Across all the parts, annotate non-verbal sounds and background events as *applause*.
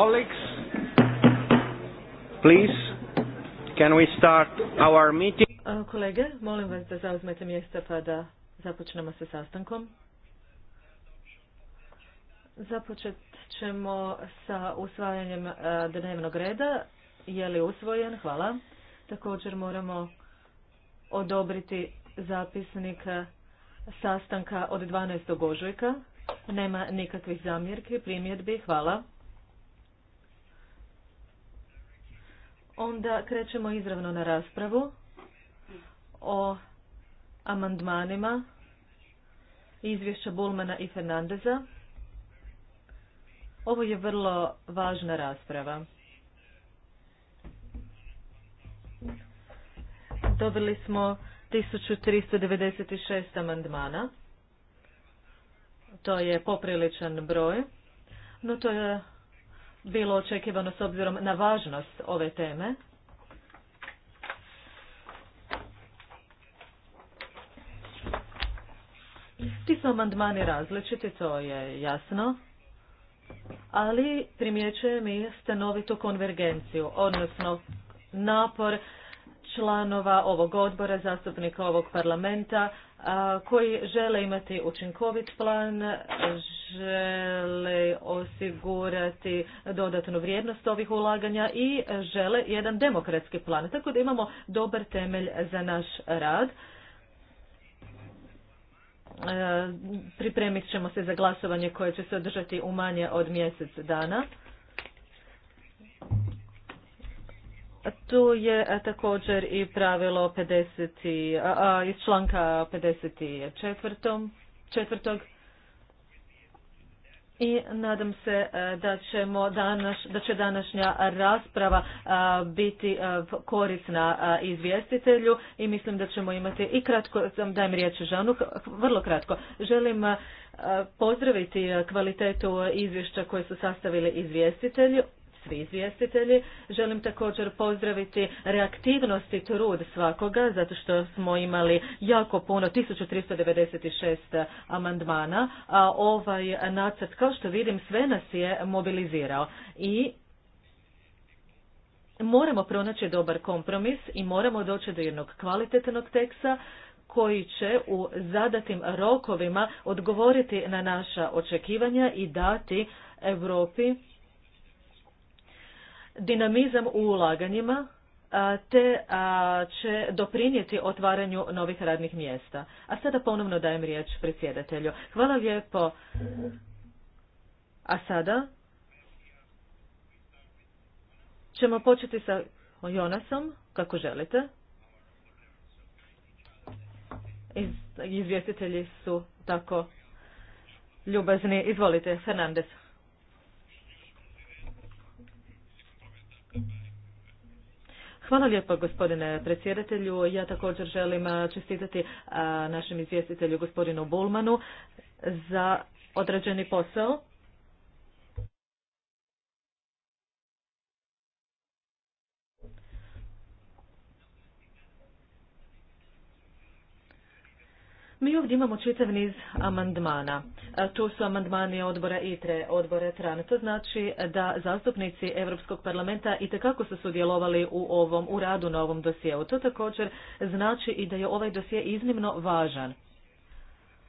colleagues, please, can we start our meeting? Kolege, molim vas da zauzmete mjesta pa da započnemo sa sastankom. Započet ćemo sa usvajanjem dnevnog reda. Je li usvojen? Hvala. Također moramo odobriti zapisnik sastanka od 12. ožujka. Nema nikakvih zamjerki, primjedbi. Hvala. Onda krećemo izravno na raspravu o amandmanima izvješća Bulmana i Fernandeza. Ovo je vrlo važna rasprava. Dobili smo 1396 amandmana. To je popriličan broj, no to je bilo očekivano s obzirom na važnost ove teme. Ti su amandmani različiti, to je jasno, ali primjećujem i stanovitu konvergenciju, odnosno napor članova ovog odbora, zastupnika ovog parlamenta, koji žele imati učinkovit plan, žele osigurati dodatnu vrijednost ovih ulaganja i žele jedan demokratski plan. Tako da imamo dobar temelj za naš rad. Pripremit ćemo se za glasovanje koje će se održati u manje od mjesec dana. Tu je e, također i pravilo 50, iz članka 54. I nadam se e, da, ćemo danas, da će današnja rasprava biti e, korisna izvjestitelju i mislim da ćemo imati i kratko, dajem riječ Žanu, vrlo kratko. Želim pozdraviti kvalitetu izvješća koje su sastavili izvjestitelji svi izvjestitelji. Želim također pozdraviti reaktivnost i trud svakoga, zato što smo imali jako puno, 1396 amandmana, a ovaj nacrt, kao što vidim, sve nas je mobilizirao. I moramo pronaći dobar kompromis i moramo doći do jednog kvalitetnog teksta koji će u zadatim rokovima odgovoriti na naša očekivanja i dati Europi dinamizam u ulaganjima te će doprinijeti otvaranju novih radnih mjesta. A sada ponovno dajem riječ predsjedatelju. Hvala lijepo. A sada ćemo početi sa Jonasom, kako želite. izvjestitelji su tako ljubazni. Izvolite, Fernandez. Hvala lijepo gospodine predsjedatelju. Ja također želim čestitati našem izvjestitelju gospodinu Bulmanu za odrađeni posao. Mi ovdje imamo čitav niz amandmana. E, tu su amandmani odbora ITRE, odbora TRAN. To znači da zastupnici Europskog parlamenta i tekako su sudjelovali u ovom, u radu na ovom dosjeu. To također znači i da je ovaj dosje iznimno važan.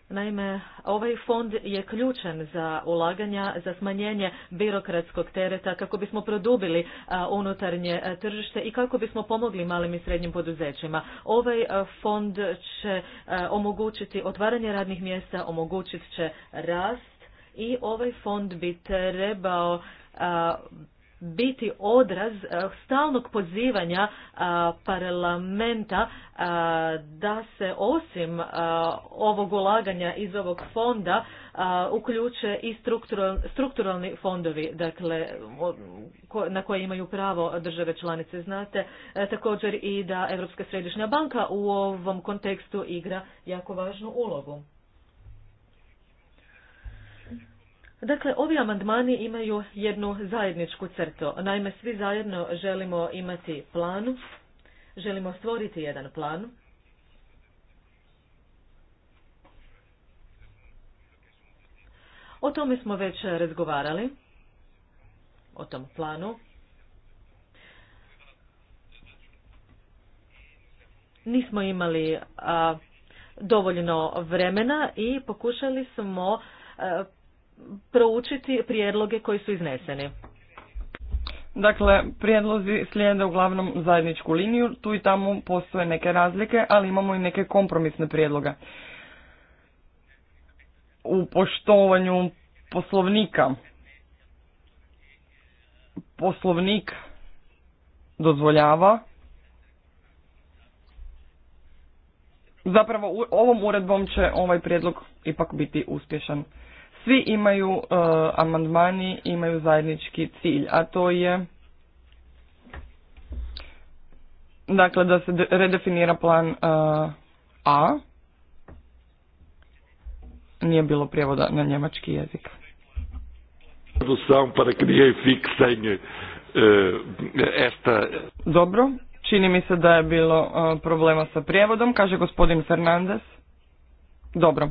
Naime, ovaj fond je ključan za ulaganja, za smanjenje birokratskog tereta kako bismo produbili unutarnje tržište i kako bismo pomogli malim i srednjim poduzećima. Ovaj fond će omogućiti otvaranje radnih mjesta, omogućit će rast i ovaj fond bi trebao biti odraz eh, stalnog pozivanja eh, parlamenta eh, da se osim ovog ulaganja iz ovog fonda uključe i strukturalni fondovi dakle na koje imaju pravo države članice. Znate također i da Europska središnja banka u ovom kontekstu igra jako važnu ulogu. Dakle, ovi amandmani imaju jednu zajedničku crtu. Naime, svi zajedno želimo imati plan, želimo stvoriti jedan plan. O tome smo već razgovarali, o tom planu. Nismo imali a, dovoljno vremena i pokušali smo proučiti prijedloge koji su izneseni. Dakle, prijedlozi slijede uglavnom zajedničku liniju, tu i tamo postoje neke razlike, ali imamo i neke kompromisne prijedloge. U poštovanju poslovnika. Poslovnik dozvoljava Zapravo ovom uredbom će ovaj prijedlog ipak biti uspješan. Svi imaju uh, amandmani, imaju zajednički cilj, a to je dakle da se redefinira plan uh, A. Nije bilo prijevoda na njemački jezik. para esta... Dobro, čini mi se da je bilo uh, problema sa prijevodom, kaže gospodin Fernandez. Dobro.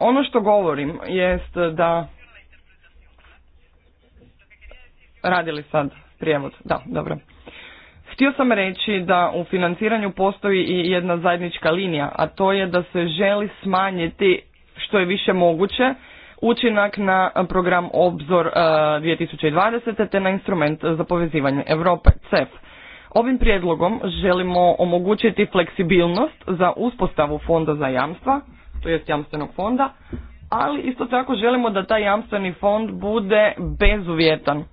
Ono što govorim jest da... Radili sad prijevod, da, dobro. Htio sam reći da u financiranju postoji i jedna zajednička linija, a to je da se želi smanjiti što je više moguće učinak na program Obzor 2020. E, te na instrument za povezivanje Europe, CEF. Ovim prijedlogom želimo omogućiti fleksibilnost za uspostavu fonda za jamstva, to jest jamstvenog fonda, ali isto tako želimo da taj jamstveni fond bude bezuvjetan.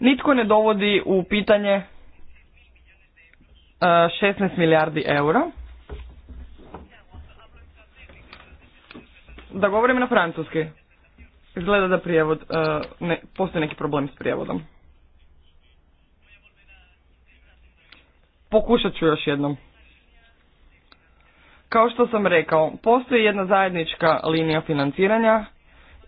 Nitko ne dovodi u pitanje 16 e, milijardi eura. Da govorim na francuski. Izgleda da prijevod, e, ne, postoji neki problem s prijevodom. Pokušat ću još jednom. Kao što sam rekao, postoji jedna zajednička linija financiranja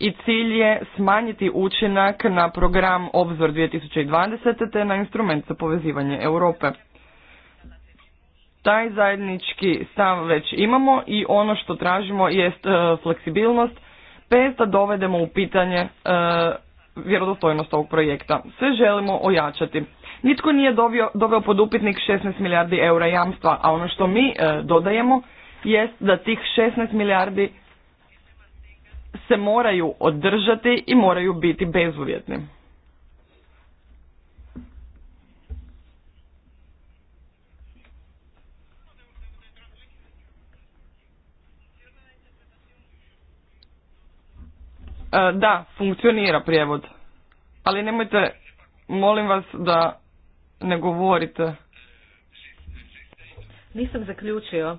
i cilj je smanjiti učinak na program Obzor 2020. te na instrument za povezivanje Europe. Taj zajednički stav već imamo i ono što tražimo jest e, fleksibilnost, bez da dovedemo u pitanje e, vjerodostojnost ovog projekta. Sve želimo ojačati. Nitko nije doveo pod upitnik 16 milijardi eura jamstva, a ono što mi e, dodajemo jest da tih 16 milijardi se moraju održati i moraju biti bezuvjetni. E, da, funkcionira prijevod. Ali nemojte, molim vas da ne govorite. Nisam zaključio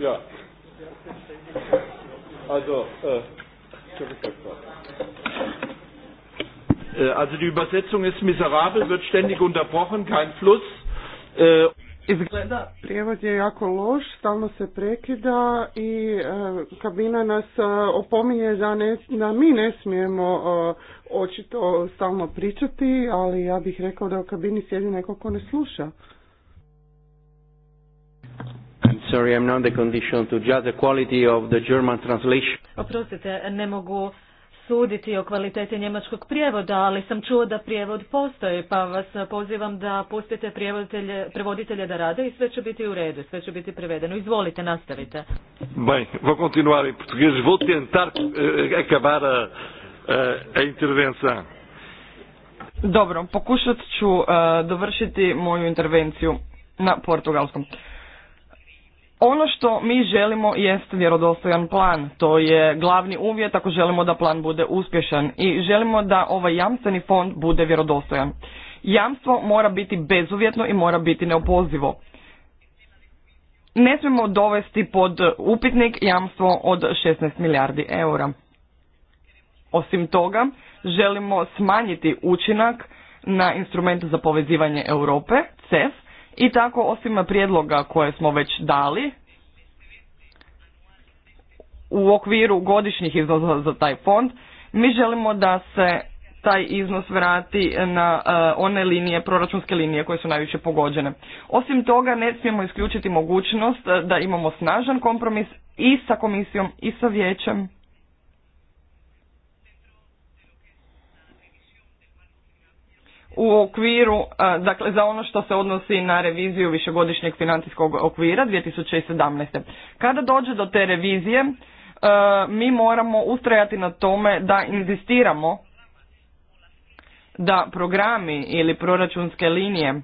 Ja. Also, e, äh, Also die Übersetzung ist miserabel, wird ständig unterbrochen, kein Fluss. Äh, Izgleda, prijevod je jako loš, stalno se prekida i e, kabina nas e, opominje da, ne, da mi ne smijemo e, očito stalno pričati, ali ja bih rekao da u kabini sjedi neko ko ne sluša. Sorry, I'm not in the condition to judge the quality of the German translation. Oprostite, ne mogu suditi o kvaliteti njemačkog prijevoda, ali sam čuo da prijevod postoji, pa vas pozivam da pustite prevoditelje da rade i sve će biti u redu, sve će biti prevedeno. Izvolite, nastavite. Bem, vou continuar em português, vou tentar eh, acabar a, eh, a, eh, a intervenção. Dobro, pokušat ću uh, dovršiti moju intervenciju na portugalskom. Ono što mi želimo jest vjerodostojan plan. To je glavni uvjet ako želimo da plan bude uspješan i želimo da ovaj jamstveni fond bude vjerodostojan. Jamstvo mora biti bezuvjetno i mora biti neopozivo. Ne smijemo dovesti pod upitnik jamstvo od 16 milijardi eura. Osim toga, želimo smanjiti učinak na instrument za povezivanje Europe, CEF, i tako, osim prijedloga koje smo već dali, u okviru godišnjih iznosa za taj fond, mi želimo da se taj iznos vrati na e, one linije, proračunske linije koje su najviše pogođene. Osim toga ne smijemo isključiti mogućnost da imamo snažan kompromis i sa komisijom i sa vijećem u okviru, e, dakle za ono što se odnosi na reviziju višegodišnjeg financijskog okvira 2017. Kada dođe do te revizije, e, mi moramo ustrajati na tome da inzistiramo da programi ili proračunske linije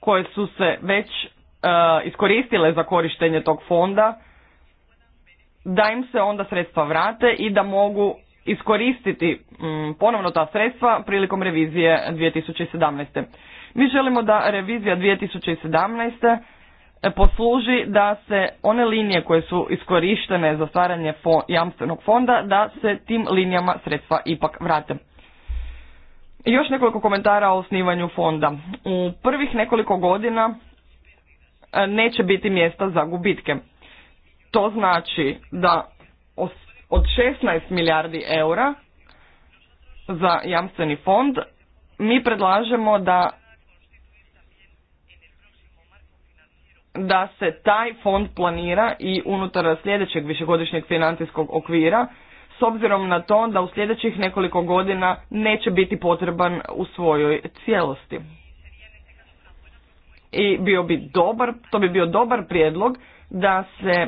koje su se već e, iskoristile za korištenje tog fonda, da im se onda sredstva vrate i da mogu iskoristiti mm, ponovno ta sredstva prilikom revizije 2017. Mi želimo da revizija 2017 e, posluži da se one linije koje su iskorištene za stvaranje jamstvenog fonda, da se tim linijama sredstva ipak vrate. još nekoliko komentara o osnivanju fonda. U prvih nekoliko godina e, neće biti mjesta za gubitke. To znači da od 16 milijardi eura za jamstveni fond, mi predlažemo da da se taj fond planira i unutar sljedećeg višegodišnjeg financijskog okvira, s obzirom na to da u sljedećih nekoliko godina neće biti potreban u svojoj cijelosti. I bio bi dobar, to bi bio dobar prijedlog da se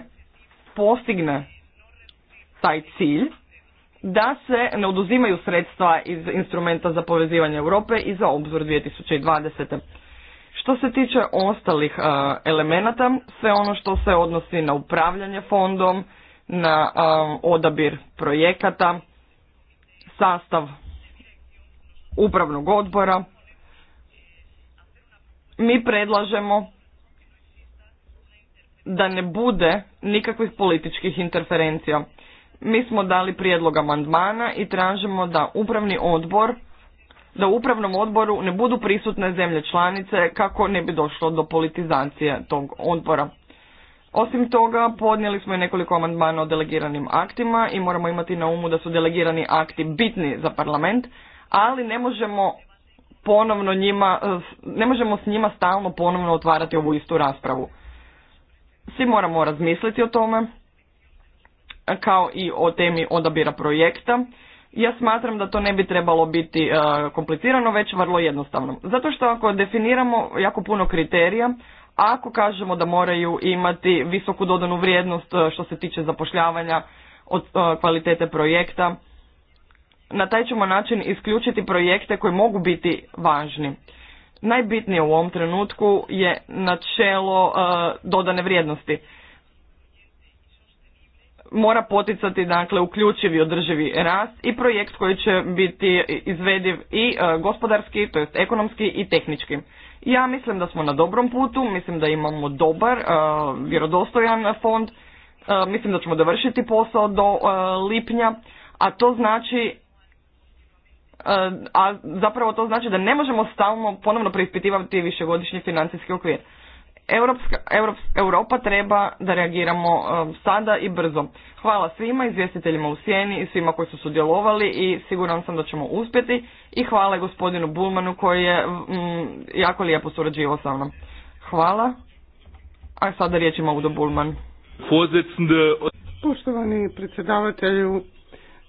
postigne taj cilj da se ne oduzimaju sredstva iz instrumenta za povezivanje Europe i za obzor 2020. Što se tiče ostalih uh, elemenata, sve ono što se odnosi na upravljanje fondom, na e, odabir projekata, sastav upravnog odbora, mi predlažemo da ne bude nikakvih političkih interferencija mi smo dali prijedlog amandmana i tražimo da upravni odbor da u upravnom odboru ne budu prisutne zemlje članice kako ne bi došlo do politizacije tog odbora. Osim toga, podnijeli smo i nekoliko amandmana o delegiranim aktima i moramo imati na umu da su delegirani akti bitni za parlament, ali ne možemo ponovno njima, ne možemo s njima stalno ponovno otvarati ovu istu raspravu. Svi moramo razmisliti o tome kao i o temi odabira projekta. Ja smatram da to ne bi trebalo biti e, komplicirano, već vrlo jednostavno. Zato što ako definiramo jako puno kriterija, ako kažemo da moraju imati visoku dodanu vrijednost e, što se tiče zapošljavanja od e, kvalitete projekta, na taj ćemo način isključiti projekte koji mogu biti važni. Najbitnije u ovom trenutku je načelo dodane vrijednosti mora poticati dakle uključivi održivi rast i projekt koji će biti izvediv i e, gospodarski, to jest ekonomski i tehnički. Ja mislim da smo na dobrom putu, mislim da imamo dobar, e, vjerodostojan fond, e, mislim da ćemo dovršiti posao do lipnja, a to znači a zapravo to znači da ne možemo stalno ponovno preispitivati višegodišnji financijski okvir. Europska, Europa treba da reagiramo e, sada i brzo. Hvala svima, izvjestiteljima u sjeni i svima koji su sudjelovali i siguran sam da ćemo uspjeti i hvala gospodinu Bulmanu koji je jako lijepo surađivao sa mnom. Hvala. A sada riječ ima Udo Bulman. Poštovani predsjedavatelju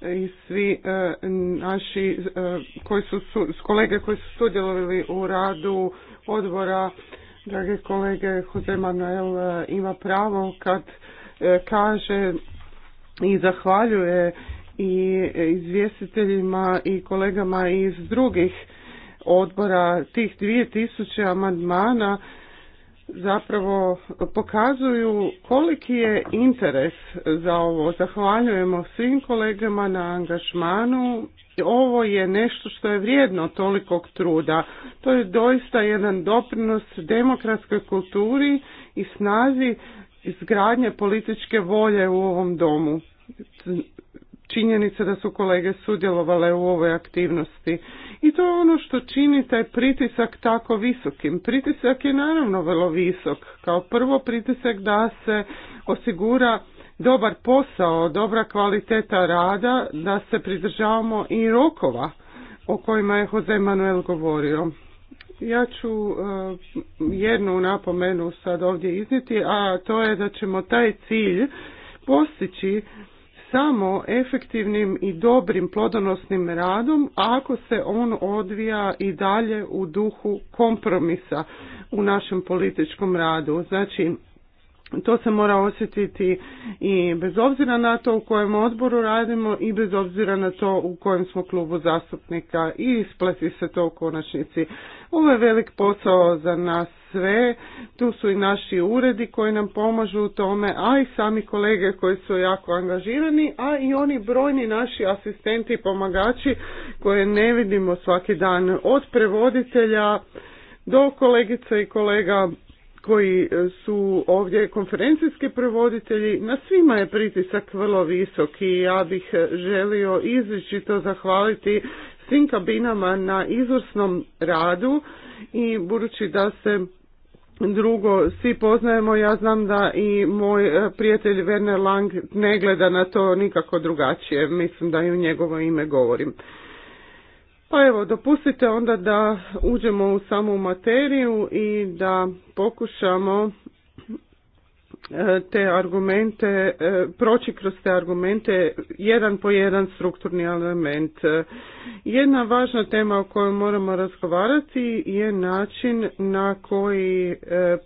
i svi e, naši e, koji su, su kolege koji su sudjelovali u radu odbora Drage kolege, Jose Manuel e, ima pravo kad e, kaže i zahvaljuje i izvjestiteljima i kolegama iz drugih odbora tih 2000 amandmana zapravo pokazuju koliki je interes za ovo. Zahvaljujemo svim kolegama na angažmanu. Ovo je nešto što je vrijedno tolikog truda. To je doista jedan doprinos demokratskoj kulturi i snazi izgradnje političke volje u ovom domu. Činjenice da su kolege sudjelovale u ovoj aktivnosti. I to je ono što čini taj pritisak tako visokim. Pritisak je naravno vrlo visok. Kao prvo pritisak da se osigura dobar posao, dobra kvaliteta rada, da se pridržavamo i rokova o kojima je Jose Manuel govorio. Ja ću eh, jednu napomenu sad ovdje izniti, a to je da ćemo taj cilj postići samo efektivnim i dobrim plodonosnim radom ako se on odvija i dalje u duhu kompromisa u našem političkom radu. Znači, to se mora osjetiti i bez obzira na to u kojem odboru radimo i bez obzira na to u kojem smo klubu zastupnika i isplati se to u konačnici. Ovo je velik posao za nas sve, tu su i naši uredi koji nam pomažu u tome, a i sami kolege koji su jako angažirani, a i oni brojni naši asistenti i pomagači koje ne vidimo svaki dan od prevoditelja do kolegica i kolega koji e, su ovdje konferencijski prevoditelji, na svima je pritisak vrlo visok i ja bih e, želio izričito zahvaliti svim kabinama na izvrsnom radu i budući da se drugo svi poznajemo, ja znam da i moj e, prijatelj Werner Lang ne gleda na to nikako drugačije, mislim da i u njegovo ime govorim. Pa evo, dopustite onda da uđemo u samu materiju i da pokušamo e, te argumente, e, proći kroz te argumente jedan po jedan strukturni element. Jedna važna tema o kojoj moramo razgovarati je način na koji e,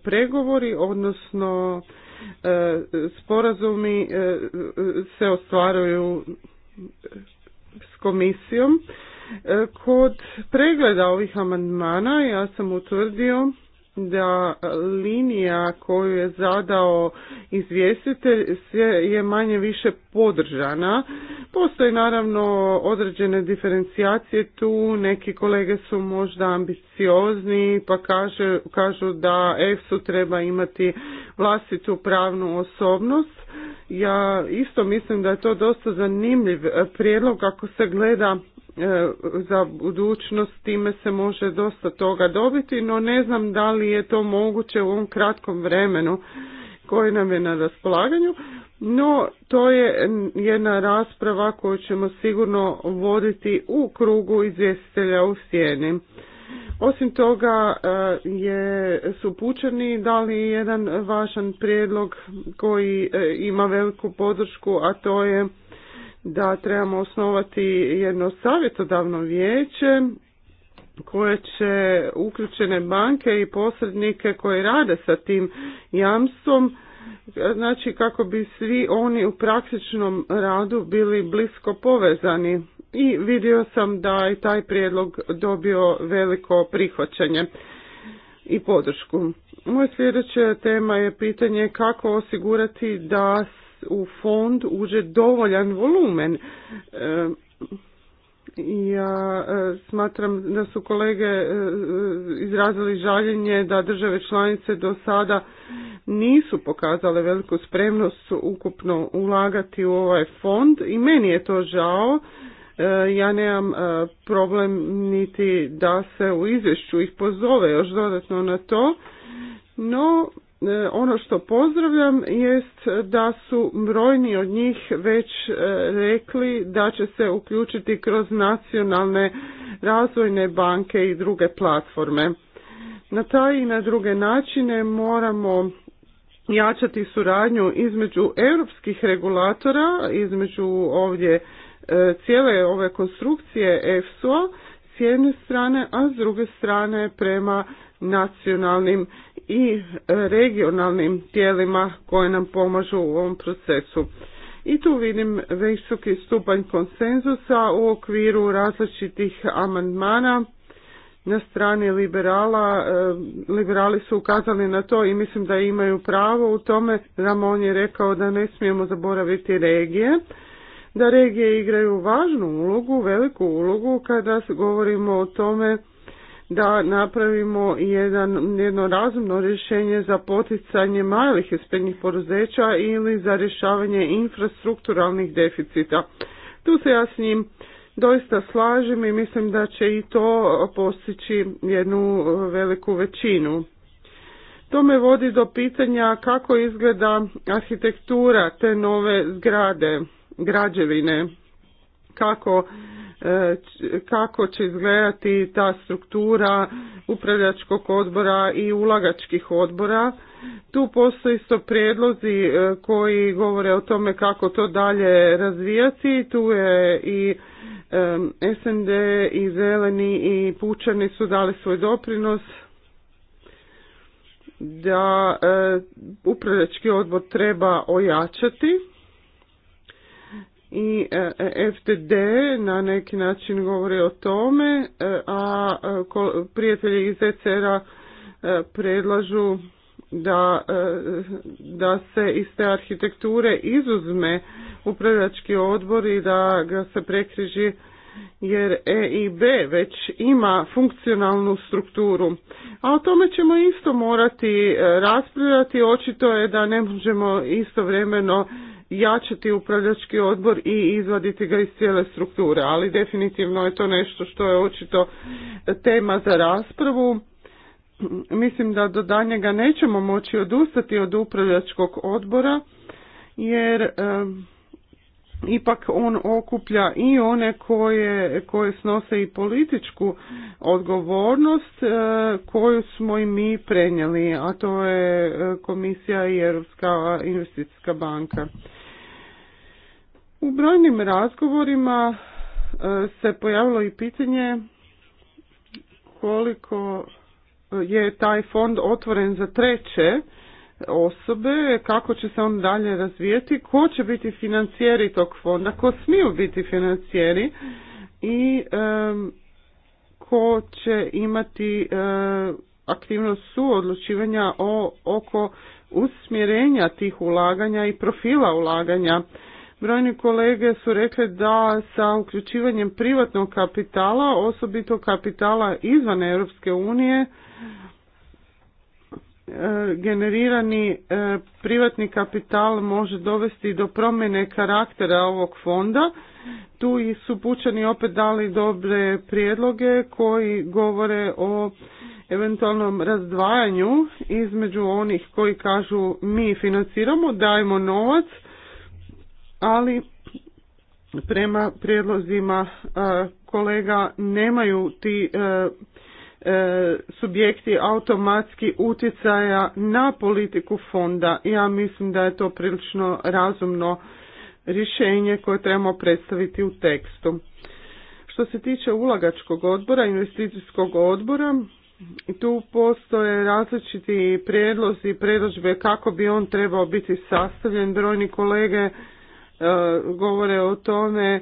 pregovori, odnosno sporazumi se ostvaruju s komisijom E, kod pregleda ovih amandmana ja sam utvrdio da linija koju je zadao izvjestitelj je manje više podržana. Postoje naravno određene diferencijacije tu, neki kolege su možda ambiciozni pa kažu da EFSU treba imati vlastitu pravnu osobnost. Ja isto mislim da je to dosta zanimljiv e, prijedlog ako se gleda e, za budućnost time se može dosta toga dobiti, no ne znam da li je to moguće u ovom kratkom vremenu koji nam je na raspolaganju, no to je jedna rasprava koju ćemo sigurno voditi u krugu izvjestitelja u sjeni. Osim toga e, je, su pučani dali jedan važan prijedlog koji e, ima veliku podršku, a to je da trebamo osnovati jedno savjetodavno vijeće koje će uključene banke i posrednike koji rade sa tim jamstvom, e, znači kako bi svi oni u praktičnom radu bili blisko povezani i vidio sam da je taj prijedlog dobio veliko prihvaćanje i podršku. Moja sljedeća tema je pitanje kako osigurati da u fond uđe dovoljan volumen. E, ja e, smatram da su kolege e, izrazili žaljenje da države članice do sada nisu pokazale veliku spremnost ukupno ulagati u ovaj fond i meni je to žao E, ja nemam e, problem niti da se u izvješću ih pozove još dodatno na to, no e, ono što pozdravljam jest da su brojni od njih već rekli da će se uključiti kroz nacionalne razvojne banke i druge platforme. Na taj i na druge načine moramo jačati suradnju između europskih regulatora, između ovdje E, cijele ove konstrukcije EFSO s jedne strane, a s druge strane prema nacionalnim i regionalnim tijelima koje nam pomažu u ovom procesu. I tu vidim visoki stupanj konsenzusa u okviru različitih amandmana. Na strani liberala, e, liberali su ukazali na to i mislim da imaju pravo u tome. Ramon je rekao da ne smijemo zaboraviti regije da regije igraju važnu ulogu, veliku ulogu kada govorimo o tome da napravimo jedan, jedno razumno rješenje za poticanje malih i srednjih poduzeća ili za rješavanje infrastrukturalnih deficita. Tu se ja s njim doista slažem i mislim da će i to postići jednu veliku većinu. To me vodi do pitanja kako izgleda arhitektura te nove zgrade građevine, kako e, kako će izgledati ta struktura upravljačkog odbora i ulagačkih odbora. Tu postoji isto prijedlozi e, koji govore o tome kako to dalje razvijati. Tu je i e, SND i Zeleni i Pučani su dali svoj doprinos da upravljački odbor treba ojačati i e, e, FTD na neki način govori o tome, e, a prijatelji iz ECR-a predlažu da, da se iz te arhitekture izuzme upravljački odbor i da ga se prekriži jer EIB već ima funkcionalnu strukturu. A o tome ćemo isto morati raspravljati, očito je da ne možemo istovremeno jačati upravljački odbor i izvaditi ga iz cijele strukture, ali definitivno je to nešto što je očito tema za raspravu. Mislim da do danjega nećemo moći odustati od upravljačkog odbora jer ipak on okuplja i one koje, koje snose i političku odgovornost e, koju smo i mi prenijeli, a to je e, Komisija i Europska investicijska banka. U brojnim razgovorima e, se pojavilo i pitanje koliko e, je taj fond otvoren za treće osobe, kako će se on dalje razvijeti, ko će biti financijeri tog fonda, ko smiju biti financijeri i um, ko će imati aktivnost suodlučivanja o, oko usmjerenja tih ulaganja i profila ulaganja Brojni kolege su rekli da sa uključivanjem privatnog kapitala, osobito kapitala izvan Europske unije, e, generirani e, privatni kapital može dovesti do promjene karaktera ovog fonda. Tu su pučani opet dali dobre prijedloge koji govore o eventualnom razdvajanju između onih koji kažu mi financiramo, dajemo novac, ali prema prijedlozima e, kolega nemaju ti e, e, subjekti automatski utjecaja na politiku fonda. Ja mislim da je to prilično razumno rješenje koje trebamo predstaviti u tekstu. Što se tiče ulagačkog odbora, investicijskog odbora, tu postoje različiti prijedlozi i predložbe kako bi on trebao biti sastavljen. Brojni kolege E, govore o tome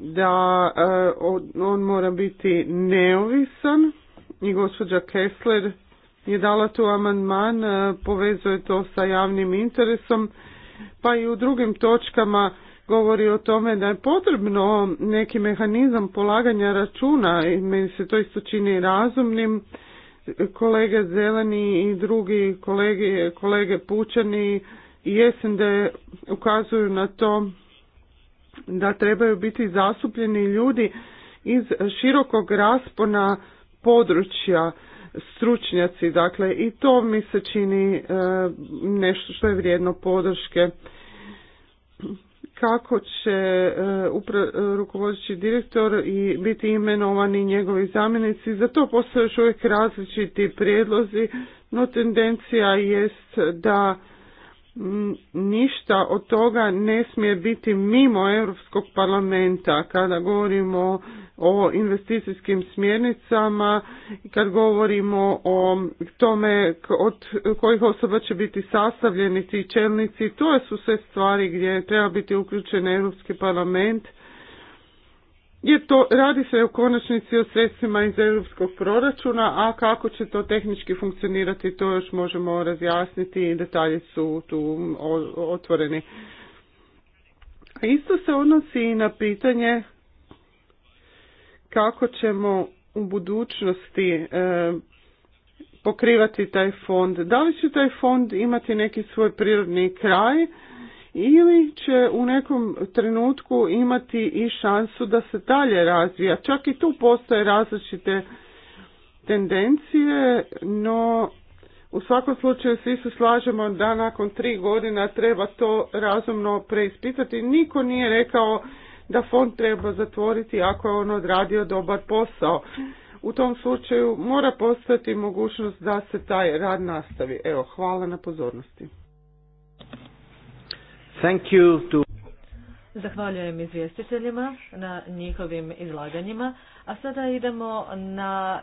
da e, on mora biti neovisan i gospođa Kessler je dala tu amandman, e, povezuje to sa javnim interesom, pa i u drugim točkama govori o tome da je potrebno neki mehanizam polaganja računa i meni se to isto čini razumnim. Kolege zeleni i drugi kolege, kolege pučani i da ukazuju na to da trebaju biti zastupljeni ljudi iz širokog raspona područja stručnjaci, dakle i to mi se čini e, nešto što je vrijedno podrške. Kako će e, rukovodeći direktor i biti imenovani njegovi zamjenici, za to postoje još uvijek različiti prijedlozi, no tendencija jest da ništa od toga ne smije biti mimo Europskog parlamenta kada govorimo o investicijskim smjernicama i kad govorimo o tome od kojih osoba će biti sastavljeni ti čelnici, to su sve stvari gdje treba biti uključen Europski parlament je to, radi se u konačnici o sredstvima iz europskog proračuna, a kako će to tehnički funkcionirati, to još možemo razjasniti i detalji su tu otvoreni. A isto se odnosi i na pitanje kako ćemo u budućnosti e, pokrivati taj fond. Da li će taj fond imati neki svoj prirodni kraj? ili će u nekom trenutku imati i šansu da se dalje razvija. Čak i tu postoje različite tendencije, no u svakom slučaju svi se slažemo da nakon tri godina treba to razumno preispitati. Niko nije rekao da fond treba zatvoriti ako je on odradio dobar posao. U tom slučaju mora postojati mogućnost da se taj rad nastavi. Evo, hvala na pozornosti. Thank you to... Zahvaljujem izvjestiteljima na njihovim izlaganjima, a sada idemo na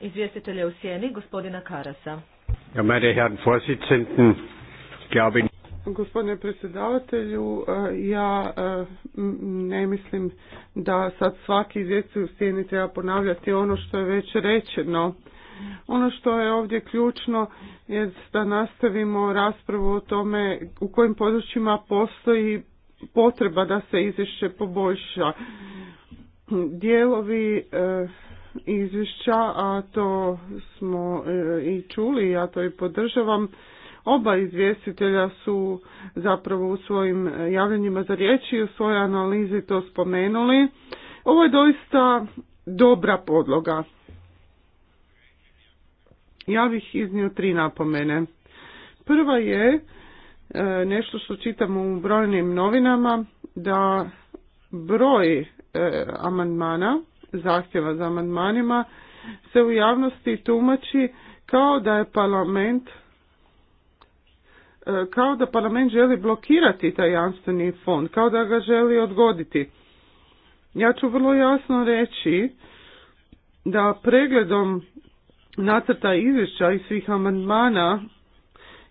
izvjestitelja u sjeni, gospodina Karasa. Gospodine predsjedavatelju, e, ja e, ne mislim da sad svaki izvjestitelj u sjeni treba ponavljati ono što je već rečeno. Ono što je ovdje ključno je da nastavimo raspravu o tome u kojim područjima postoji potreba da se izvješće poboljša. Dijelovi e, izvješća, a to smo e, i čuli, ja to i podržavam, oba izvjestitelja su zapravo u svojim javljanjima za riječ i u svojoj analizi to spomenuli. Ovo je doista dobra podloga ja bih iznio tri napomene. Prva je e, nešto što čitam u brojnim novinama da broj e, amandmana, zahtjeva za amandmanima se u javnosti tumači kao da je parlament e, kao da parlament želi blokirati taj jamstveni fond, kao da ga želi odgoditi. Ja ću vrlo jasno reći da pregledom nacrta izvješća i svih amandmana,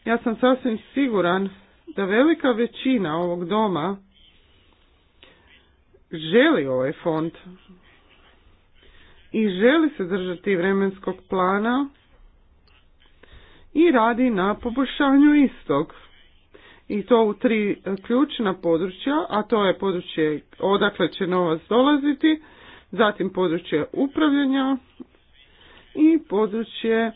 ja sam sasvim siguran da velika većina ovog doma želi ovaj fond i želi se držati vremenskog plana i radi na poboljšanju istog. I to u tri ključna područja, a to je područje odakle će novac dolaziti, zatim područje upravljanja i područje e,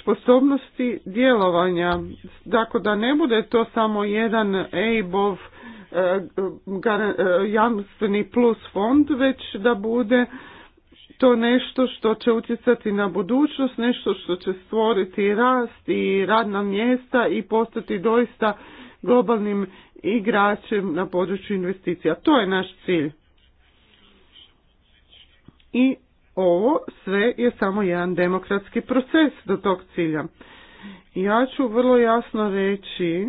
sposobnosti djelovanja. Dakle, da ne bude to samo jedan EIBOV e, e, jamstveni plus fond, već da bude to nešto što će utjecati na budućnost, nešto što će stvoriti rast i radna mjesta i postati doista globalnim igračem na području investicija. To je naš cilj. I ovo sve je samo jedan demokratski proces do tog cilja. Ja ću vrlo jasno reći e,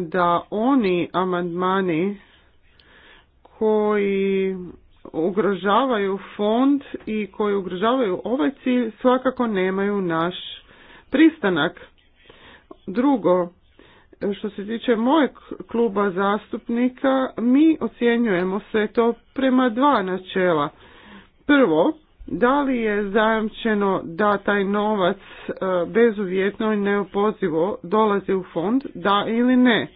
da oni amandmani koji ugrožavaju fond i koji ugrožavaju ovaj cilj svakako nemaju naš pristanak. Drugo, što se tiče mojeg kluba zastupnika, mi ocjenjujemo sve to prema dva načela. Prvo, da li je zajamčeno da taj novac e, bezuvjetno i neopozivo dolazi u fond, da ili ne?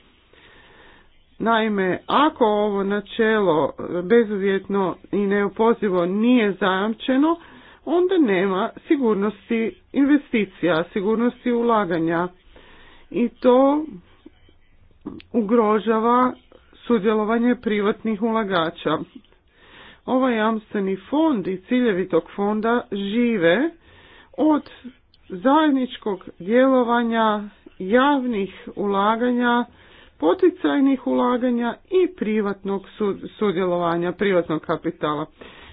Naime, ako ovo načelo e, bezuvjetno i neopozivo nije zajamčeno, onda nema sigurnosti investicija, sigurnosti ulaganja. I to ugrožava sudjelovanje privatnih ulagača. Ovaj jamstveni fond i ciljevi tog fonda žive od zajedničkog djelovanja javnih ulaganja, poticajnih ulaganja i privatnog sudjelovanja, privatnog kapitala.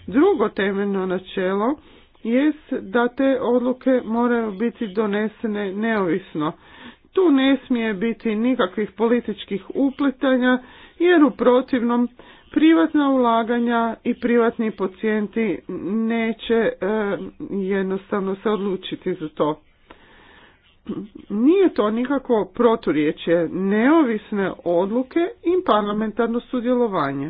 Drugo temeljno načelo jest da te odluke moraju biti donesene neovisno. Tu ne smije biti nikakvih političkih upletanja jer u protivnom privatna ulaganja i privatni pacijenti neće e, jednostavno se odlučiti za to. Nije to nikako proturječje neovisne odluke i parlamentarno sudjelovanje.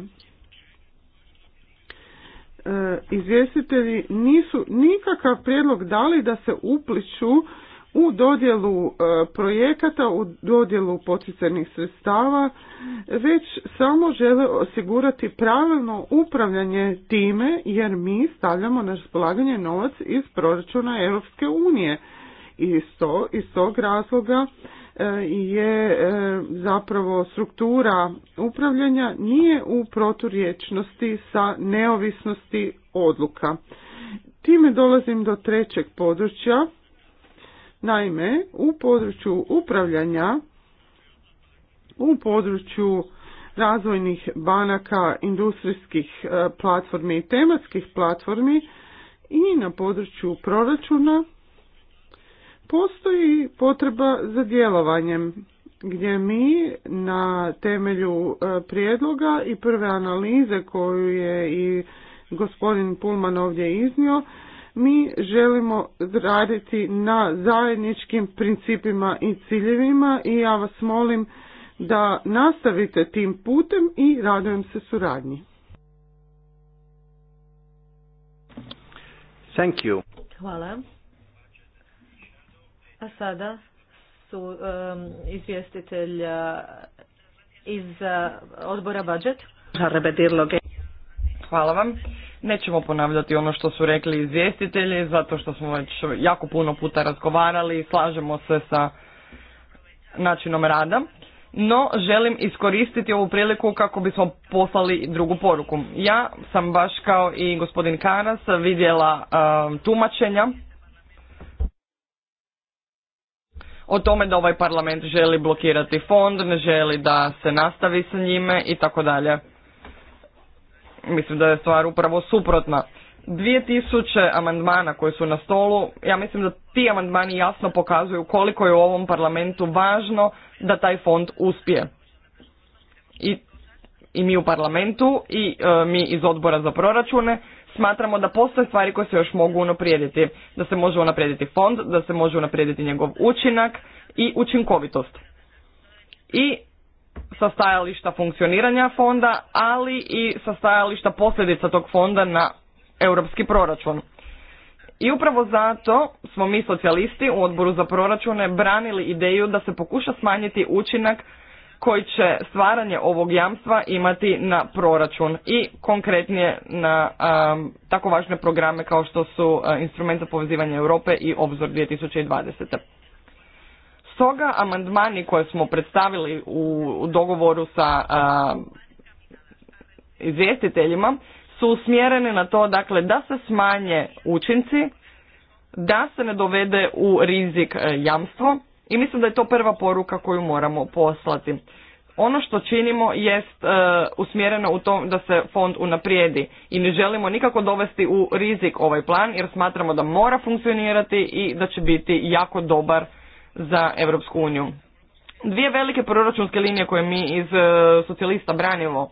E, izvjestitelji nisu nikakav prijedlog dali da se upliču u dodjelu e, projekata, u dodjelu poticajnih sredstava, već samo žele osigurati pravilno upravljanje time jer mi stavljamo na raspolaganje novac iz proračuna Europske unije. I to iz tog razloga e, je e, zapravo struktura upravljanja nije u proturječnosti sa neovisnosti odluka. Time dolazim do trećeg područja Naime, u području upravljanja, u području razvojnih banaka, industrijskih e, platformi i tematskih platformi i na području proračuna postoji potreba za djelovanjem gdje mi na temelju e, prijedloga i prve analize koju je i gospodin Pulman ovdje iznio mi želimo raditi na zajedničkim principima i ciljevima i ja vas molim da nastavite tim putem i radujem se suradnji. Thank you. Hvala. A sada su um, iz uh, odbora budžet. Hvala vam. Nećemo ponavljati ono što su rekli izvjestitelji, zato što smo već jako puno puta razgovarali i slažemo se sa načinom rada. No, želim iskoristiti ovu priliku kako bismo poslali drugu poruku. Ja sam baš kao i gospodin Karas vidjela um, tumačenja o tome da ovaj parlament želi blokirati fond, ne želi da se nastavi sa njime i tako dalje. Mislim da je stvar upravo suprotna. 2000 amandmana koji su na stolu, ja mislim da ti amandmani jasno pokazuju koliko je u ovom parlamentu važno da taj fond uspije. I, i mi u parlamentu i e, mi iz odbora za proračune smatramo da postoje stvari koje se još mogu unaprijediti. Da se može unaprijediti fond, da se može unaprijediti njegov učinak i učinkovitost. I sa stajališta funkcioniranja fonda, ali i sa stajališta posljedica tog fonda na europski proračun. I upravo zato smo mi socijalisti u odboru za proračune branili ideju da se pokuša smanjiti učinak koji će stvaranje ovog jamstva imati na proračun i konkretnije na um, tako važne programe kao što su uh, instrument za povezivanje Europe i obzor 2020 toga amandmani koje smo predstavili u dogovoru sa izvjestiteljima su usmjereni na to dakle da se smanje učinci, da se ne dovede u rizik e, jamstvo i mislim da je to prva poruka koju moramo poslati. Ono što činimo jest e, usmjereno u to da se fond unaprijedi i ne želimo nikako dovesti u rizik ovaj plan jer smatramo da mora funkcionirati i da će biti jako dobar za Europsku uniju. Dvije velike proračunske linije koje mi iz e, socijalista branimo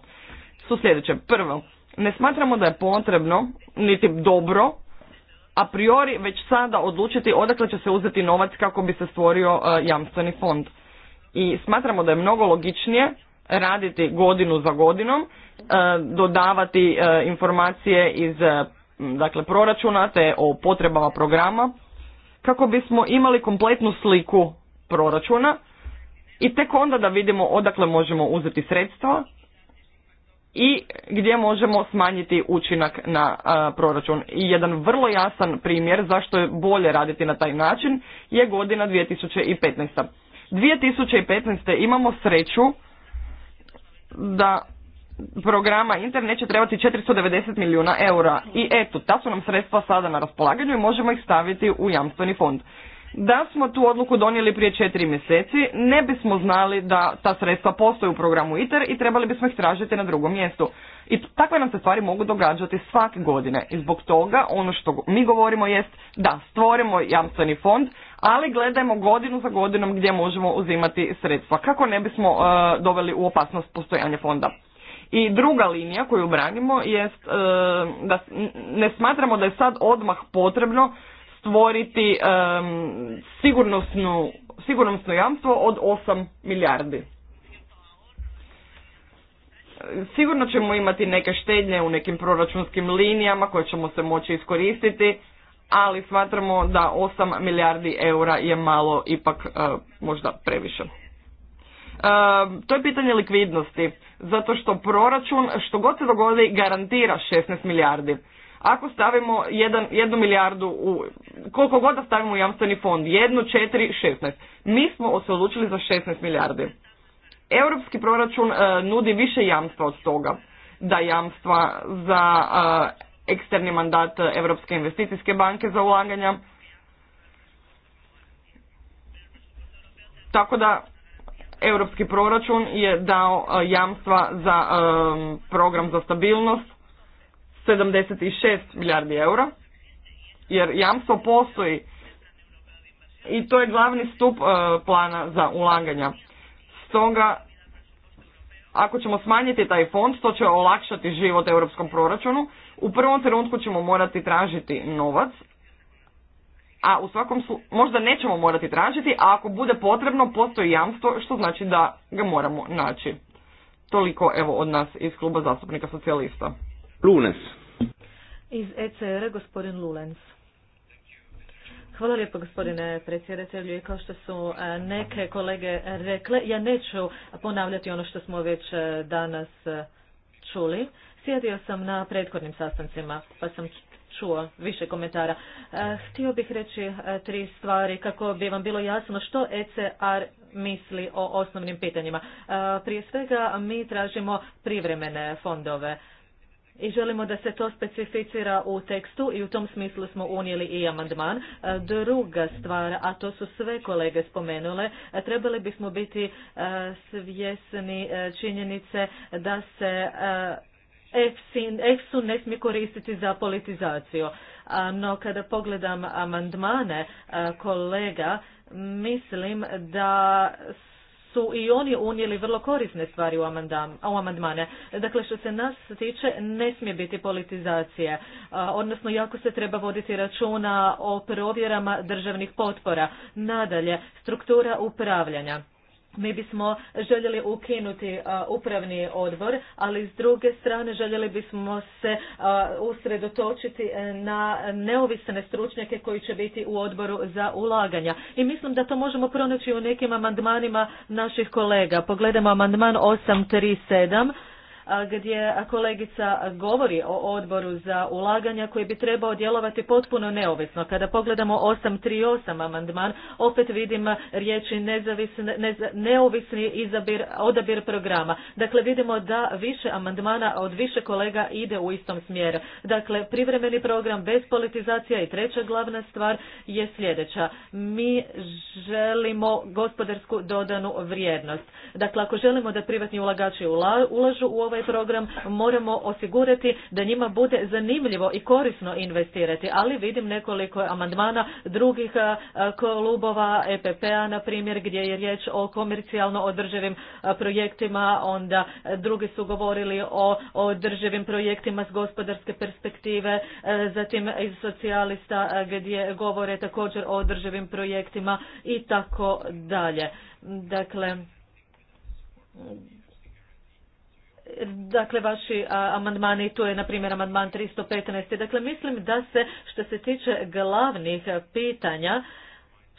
su sljedeće. Prvo, ne smatramo da je potrebno, niti dobro, a priori već sada odlučiti odakle će se uzeti novac kako bi se stvorio e, jamstveni fond. I smatramo da je mnogo logičnije raditi godinu za godinom, e, dodavati informacije iz dakle, proračuna te o potrebama programa kako bismo imali kompletnu sliku proračuna i tek onda da vidimo odakle možemo uzeti sredstva i gdje možemo smanjiti učinak na proračun. I jedan vrlo jasan primjer zašto je bolje raditi na taj način je godina 2015. 2015. imamo sreću da programa Inter neće trebati 490 milijuna eura. I eto, ta su nam sredstva sada na raspolaganju i možemo ih staviti u jamstveni fond. Da smo tu odluku donijeli prije četiri mjeseci, ne bismo znali da ta sredstva postoje u programu ITER i trebali bismo ih tražiti na drugom mjestu. I takve nam se stvari mogu događati svake godine. I zbog toga ono što mi govorimo jest da stvorimo jamstveni fond, ali gledajmo godinu za godinom gdje možemo uzimati sredstva kako ne bismo e, doveli u opasnost postojanja fonda. I druga linija koju branimo jest e, da ne smatramo da je sad odmah potrebno stvoriti e, sigurnosno jamstvo od 8 milijardi. Sigurno ćemo imati neke štednje u nekim proračunskim linijama koje ćemo se moći iskoristiti, ali smatramo da 8 milijardi eura je malo ipak e, možda previše. To je pitanje likvidnosti zato što proračun što god se dogodi garantira 16 milijardi. Ako stavimo jedan, jednu milijardu, u, koliko god da stavimo u jamstveni fond, jednu, četiri, šestnaest. Mi smo se odlučili za 16 milijardi. Europski proračun e, nudi više jamstva od toga. Da jamstva za e, eksterni mandat Europske investicijske banke za ulaganja. Tako da Europski proračun je dao e, jamstva za e, program za stabilnost 76 milijardi eura, jer jamstvo postoji i to je glavni stup e, plana za ulaganja. Stoga, ako ćemo smanjiti taj fond, to će olakšati život europskom proračunu. U prvom trenutku ćemo morati tražiti novac a u svakom su možda nećemo morati tražiti, a ako bude potrebno postoji jamstvo što znači da ga moramo naći. Toliko evo od nas iz kluba zastupnika socijalista. Lunes. Iz ECR gospodin Lulens. Hvala lijepo gospodine predsjedatelju kao što su e, neke kolege rekle, ja neću ponavljati ono što smo već e, danas e, čuli. Sjedio sam na prethodnim sastancima pa sam čuo više komentara. E, htio bih reći e, tri stvari kako bi vam bilo jasno što ECR misli o osnovnim pitanjima. E, prije svega mi tražimo privremene fondove i želimo da se to specificira u tekstu i u tom smislu smo unijeli i amandman. Druga stvar, a to su sve kolege spomenule, trebali bismo biti svjesni činjenice da se EFSU ne smije koristiti za politizaciju. No kada pogledam amandmane kolega, mislim da su i oni unijeli vrlo korisne stvari u, amandmane. Dakle, što se nas tiče, ne smije biti politizacije, odnosno jako se treba voditi računa o provjerama državnih potpora. Nadalje, struktura upravljanja mi bismo željeli ukinuti upravni odbor, ali s druge strane željeli bismo se usredotočiti e, na neovisne stručnjake koji će biti u odboru za ulaganja. I mislim da to možemo pronaći u nekim amandmanima naših kolega. Pogledamo amandman 837 gdje kolegica govori o odboru za ulaganja koji bi trebao djelovati potpuno neovisno. Kada pogledamo 838 amandman, opet vidim riječi nezavisne, neovisni odabir programa. Dakle, vidimo da više amandmana od više kolega ide u istom smjeru. Dakle, privremeni program bez politizacija i treća glavna stvar je sljedeća. Mi želimo gospodarsku dodanu vrijednost. Dakle, ako želimo da privatni ulagači ulažu u ovaj ovaj program moramo osigurati da njima bude zanimljivo i korisno investirati, ali vidim nekoliko amandmana drugih klubova EPP-a na primjer gdje je riječ o komercijalno održivim projektima, onda drugi su govorili o održivim projektima s gospodarske perspektive, zatim iz socijalista gdje govore također o održivim projektima i tako dalje. Dakle, Dakle, vaši amandmani, tu je na primjer amandman 315. Dakle, mislim da se što se tiče glavnih pitanja,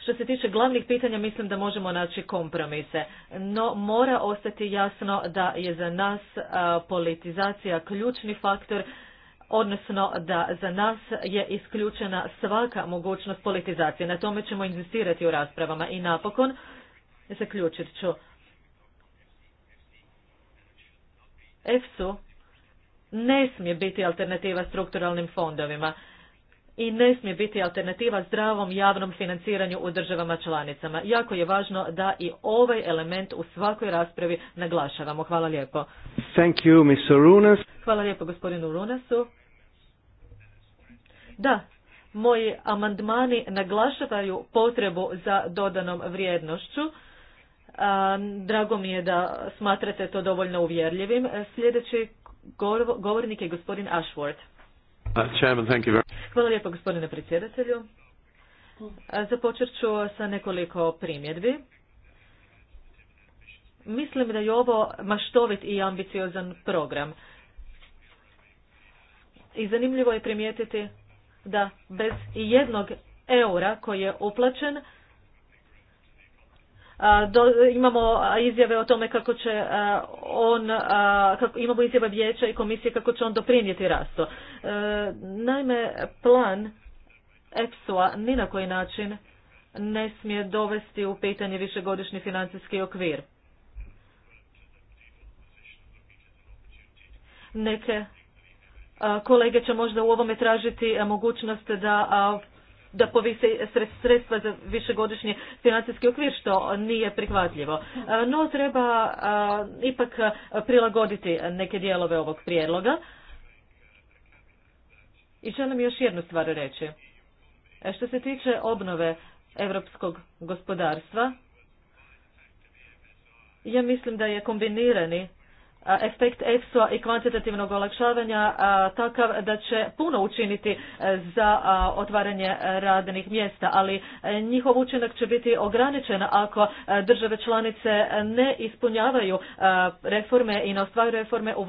što se tiče glavnih pitanja mislim da možemo naći kompromise, no mora ostati jasno da je za nas politizacija ključni faktor, odnosno da za nas je isključena svaka mogućnost politizacije. Na tome ćemo inzistirati u raspravama i napokon zaključit ću. EFSU ne smije biti alternativa strukturalnim fondovima i ne smije biti alternativa zdravom javnom financiranju u državama članicama. Jako je važno da i ovaj element u svakoj raspravi naglašavamo. Hvala lijepo. Thank you, Runas. Hvala lijepo gospodinu Runasu. Da, moji amandmani naglašavaju potrebu za dodanom vrijednošću. Drago mi je da smatrate to dovoljno uvjerljivim. E, sljedeći govornik je gospodin Ashworth. Uh, Hvala lijepo gospodine predsjedatelju. Započet ću sa nekoliko primjedbi. Mislim da je ovo maštovit i ambiciozan program. I zanimljivo je primijetiti da bez jednog eura koji je uplaćen, do, imamo izjave o tome kako će on, kako, imamo izjave vijeća i komisije kako će on doprinijeti rastu. E, naime, plan EPSO-a ni na koji način ne smije dovesti u pitanje višegodišnji financijski okvir. Neke kolege će možda u ovome tražiti mogućnost da da povise sredstva za višegodišnji financijski okvir što nije prihvatljivo. E, no treba e, ipak prilagoditi neke dijelove ovog prijedloga. I želim još jednu stvar reći. E, što se tiče obnove europskog gospodarstva, ja mislim da je kombinirani efekt EFSO-a i kvantitativnog olakšavanja takav da će puno učiniti e, za otvaranje radnih mjesta, ali e, njihov učinak će biti ograničen ako e, države članice ne ispunjavaju reforme i ne ostvaruju reforme u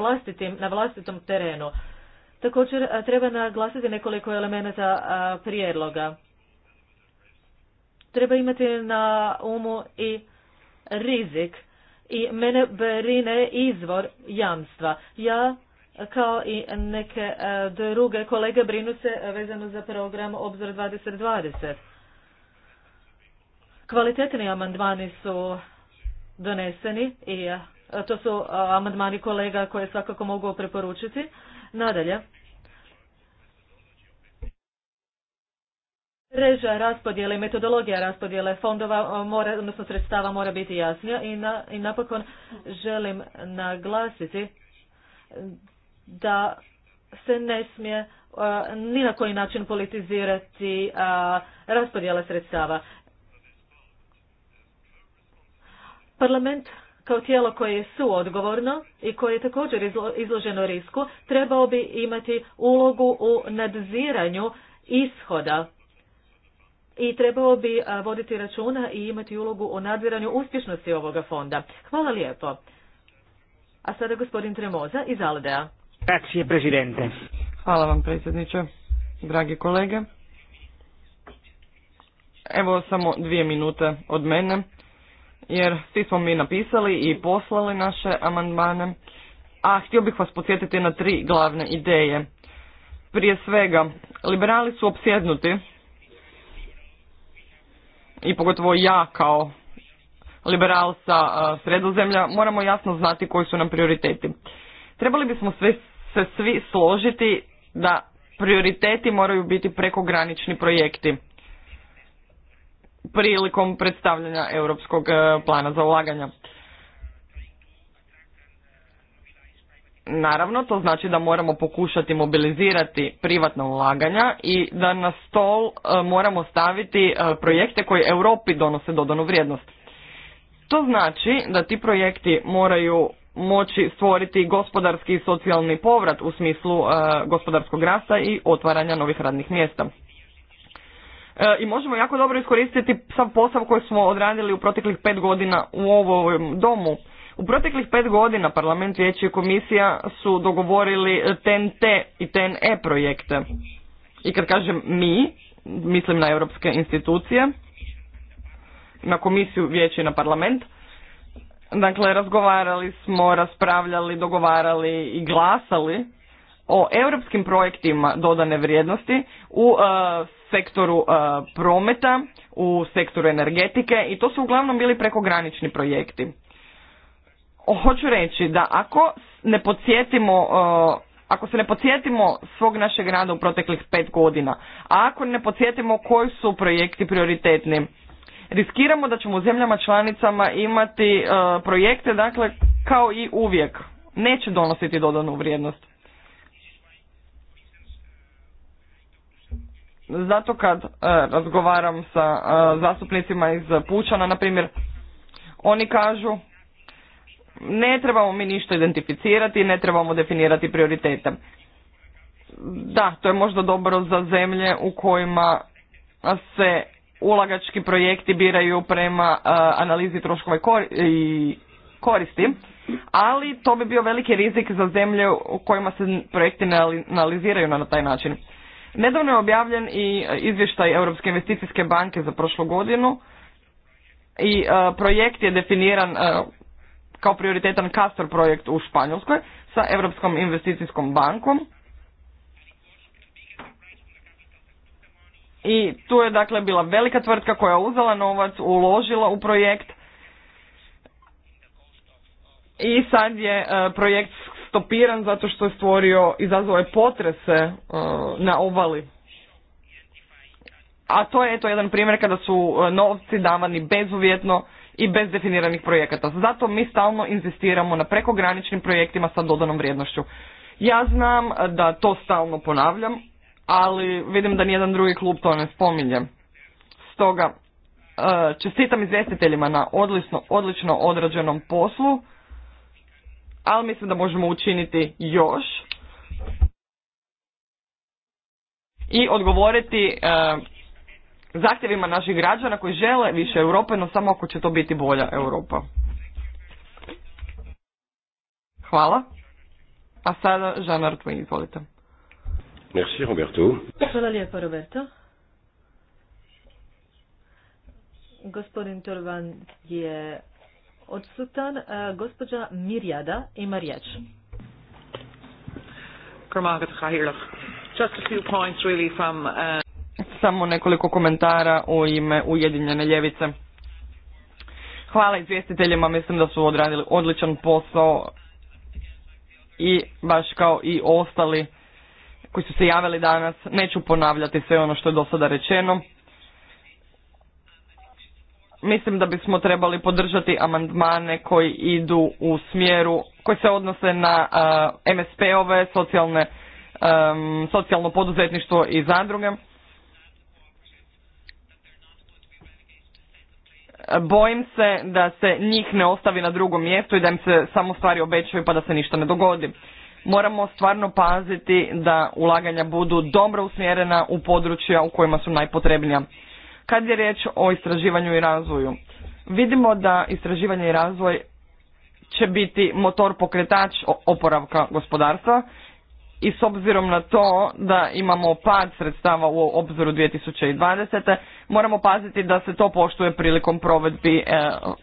na vlastitom terenu. Također treba naglasiti nekoliko elemenata prijedloga. Treba imati na umu i rizik i mene brine izvor jamstva. Ja kao i neke e, druge kolege brinu se e, vezano za program Obzor 2020. Kvalitetni amandmani su doneseni i e, to su amandmani kolega koje svakako mogu preporučiti. Nadalje, Reža raspodjele i metodologija raspodjele fondova, mora, odnosno sredstava mora biti jasnija i, na, i napokon želim naglasiti da se ne smije ni na koji način politizirati raspodjela sredstava. Parlament kao tijelo koje je suodgovorno i koje je također izloženo risku, trebao bi imati ulogu u nadziranju ishoda i trebao bi voditi računa i imati ulogu o nadviranju uspješnosti ovoga fonda. Hvala lijepo. A sada gospodin Tremoza iz Aldea. Grazie, presidente. Hvala vam, predsjedniče. Dragi kolege. Evo samo dvije minute od mene, jer svi smo mi napisali i poslali naše amandmane, a htio bih vas podsjetiti na tri glavne ideje. Prije svega, liberali su opsjednuti i pogotovo ja kao liberal sa eh, sredozemlja, moramo jasno znati koji su nam prioriteti. Trebali bismo sve, se svi složiti da prioriteti moraju biti prekogranični projekti prilikom predstavljanja europskog eh, plana za ulaganja. Naravno, to znači da moramo pokušati mobilizirati privatna ulaganja i da na stol e, moramo staviti e, projekte koji Europi donose dodanu vrijednost. To znači da ti projekti moraju moći stvoriti gospodarski i socijalni povrat u smislu e, gospodarskog rasta i otvaranja novih radnih mjesta. I možemo jako dobro iskoristiti sam posao koji smo odradili u proteklih pet godina u ovom domu u proteklih pet godina parlament, vijeće i komisija su dogovorili TNT i E projekte. I kad kažem mi, mislim na europske institucije, na komisiju, vijeće i na parlament. Dakle, razgovarali smo, raspravljali, dogovarali i glasali o europskim projektima dodane vrijednosti u e, sektoru e, prometa, u sektoru energetike i to su uglavnom bili prekogranični projekti hoću reći da ako ne podsjetimo e, ako se ne podsjetimo svog našeg rada u proteklih pet godina, a ako ne podsjetimo koji su projekti prioritetni, riskiramo da ćemo u zemljama članicama imati e, projekte, dakle, kao i uvijek, neće donositi dodanu vrijednost. Zato kad e, razgovaram sa zastupnicima iz Pučana, na primjer, oni kažu ne trebamo mi ništa identificirati, ne trebamo definirati prioritete. Da, to je možda dobro za zemlje u kojima se ulagački projekti biraju prema analizi troškova i koristi, ali to bi bio veliki rizik za zemlje u kojima se projekti ne analiziraju na taj način. Nedavno je objavljen i izvještaj Europske investicijske banke za prošlu godinu i projekt je definiran kao prioritetan Castor projekt u Španjolskoj sa Europskom investicijskom bankom. I tu je dakle bila velika tvrtka koja je uzela novac, uložila u projekt i sad je e, projekt stopiran zato što je stvorio, izazvao je potrese e, na obali. A to je eto jedan primjer kada su e, novci davani bezuvjetno i bez definiranih projekata. Zato mi stalno inzistiramo na prekograničnim projektima sa dodanom vrijednošću. Ja znam da to stalno ponavljam, ali vidim da nijedan drugi klub to ne spominje. Stoga, e, čestitam izvjestiteljima na odlično, odlično odrađenom poslu, ali mislim da možemo učiniti još i odgovoriti e, zahtjevima naših građana koji žele više Europe, no samo ako će to biti bolja Europa. Hvala. A sada Jean Artwin, izvolite. Merci Roberto. Hvala lijepo Roberto. Gospodin Torvan je odsutan. E, gospođa Mirjada ima riječ. Just a few points really from... Uh... Samo nekoliko komentara u ime Ujedinjene ljevice. Hvala izvjestiteljima, mislim da su odradili odličan posao i baš kao i ostali koji su se javili danas. Neću ponavljati sve ono što je do sada rečeno. Mislim da bismo trebali podržati amandmane koji idu u smjeru, koji se odnose na MSP-ove, socijalne, socijalno poduzetništvo i zadruge. bojim se da se njih ne ostavi na drugom mjestu i da im se samo stvari obećaju pa da se ništa ne dogodi. Moramo stvarno paziti da ulaganja budu dobro usmjerena u područja u kojima su najpotrebnija. Kad je riječ o istraživanju i razvoju, vidimo da istraživanje i razvoj će biti motor pokretač oporavka gospodarstva i s obzirom na to da imamo pad sredstava u obzoru 2020. moramo paziti da se to poštuje prilikom provedbi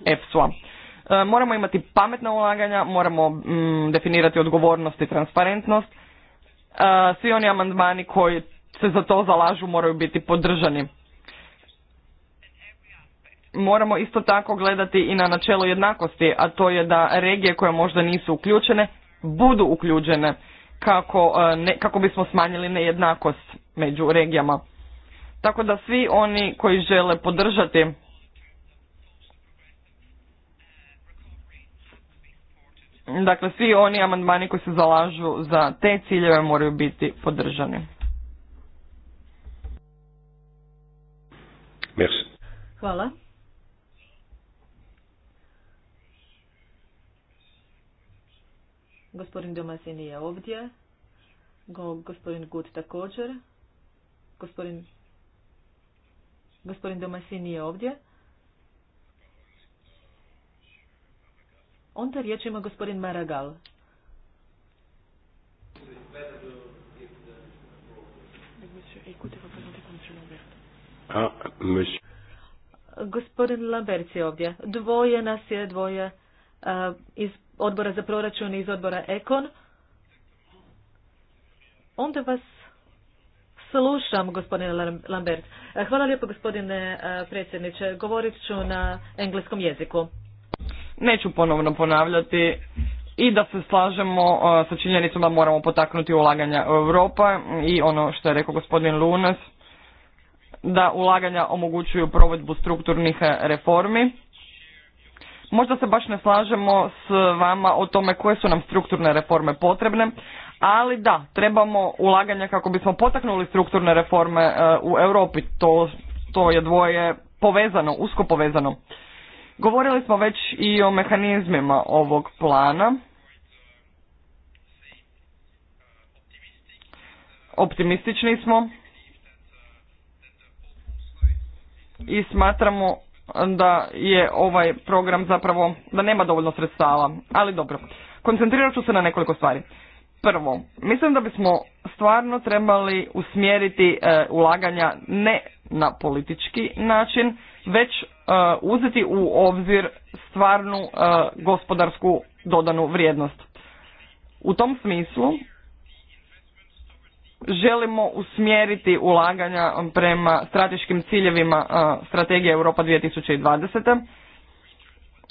EFSU-a. E, moramo imati pametna ulaganja, moramo mm, definirati odgovornost i transparentnost. E, svi oni amandmani koji se za to zalažu moraju biti podržani. Moramo isto tako gledati i na načelo jednakosti, a to je da regije koje možda nisu uključene budu uključene kako, e, ne, kako bismo smanjili nejednakost među regijama. Tako da svi oni koji žele podržati Dakle, svi oni amandmani koji se zalažu za te ciljeve moraju biti podržani. Merci. Hvala. Gospodin domasin je ovdje. gospodin Gut također. Gospodin, gospodin Domasin nije ovdje. Onda riječ ima gospodin Maragal. A, Gospodin Lambert je ovdje. Dvoje nas je, dvoje iz odbora za proračun i iz odbora Ekon, onda vas slušam, gospodine Lambert. Hvala lijepo, gospodine predsjedniče. Govorit ću na engleskom jeziku. Neću ponovno ponavljati i da se slažemo sa činjenicom da moramo potaknuti ulaganja u Europa i ono što je rekao gospodin Lunas, da ulaganja omogućuju provedbu strukturnih reformi Možda se baš ne slažemo s vama o tome koje su nam strukturne reforme potrebne, ali da, trebamo ulaganja kako bismo potaknuli strukturne reforme e, u Europi. To, to je dvoje povezano, usko povezano. Govorili smo već i o mehanizmima ovog plana. Optimistični smo i smatramo da je ovaj program zapravo, da nema dovoljno sredstava, ali dobro. Koncentrirat ću se na nekoliko stvari. Prvo, mislim da bismo stvarno trebali usmjeriti e, ulaganja ne na politički način, već e, uzeti u obzir stvarnu e, gospodarsku dodanu vrijednost. U tom smislu želimo usmjeriti ulaganja prema strateškim ciljevima strategije Europa 2020.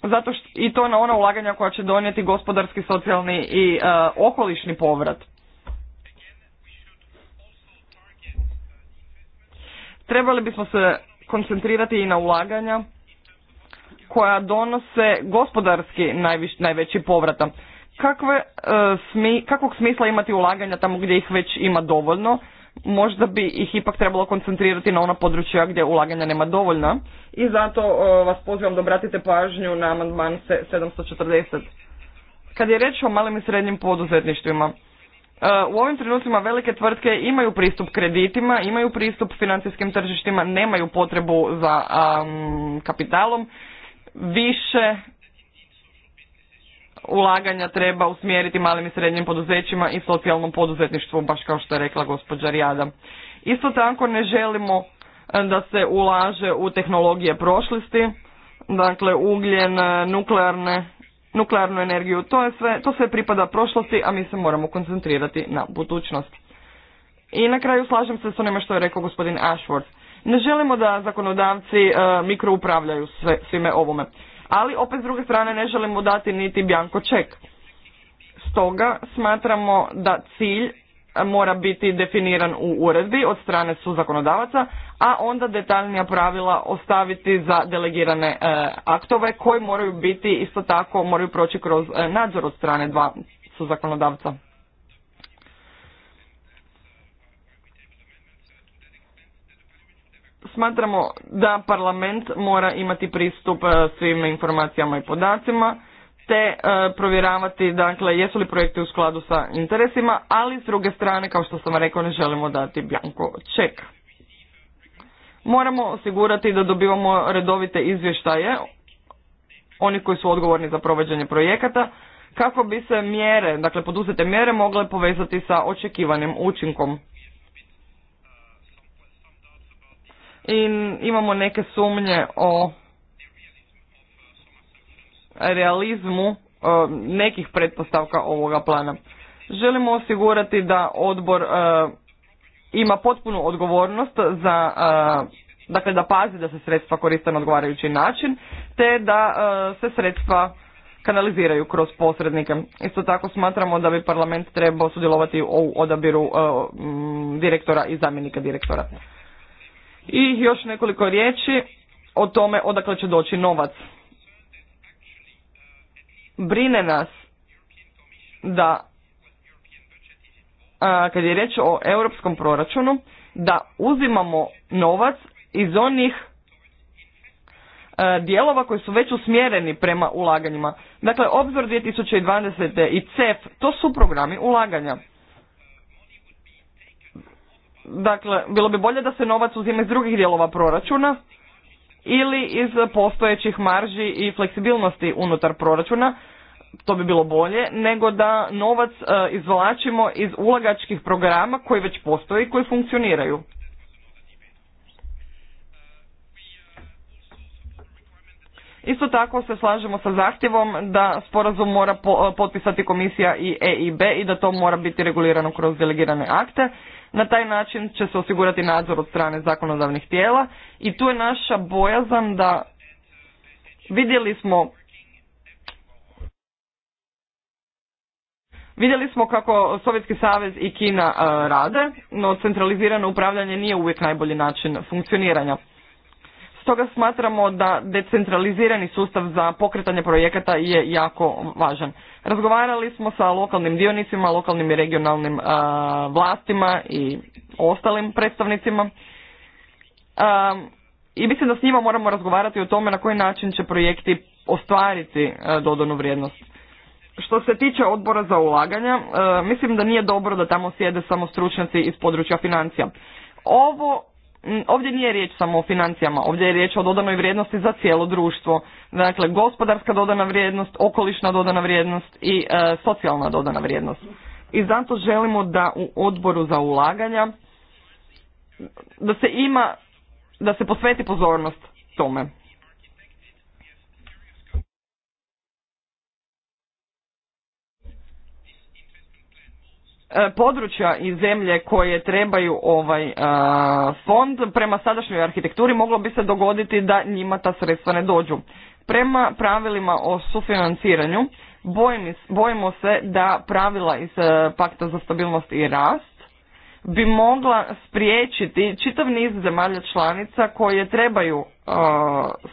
Zato što, i to na ona ulaganja koja će donijeti gospodarski, socijalni i okolišni povrat. Trebali bismo se koncentrirati i na ulaganja koja donose gospodarski najveći povrata kakve, e, smi, kakvog smisla imati ulaganja tamo gdje ih već ima dovoljno, možda bi ih ipak trebalo koncentrirati na ona područja gdje ulaganja nema dovoljno. i zato e, vas pozivam da obratite pažnju na amandman 740. Kad je reč o malim i srednjim poduzetništvima, e, u ovim trenucima velike tvrtke imaju pristup kreditima, imaju pristup financijskim tržištima, nemaju potrebu za kapitalom, više ulaganja treba usmjeriti malim i srednjim poduzećima i socijalnom poduzetništvu, baš kao što je rekla gospođa Rijada. Isto tako ne želimo eh, da se ulaže u tehnologije prošlosti, dakle ugljen, eh, nuklearne, nuklearnu energiju, to, je sve, to sve pripada prošlosti, a mi se moramo koncentrirati na budućnost. I na kraju slažem se s onime što je rekao gospodin Ashworth. Ne želimo da zakonodavci e, mikroupravljaju sve, svime ovome ali opet s druge strane ne želimo dati niti bjanko ček. Stoga smatramo da cilj e, mora biti definiran u uredbi od strane su zakonodavaca, a onda detaljnija pravila ostaviti za delegirane e, aktove koji moraju biti isto tako moraju proći kroz e, nadzor od strane dva su zakonodavca. smatramo da parlament mora imati pristup e, svim informacijama i podacima te e, provjeravati dakle jesu li projekti u skladu sa interesima, ali s druge strane kao što sam rekao ne želimo dati bjanko ček. Moramo osigurati da dobivamo redovite izvještaje oni koji su odgovorni za provođenje projekata kako bi se mjere, dakle poduzete mjere mogle povezati sa očekivanim učinkom. i imamo neke sumnje o realizmu e, nekih pretpostavka ovoga plana. Želimo osigurati da odbor e, ima potpunu odgovornost za e, dakle da pazi da se sredstva koriste na odgovarajući način te da se sredstva kanaliziraju kroz posrednike. Isto tako smatramo da bi parlament trebao sudjelovati u odabiru direktora i zamjenika direktora. I još nekoliko riječi o tome odakle će doći novac. Brine nas da a, kad je riječ o europskom proračunu, da uzimamo novac iz onih dijelova koji su već usmjereni prema ulaganjima. Dakle, obzor 2020. i CEF, to su programi ulaganja. Dakle, bilo bi bolje da se novac uzima iz drugih dijelova proračuna ili iz postojećih marži i fleksibilnosti unutar proračuna, to bi bilo bolje, nego da novac e, izvlačimo iz ulagačkih programa koji već postoji i koji funkcioniraju. Isto tako se slažemo sa zahtjevom da sporazum mora e, potpisati komisija i EIB i da to mora biti regulirano kroz delegirane akte na taj način će se osigurati nadzor od strane zakonodavnih tijela i tu je naša bojazan da vidjeli smo Vidjeli smo kako Sovjetski savez i Kina e, rade, no centralizirano upravljanje nije uvijek najbolji način funkcioniranja. Stoga smatramo da decentralizirani sustav za pokretanje projekata je jako važan. Razgovarali smo sa lokalnim dionicima, lokalnim i regionalnim vlastima i ostalim predstavnicima. A, I mislim da s njima moramo razgovarati o tome na koji način će projekti ostvariti dodanu vrijednost. Što se tiče odbora za ulaganja, mislim da nije dobro da tamo sjede samo stručnjaci iz područja financija. Ovo Mm, ovdje nije riječ samo o financijama, ovdje je riječ o dodanoj vrijednosti za cijelo društvo. Dakle, gospodarska dodana vrijednost, okolišna dodana vrijednost i e, socijalna dodana vrijednost. I zato želimo da u odboru za ulaganja da se ima, da se posveti pozornost tome. E, područja i zemlje koje trebaju ovaj e, fond prema sadašnjoj arhitekturi moglo bi se dogoditi da njima ta sredstva ne dođu. Prema pravilima o sufinanciranju bojimo se da pravila iz e, Pakta za stabilnost i rast bi mogla spriječiti čitav niz zemalja članica koje trebaju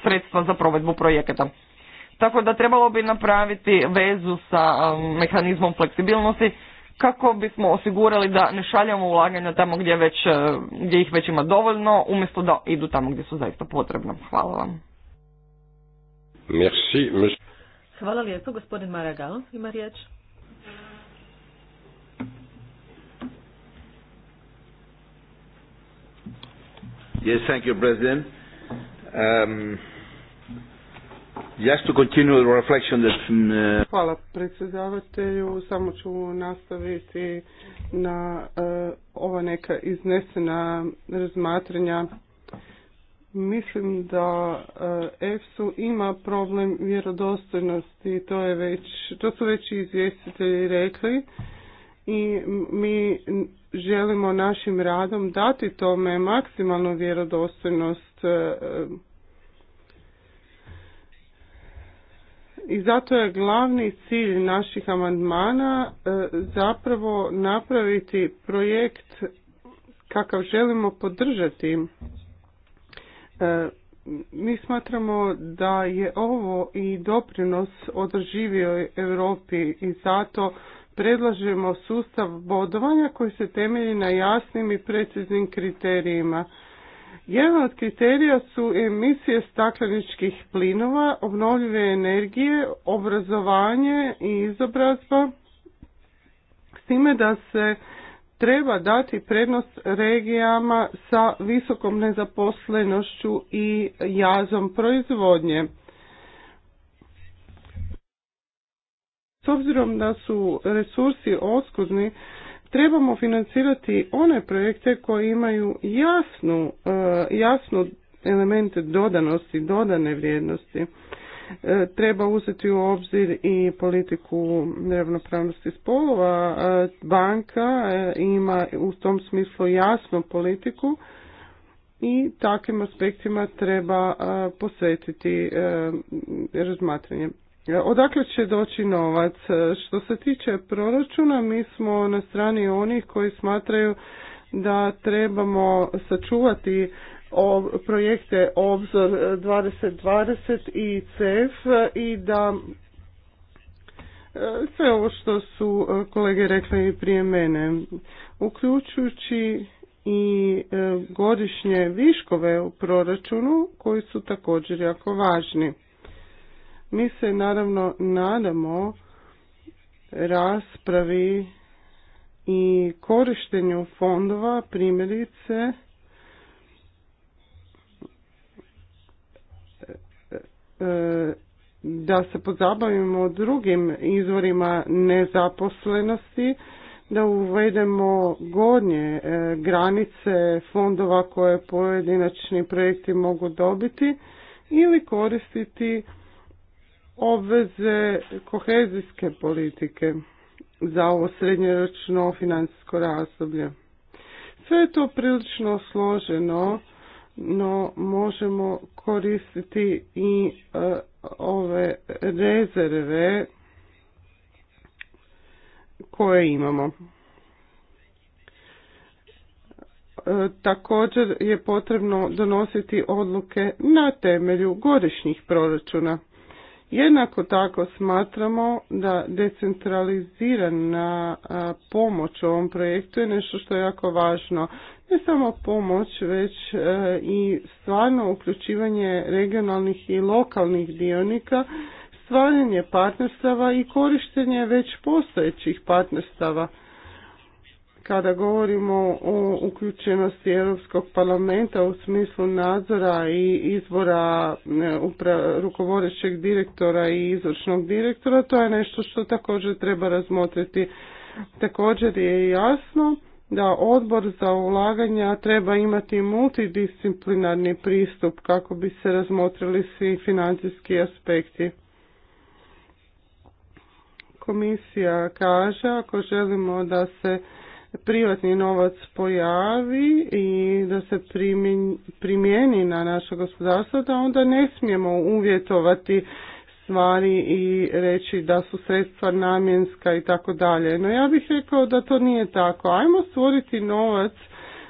sredstva za provedbu projekata. Tako da trebalo bi napraviti vezu sa mehanizmom fleksibilnosti kako bismo osigurali da ne šaljamo ulaganja tamo gdje, već, e, gdje ih već ima dovoljno, umjesto da idu tamo gdje su zaista potrebno. Hvala vam. Merci. Hvala lijepo, gospodin Maragal ima riječ. Yes, thank you, President. Um... Mm, uh, Hvala predsjedavatelju, samo ću nastaviti na uh, ova neka iznesena razmatranja. Mislim da uh, EFSU ima problem vjerodostojnosti, to, je već, to su već izvjestitelji rekli i mi želimo našim radom dati tome maksimalnu vjerodostojnost I zato je glavni cilj naših amandmana e, zapravo napraviti projekt kakav želimo podržati. E, mi smatramo da je ovo i doprinos održivijoj Europi i zato predlažemo sustav bodovanja koji se temelji na jasnim i preciznim kriterijima jedan od kriterija su emisije stakleničkih plinova, obnovljive energije, obrazovanje i izobrazba, s time da se treba dati prednost regijama sa visokom nezaposlenošću i jazom proizvodnje. S obzirom da su resursi oskudni, trebamo financirati one projekte koji imaju jasnu, e, elemente dodanosti, dodane vrijednosti. E, treba uzeti u obzir i politiku ravnopravnosti spolova. E, banka ima u tom smislu jasnu politiku i takvim aspektima treba posvetiti razmatranje. E, odakle će doći novac? E, što se tiče proračuna, mi smo na strani onih koji smatraju da trebamo sačuvati projekte Obzor 2020 i CEF i da e, sve ovo što su kolege rekli prije mene, uključujući i godišnje viškove u proračunu koji su također jako važni. Mi se naravno nadamo raspravi i korištenju fondova, primjerice da se pozabavimo drugim izvorima nezaposlenosti, da uvedemo gornje e, granice fondova koje pojedinačni projekti mogu dobiti ili koristiti obveze kohezijske politike za ovo srednjeročno financijsko razdoblje. Sve je to prilično složeno, no možemo koristiti i e, ove rezerve koje imamo. E, također je potrebno donositi odluke na temelju godišnjih proračuna. Jednako tako smatramo da decentralizirana pomoć u ovom projektu je nešto što je jako važno. Ne samo pomoć, već e, i stvarno uključivanje regionalnih i lokalnih dionika, stvaranje partnerstava i korištenje već postojećih partnerstava. Kada govorimo o uključenosti Europskog parlamenta u smislu nadzora i izbora rukovorećeg rukovodećeg direktora i izvršnog direktora, to je nešto što također treba razmotriti. Također je jasno da odbor za ulaganja treba imati multidisciplinarni pristup kako bi se razmotrili svi financijski aspekti. Komisija kaže ako želimo da se privatni novac pojavi i da se primjeni na naše gospodarstvo, da onda ne smijemo uvjetovati stvari i reći da su sredstva namjenska i tako dalje. No ja bih rekao da to nije tako. Ajmo stvoriti novac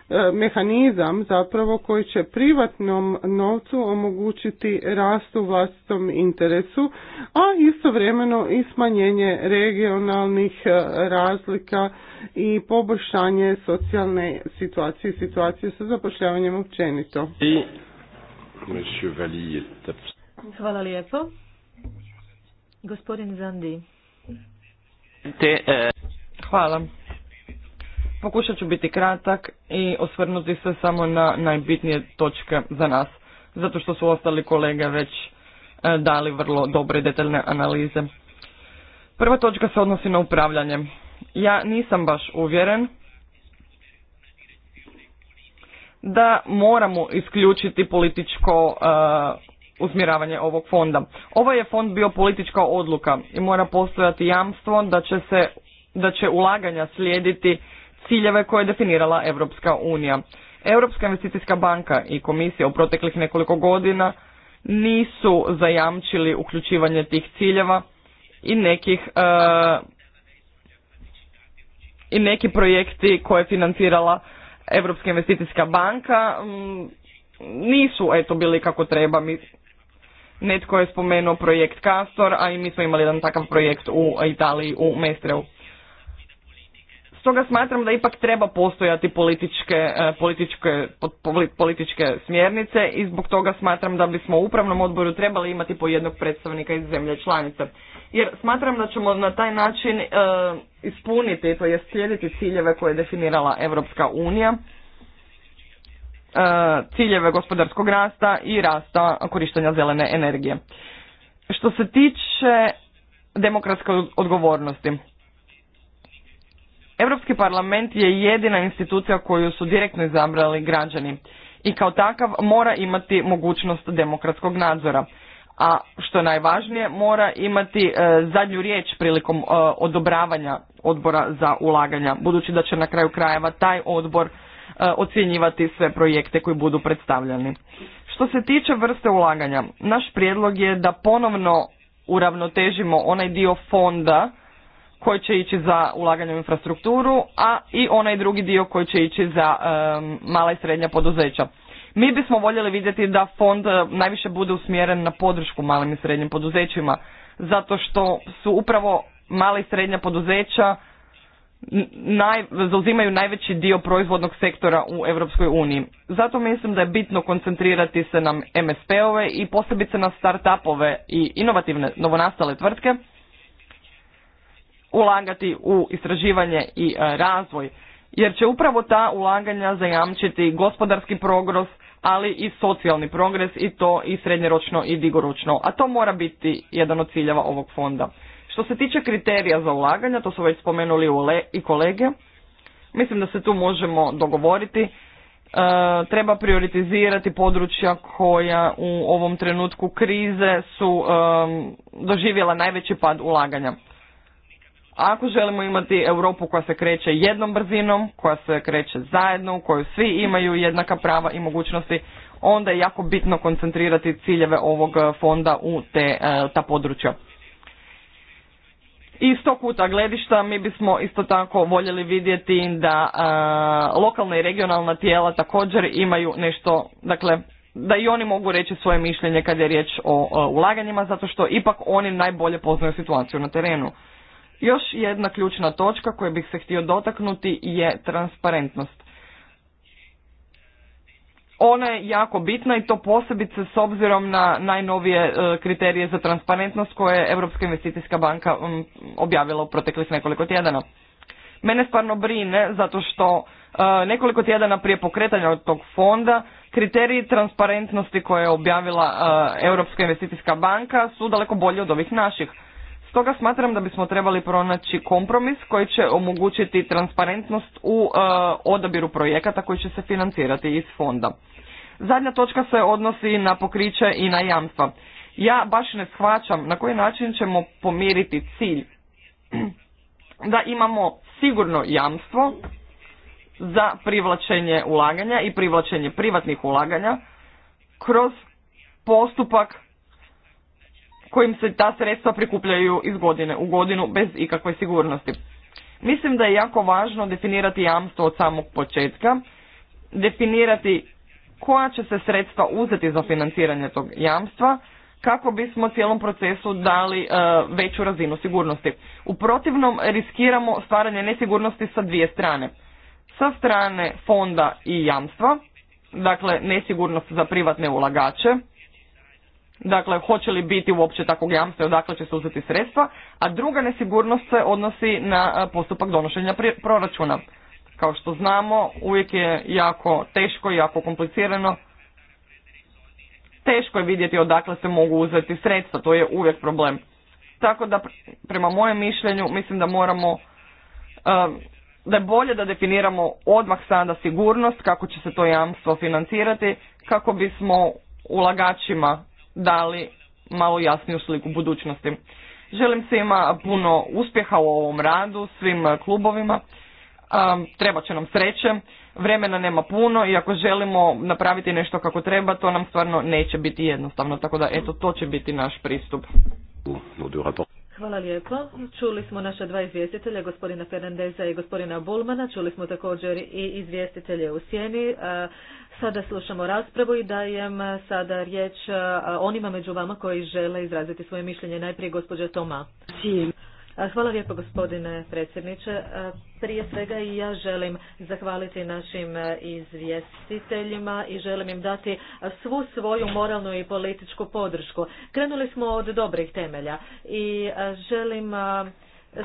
E, mehanizam zapravo koji će privatnom novcu omogućiti rast u vlastitom interesu, a istovremeno i smanjenje regionalnih e, razlika i poboljšanje socijalne situacije i situacije sa zapošljavanjem općenito. I, Hvala lijepo. Gospodin Zandi. Te, e, Hvala. Pokušat ću biti kratak i osvrnuti se samo na najbitnije točke za nas, zato što su ostali kolege već e, dali vrlo dobre detaljne analize. Prva točka se odnosi na upravljanje. Ja nisam baš uvjeren da moramo isključiti političko e, usmjeravanje ovog fonda. Ovaj je fond bio politička odluka i mora postojati jamstvo da će se da će ulaganja slijediti ciljeve koje je definirala Europska unija. Europska investicijska banka i komisija u proteklih nekoliko godina nisu zajamčili uključivanje tih ciljeva i nekih e, i neki projekti koje je financirala Europska investicijska banka nisu eto bili kako treba. netko je spomenuo projekt Castor, a i mi smo imali jedan takav projekt u Italiji, u Mestreu. Stoga smatram da ipak treba postojati političke, e, političke, političke smjernice i zbog toga smatram da bismo u upravnom odboru trebali imati po jednog predstavnika iz zemlje članice. Jer smatram da ćemo na taj način e, ispuniti, to je slijediti ciljeve koje je definirala Europska unija, e, ciljeve gospodarskog rasta i rasta korištenja zelene energije. Što se tiče demokratske odgovornosti, Europski parlament je jedina institucija koju su direktno izabrali građani i kao takav mora imati mogućnost demokratskog nadzora. A što je najvažnije, mora imati e, zadnju riječ prilikom e, odobravanja odbora za ulaganja, budući da će na kraju krajeva taj odbor e, ocjenjivati sve projekte koji budu predstavljani. Što se tiče vrste ulaganja, naš prijedlog je da ponovno uravnotežimo onaj dio fonda koji će ići za ulaganje u infrastrukturu, a i onaj drugi dio koji će ići za mala i srednja poduzeća. Mi bismo voljeli vidjeti da fond najviše bude usmjeren na podršku malim i srednjim poduzećima, zato što su upravo mala i srednja poduzeća naj, zauzimaju najveći dio proizvodnog sektora u Europskoj uniji. Zato mislim da je bitno koncentrirati se na MSP-ove i posebice na start-upove i inovativne novonastale tvrtke, ulagati u istraživanje i e, razvoj, jer će upravo ta ulaganja zajamčiti gospodarski progres, ali i socijalni progres i to i srednjeročno i digoročno, a to mora biti jedan od ciljeva ovog fonda. Što se tiče kriterija za ulaganja, to su već spomenuli i kolege, mislim da se tu možemo dogovoriti. E, treba prioritizirati područja koja u ovom trenutku krize su e, doživjela najveći pad ulaganja. Ako želimo imati Europu koja se kreće jednom brzinom, koja se kreće zajedno, u kojoj svi imaju jednaka prava i mogućnosti, onda je jako bitno koncentrirati ciljeve ovog eh, fonda u te, eh, ta područja. Iz tog kuta gledišta mi bismo isto tako voljeli vidjeti da eh, lokalna i regionalna tijela također imaju nešto, dakle, da i oni mogu reći svoje mišljenje kad je riječ o ulaganjima, zato što ipak oni najbolje poznaju situaciju na terenu. Još jedna ključna točka koju bih se htio dotaknuti je transparentnost. Ona je jako bitna i to posebice s obzirom na najnovije e, kriterije za transparentnost koje je Europska investicijska banka objavila u proteklih nekoliko tjedana. Mene stvarno brine zato što e, nekoliko tjedana prije pokretanja od tog fonda kriteriji transparentnosti koje je objavila e, Europska investicijska banka su daleko bolji od ovih naših. Stoga smatram da bismo trebali pronaći kompromis koji će omogućiti transparentnost u e, odabiru projekata koji će se financirati iz fonda. Zadnja točka se odnosi na pokriće i na jamstva. Ja baš ne shvaćam na koji način ćemo pomiriti cilj *clears throat* da imamo sigurno jamstvo za privlačenje ulaganja i privlačenje privatnih ulaganja kroz postupak kojim se ta sredstva prikupljaju iz godine u godinu bez ikakve sigurnosti. Mislim da je jako važno definirati jamstvo od samog početka, definirati koja će se sredstva uzeti za financiranje tog jamstva kako bismo cijelom procesu dali e, veću razinu sigurnosti. U protivnom riskiramo stvaranje nesigurnosti sa dvije strane. Sa strane fonda i jamstva, dakle nesigurnost za privatne ulagače, dakle hoće li biti uopće takvog jamstva i odakle će se uzeti sredstva, a druga nesigurnost se odnosi na e, postupak donošenja proračuna. Kao što znamo, uvijek je jako teško i jako komplicirano. Teško je vidjeti odakle se mogu uzeti sredstva, to je uvijek problem. Tako da, prema mojem mišljenju, mislim da moramo, e, da je bolje da definiramo odmah sada sigurnost, kako će se to jamstvo financirati, kako bismo ulagačima dali malo jasniju sliku budućnosti. Želim svima puno uspjeha u ovom radu, svim e, klubovima. Treba će nam sreće, vremena nema puno i ako želimo napraviti nešto kako treba, to nam stvarno neće biti jednostavno. Tako da, eto, to će biti naš pristup. Hvala lijepo. Čuli smo naša dva izvjestitelja, gospodina Fernandeza i gospodina Bulmana. Čuli smo također i izvjestitelje u sjeni. E, sada slušamo raspravu i dajem sada riječ e, onima među vama koji žele izraziti svoje mišljenje. Najprije gospođa Toma. Hvala lijepo gospodine predsjedniče. Prije svega i ja želim zahvaliti našim e, izvjestiteljima i želim im dati svu svoju moralnu i političku podršku. Krenuli smo od dobrih temelja i e, želim e,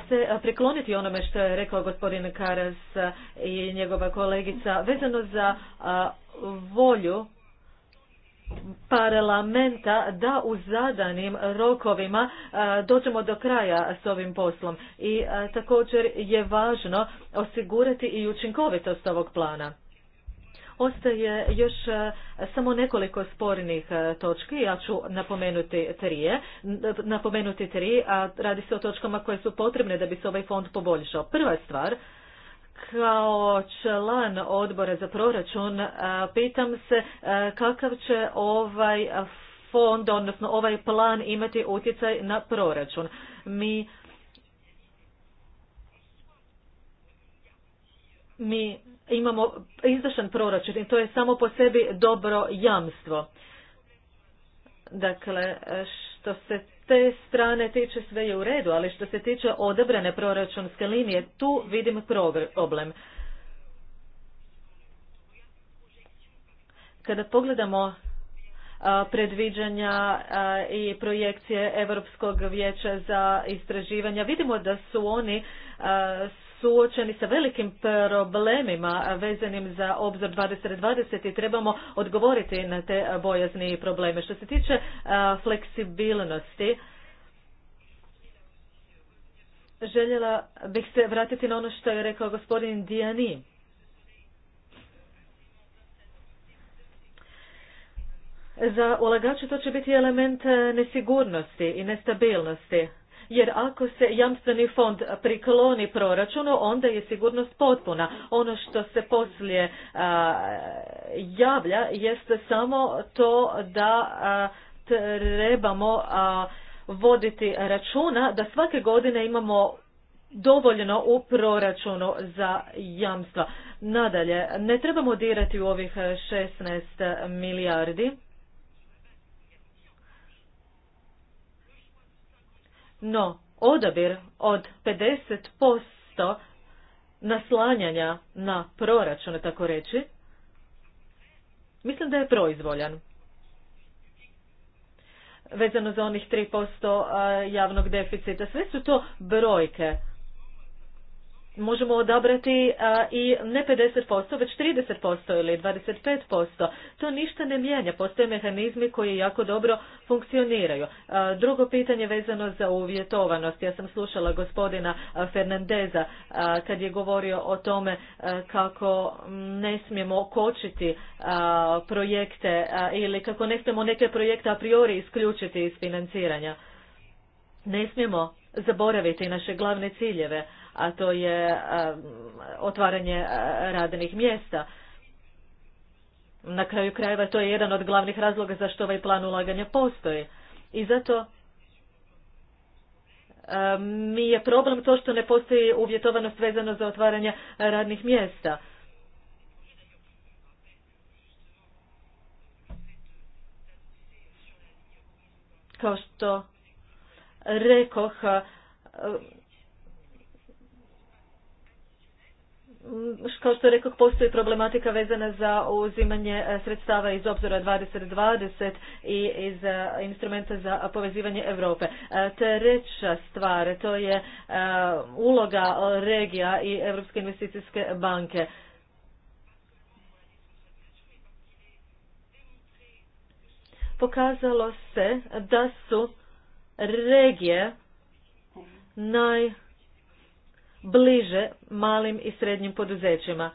se prikloniti onome što je rekao gospodin Karas i njegova kolegica vezano za volju parlamenta da u zadanim rokovima e, dođemo do kraja s ovim poslom i e, također je važno osigurati i učinkovitost ovog plana. Ostaje još e, samo nekoliko spornih točki, ja ću napomenuti tri napomenuti tri, a radi se o točkama koje su potrebne da bi se ovaj fond poboljšao. Prva stvar kao član odbora za proračun e, pitam se e, kakav će ovaj fond, odnosno ovaj plan imati utjecaj na proračun. Mi mi imamo izdašan proračun i to je samo po sebi dobro jamstvo. Dakle, e, što se te strane tiče sve je u redu, ali što se tiče odabrane proračunske linije, tu vidim problem. Kada pogledamo predviđanja i projekcije Europskog vijeća za istraživanja. Vidimo da su oni suočeni sa velikim problemima vezanim za obzor 2020 i trebamo odgovoriti na te bojazni probleme. Što se tiče fleksibilnosti, željela bih se vratiti na ono što je rekao gospodin Dijani. Za ulagače to će biti element e, nesigurnosti i nestabilnosti jer ako se jamstveni fond prikloni proračunu, onda je sigurnost potpuna. Ono što se poslije javlja jeste samo to da trebamo voditi računa da svake godine imamo dovoljno u proračunu za jamstva. Nadalje, ne trebamo dirati u ovih 16 milijardi No, odabir od 50% naslanjanja na proračun, tako reći, mislim da je proizvoljan. Vezano za onih 3% javnog deficita, sve su to brojke možemo odabrati i ne 50%, već 30% ili 25%. To ništa ne mijenja, postoje mehanizmi koji jako dobro funkcioniraju. drugo pitanje vezano za uvjetovanost. Ja sam slušala gospodina Fernandeza kad je govorio o tome kako ne smijemo kočiti projekte ili kako ne smijemo neke projekte a priori isključiti iz financiranja. Ne smijemo zaboraviti naše glavne ciljeve a to je otvaranje e, radnih mjesta. Na kraju krajeva to je jedan od glavnih razloga zašto ovaj plan ulaganja postoji. I zato mi je problem to što ne postoji uvjetovanost vezano za otvaranje radnih mjesta. Kao što rekoh, Mm, kao što rekao, postoji problematika vezana za uzimanje e, sredstava iz obzora 2020 i iz e, instrumenta za povezivanje Europe. E, treća stvar, to je uloga regija i Europske investicijske banke. Pokazalo se da su regije naj bliže malim i srednjim poduzećima.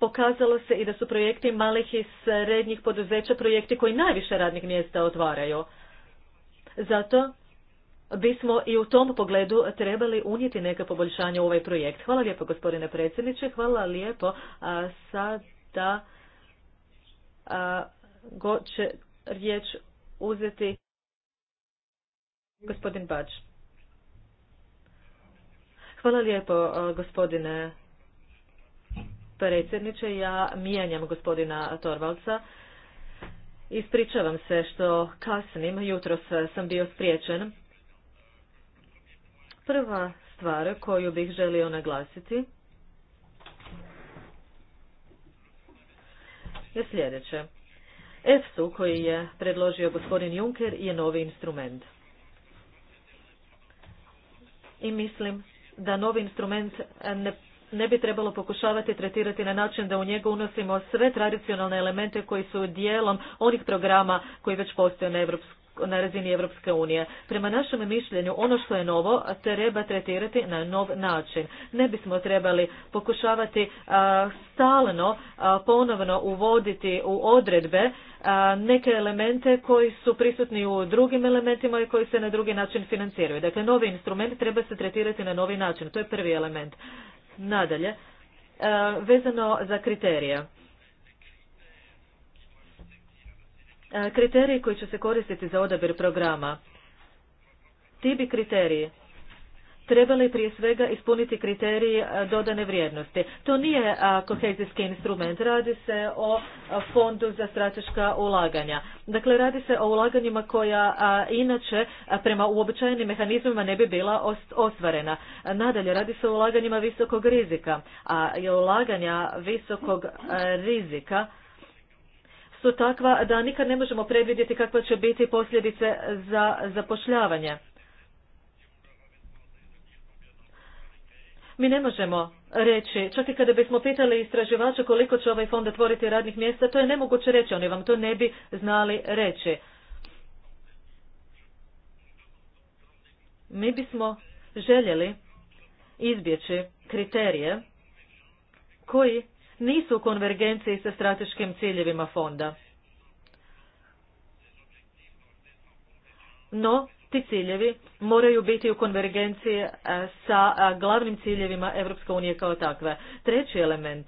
Pokazalo se i da su projekti malih i srednjih poduzeća projekti koji najviše radnih mjesta otvaraju. Zato bismo i u tom pogledu trebali unijeti neka poboljšanja u ovaj projekt. Hvala lijepo gospodine predsjedniče, hvala lijepo. A sada a, go će riječ uzeti gospodin Bač. Hvala lijepo, e, gospodine predsjedniče. Ja mijenjam gospodina Torvalca. Ispričavam se što kasnim, jutros sam bio spriječen. Prva stvar koju bih želio naglasiti je sljedeće. EFSU koji je predložio gospodin Juncker je novi instrument. I mislim da novi instrument eh, ne, bi trebalo pokušavati tretirati na način da u njega unosimo sve tradicionalne elemente koji su dijelom onih programa koji već postoje na europskom na razini Evropske unije. Prema našem mišljenju, ono što je novo treba tretirati na nov način. Ne bismo trebali pokušavati stalno ponovno uvoditi u odredbe neke elemente koji su prisutni u drugim elementima i koji se na drugi način financiraju. Dakle, novi instrument treba se tretirati na novi način. To je prvi element. Nadalje, vezano za kriterije. E, kriteriji koji će se koristiti za odabir programa. Ti bi kriteriji trebali prije svega ispuniti kriteriji e, dodane vrijednosti. To nije e, kohezijski instrument, radi se o fondu za strateška ulaganja. Dakle, radi se o ulaganjima koja inače prema uobičajenim mehanizmima ne bi bila ostvarena. Nadalje, radi se o ulaganjima visokog rizika, a ulaganja visokog rizika su takva da nikad ne možemo predvidjeti kakva će biti posljedice za zapošljavanje. Mi ne možemo reći, čak i kada bismo pitali istraživača koliko će ovaj fond otvoriti radnih mjesta, to je nemoguće reći, oni vam to ne bi znali reći. Mi bismo željeli izbjeći kriterije koji nisu u konvergenciji sa strateškim ciljevima fonda. No, ti ciljevi moraju biti u konvergenciji e, sa e, glavnim ciljevima EU unije kao takve. Treći element.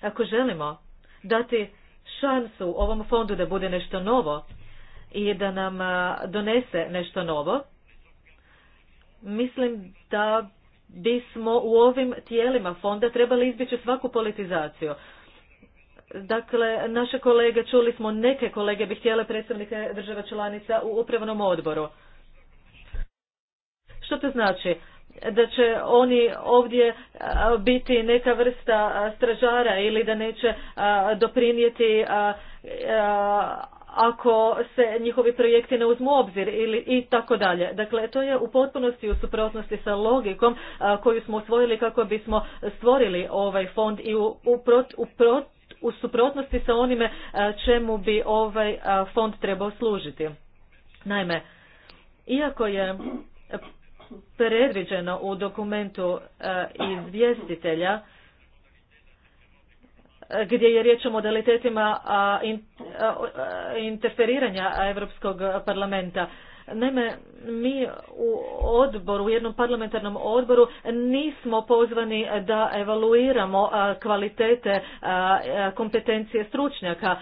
Ako želimo dati šansu ovom fondu da bude nešto novo i da nam e, donese nešto novo, mislim da bismo u ovim tijelima fonda trebali izbjeći svaku politizaciju. Dakle, naše kolege, čuli smo, neke kolege bi htjele predstavnike država članica u upravnom odboru. Što to znači? Da će oni ovdje biti neka vrsta stražara ili da neće doprinijeti ako se njihovi projekti ne uzmu obzir ili i tako dalje. Dakle, to je u potpunosti u suprotnosti sa logikom koju smo usvojili kako bismo stvorili ovaj fond i u, u, prot, u, prot, u suprotnosti sa onime čemu bi ovaj fond trebao služiti. Naime, iako je predviđeno u dokumentu izvjestitelja gdje je riječ o modalitetima interferiranja Europskog parlamenta. Naime, mi u odboru, u jednom parlamentarnom odboru nismo pozvani da evaluiramo kvalitete kompetencije stručnjaka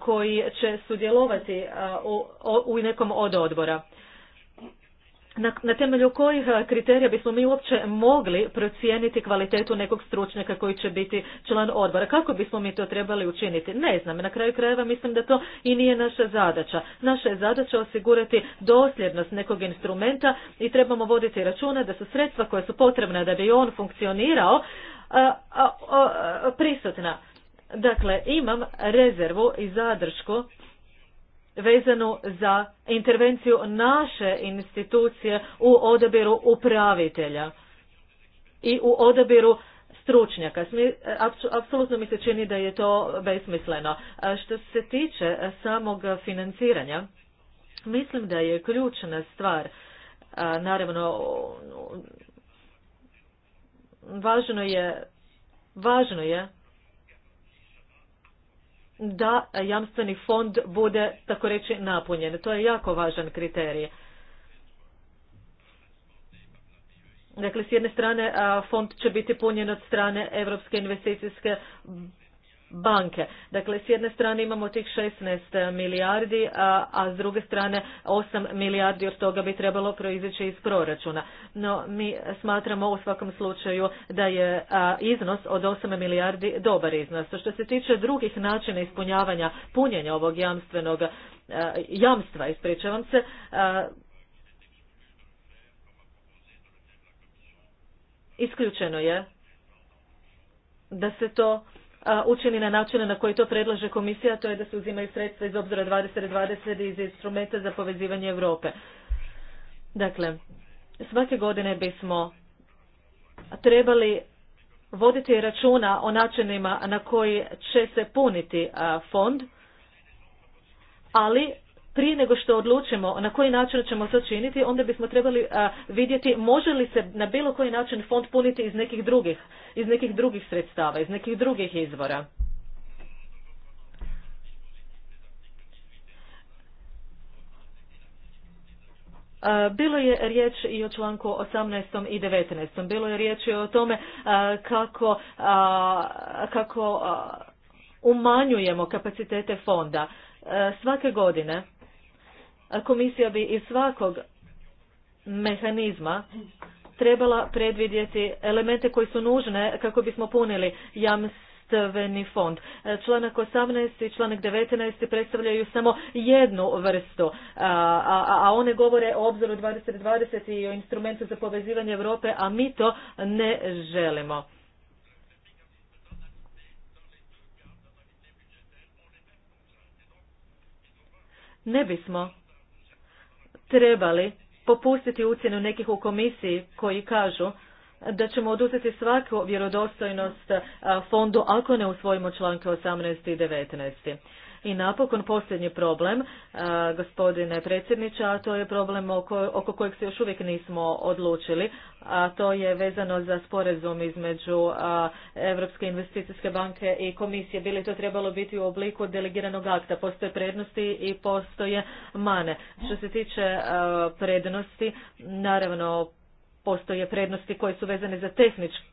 koji će sudjelovati u nekom od odbora na, na temelju kojih e, kriterija bismo mi uopće mogli procijeniti kvalitetu nekog stručnjaka koji će biti član odbora? Kako bismo mi to trebali učiniti? Ne znam. Na kraju krajeva mislim da to i nije naša zadaća. Naša je zadaća osigurati dosljednost nekog instrumenta i trebamo voditi računa da su sredstva koja su potrebna da bi on funkcionirao prisutna. Dakle, imam rezervu i zadršku vezanu za intervenciju naše institucije u odabiru upravitelja i u odabiru stručnjaka. Apsolutno mi se čini da je to besmisleno. Što se tiče samog financiranja, mislim da je ključna stvar, naravno, važno je, važno je da jamstveni fond bude, tako reći, napunjen. To je jako važan kriterij. Dakle, s jedne strane fond će biti punjen od strane Europske investicijske banke. Dakle, s jedne strane imamo tih 16 milijardi, a, a s druge strane 8 milijardi od toga bi trebalo proizići iz proračuna. No, mi smatramo u svakom slučaju da je iznos od 8 milijardi dobar iznos. Što se tiče drugih načina ispunjavanja punjenja ovog jamstvenog jamstva, ispričavam se, isključeno je da se to učini na načine na koji to predlaže komisija, to je da se uzimaju sredstva iz obzora 2020 i iz instrumenta za povezivanje Europe. Dakle, svake godine bismo trebali voditi računa o načinima na koji će se puniti fond, ali prije nego što odlučimo na koji način ćemo to činiti, onda bismo trebali vidjeti može li se na bilo koji način fond puniti iz nekih drugih, iz nekih drugih sredstava, iz nekih drugih izvora. Bilo je riječ i o članku 18. i 19. Bilo je riječ i o tome kako, kako umanjujemo kapacitete fonda. Svake godine komisija bi iz svakog mehanizma trebala predvidjeti elemente koji su nužne kako bismo punili jamstveni fond. E, članak 18 i članak 19 predstavljaju samo jednu vrstu, a, a, one govore o obzoru 2020 i o instrumentu za povezivanje Europe, a mi to ne želimo. Ne bismo trebali popustiti ucjenu nekih u komisiji koji kažu da ćemo oduzeti svaku vjerodostojnost fondu ako ne usvojimo članke 18. i 19. I napokon posljednji problem, gospodine predsjedniče, a to je problem oko, kojeg se još uvijek nismo odlučili, a to je vezano za sporezum između Europske investicijske banke i komisije. Bili to trebalo biti u obliku delegiranog akta. Postoje prednosti i postoje mane. Što se tiče prednosti, naravno postoje prednosti koje su vezane za tehničke,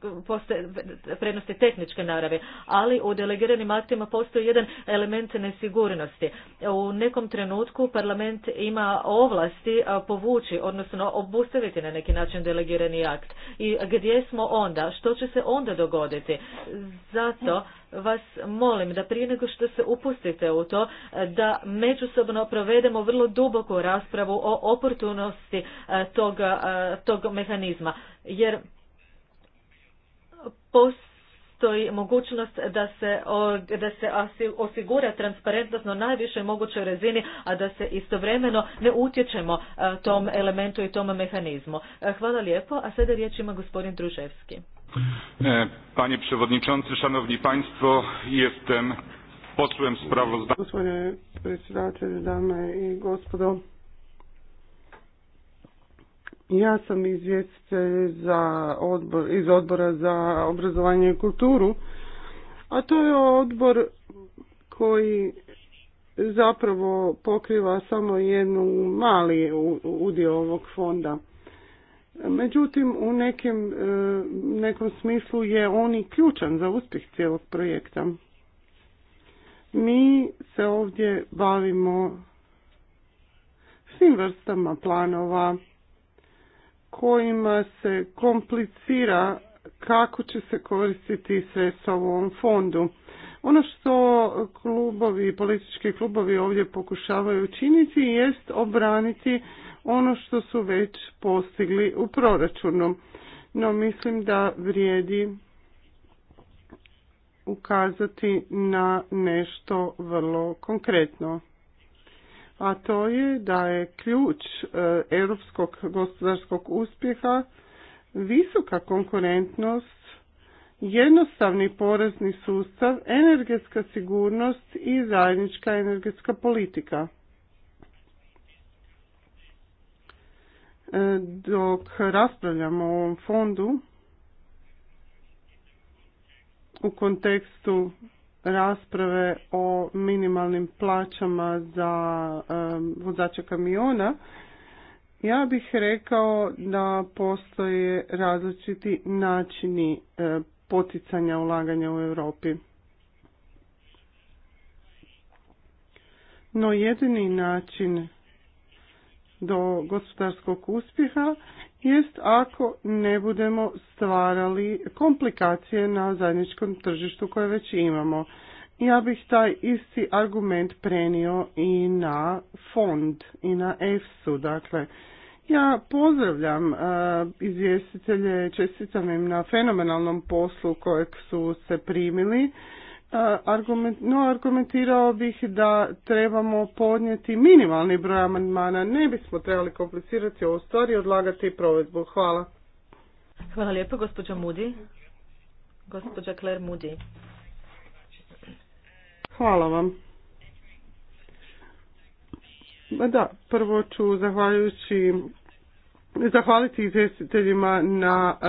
prednosti tehničke narave, ali u delegiranim aktima postoji jedan element nesigurnosti. U nekom trenutku parlament ima ovlasti povući, odnosno obustaviti na neki način delegirani akt. I gdje smo onda? Što će se onda dogoditi? Zato vas molim da prije nego što se upustite u to, eh, da međusobno provedemo vrlo duboku raspravu o oportunosti eh, tog, eh, tog mehanizma. Jer postoji mogućnost da se, da se osigura transparentnost na najviše mogućoj razini, a da se istovremeno ne utječemo tom elementu i tom mehanizmu. Hvala lijepo, a sada riječ ima gospodin Druževski. E, panie przewodniczący, szanowni państwo, jestem posłem sprawozdawcy. Gospodine przewodniczący, dame i gospodo, ja sam izvjestitelj za odbor, iz odbora za obrazovanje i kulturu, a to je odbor koji zapravo pokriva samo jednu mali udio ovog fonda. Međutim, u nekim, e, nekom smislu je on i ključan za uspjeh cijelog projekta. Mi se ovdje bavimo svim vrstama planova, kojima se komplicira kako će se koristiti sredstva u ovom fondu. Ono što klubovi, politički klubovi ovdje pokušavaju učiniti jest obraniti ono što su već postigli u proračunu. No mislim da vrijedi ukazati na nešto vrlo konkretno a to je da je ključ e, europskog gospodarskog uspjeha visoka konkurentnost, jednostavni porezni sustav, energetska sigurnost i zajednička energetska politika. E, dok raspravljamo o ovom fondu, u kontekstu rasprave o minimalnim plaćama za vozača kamiona, ja bih rekao da postoje različiti načini e, poticanja ulaganja u Europi. No jedini način do gospodarskog uspjeha jest ako ne budemo stvarali komplikacije na zajedničkom tržištu koje već imamo. Ja bih taj isti argument prenio i na fond i na EFSU. Dakle, ja pozdravljam e, izvjestitelje, čestitam im na fenomenalnom poslu kojeg su se primili Argument, no argumentirao bih da trebamo podnijeti minimalni broj amandmana. Ne bismo trebali komplicirati ovu stvar i odlagati provedbu. Hvala. Hvala lijepo, gospođa Mudi. Gospođa Claire Mudi. Hvala vam. Da, prvo ću, zahvaljujući zahvaliti izvjestiteljima na e,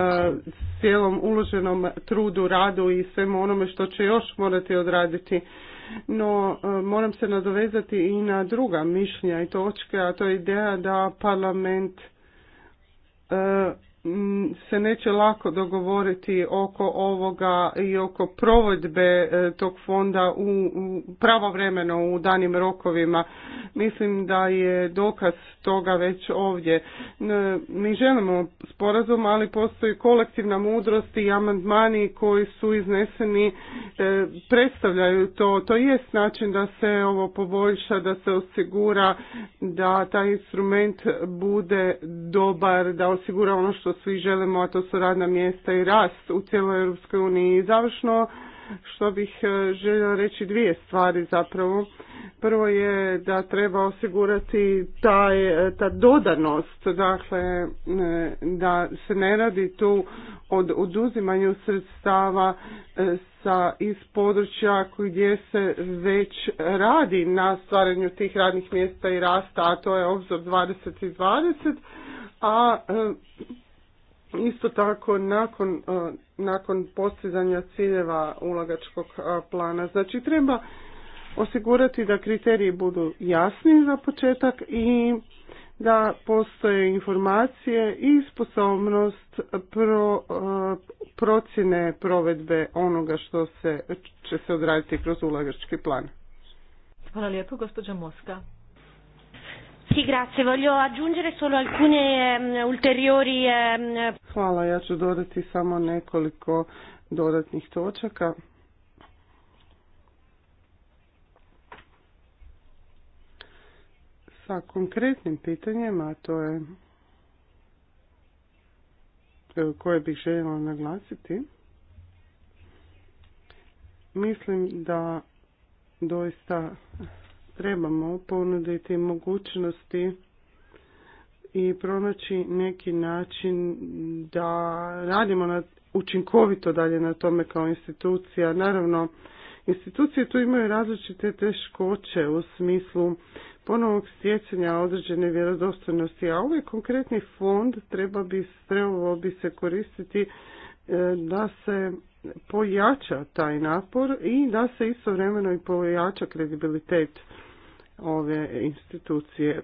cijelom uloženom trudu, radu i svemu onome što će još morati odraditi. No, e, moram se nadovezati i na druga mišljenja i točke, a to je ideja da parlament e, se neće lako dogovoriti oko ovoga i oko provodbe e, tog fonda u, u pravovremeno u danim rokovima. Mislim da je dokaz toga već ovdje. E, mi želimo sporazum, ali postoji kolektivna mudrost i amandmani koji su izneseni e, predstavljaju to. To je način da se ovo poboljša, da se osigura da taj instrument bude dobar, da osigura ono što svi želimo, a to su radna mjesta i rast u cijeloj Europskoj uniji. I završno, što bih e, željela reći dvije stvari zapravo. Prvo je da treba osigurati taj, e, ta dodanost, dakle e, da se ne radi tu od oduzimanju sredstava sa iz područja gdje se već radi na stvaranju tih radnih mjesta i rasta, a to je obzor 2020, a Isto tako nakon, e, nakon postizanja ciljeva ulagačkog e, plana. Znači treba osigurati da kriteriji budu jasni za početak i da postoje informacije i sposobnost pro, e, procjene provedbe onoga što se, će se odraditi kroz ulagački plan. Hvala lijepo, gospođa Moska. Sì, grazie. Voglio aggiungere solo alcune ehm, ulteriori... Ehm, Hvala, ja ću dodati samo nekoliko dodatnih točaka. Sa konkretnim pitanjem, a to je e, koje bih željela naglasiti, mislim da doista trebamo ponuditi mogućnosti i pronaći neki način da radimo na, učinkovito dalje na tome kao institucija. Naravno, institucije tu imaju različite teškoće u smislu ponovog stjecanja određene vjerodostojnosti, a ovaj konkretni fond treba bi, trebalo bi se koristiti e, da se pojača taj napor i da se istovremeno i pojača kredibilitet ove institucije.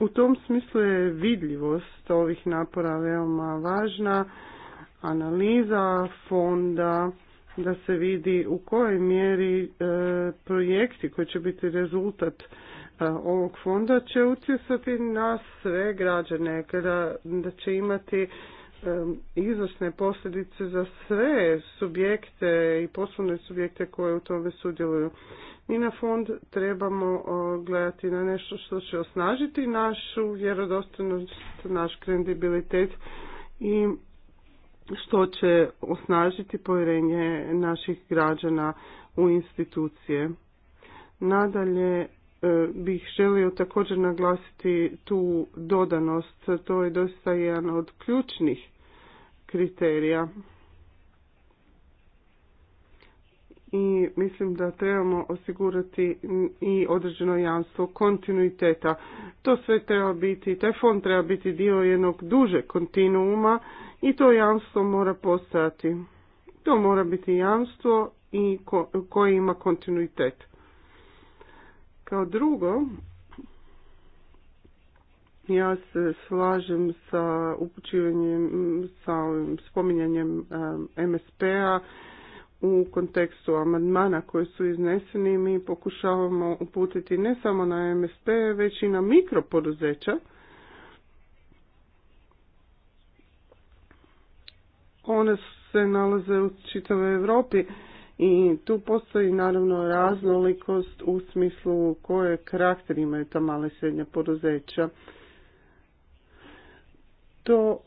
U tom smislu je vidljivost ovih napora veoma važna, analiza fonda, da se vidi u kojoj mjeri e, projekti koji će biti rezultat e, ovog fonda će utjecati na sve građane, kada da će imati e, izvršne posljedice za sve subjekte i poslovne subjekte koje u tome sudjeluju. Mi na fond trebamo gledati na nešto što će osnažiti našu vjerodostojnost, naš kredibilitet i što će osnažiti povjerenje naših građana u institucije. Nadalje e, bih želio također naglasiti tu dodanost, to je dosta jedan od ključnih kriterija i mislim da trebamo osigurati i određeno jamstvo kontinuiteta. To sve treba biti, taj fond treba biti dio jednog duže kontinuuma i to jamstvo mora postati To mora biti jamstvo i ko, koje ima kontinuitet. Kao drugo, ja se slažem sa upućivanjem, sa spominjanjem MSP-a u kontekstu amandmana koji su izneseni mi pokušavamo uputiti ne samo na MSP, već i na mikropoduzeća. One se nalaze u čitavoj Europi i tu postoji naravno raznolikost u smislu koje karakter imaju ta male i srednja poduzeća to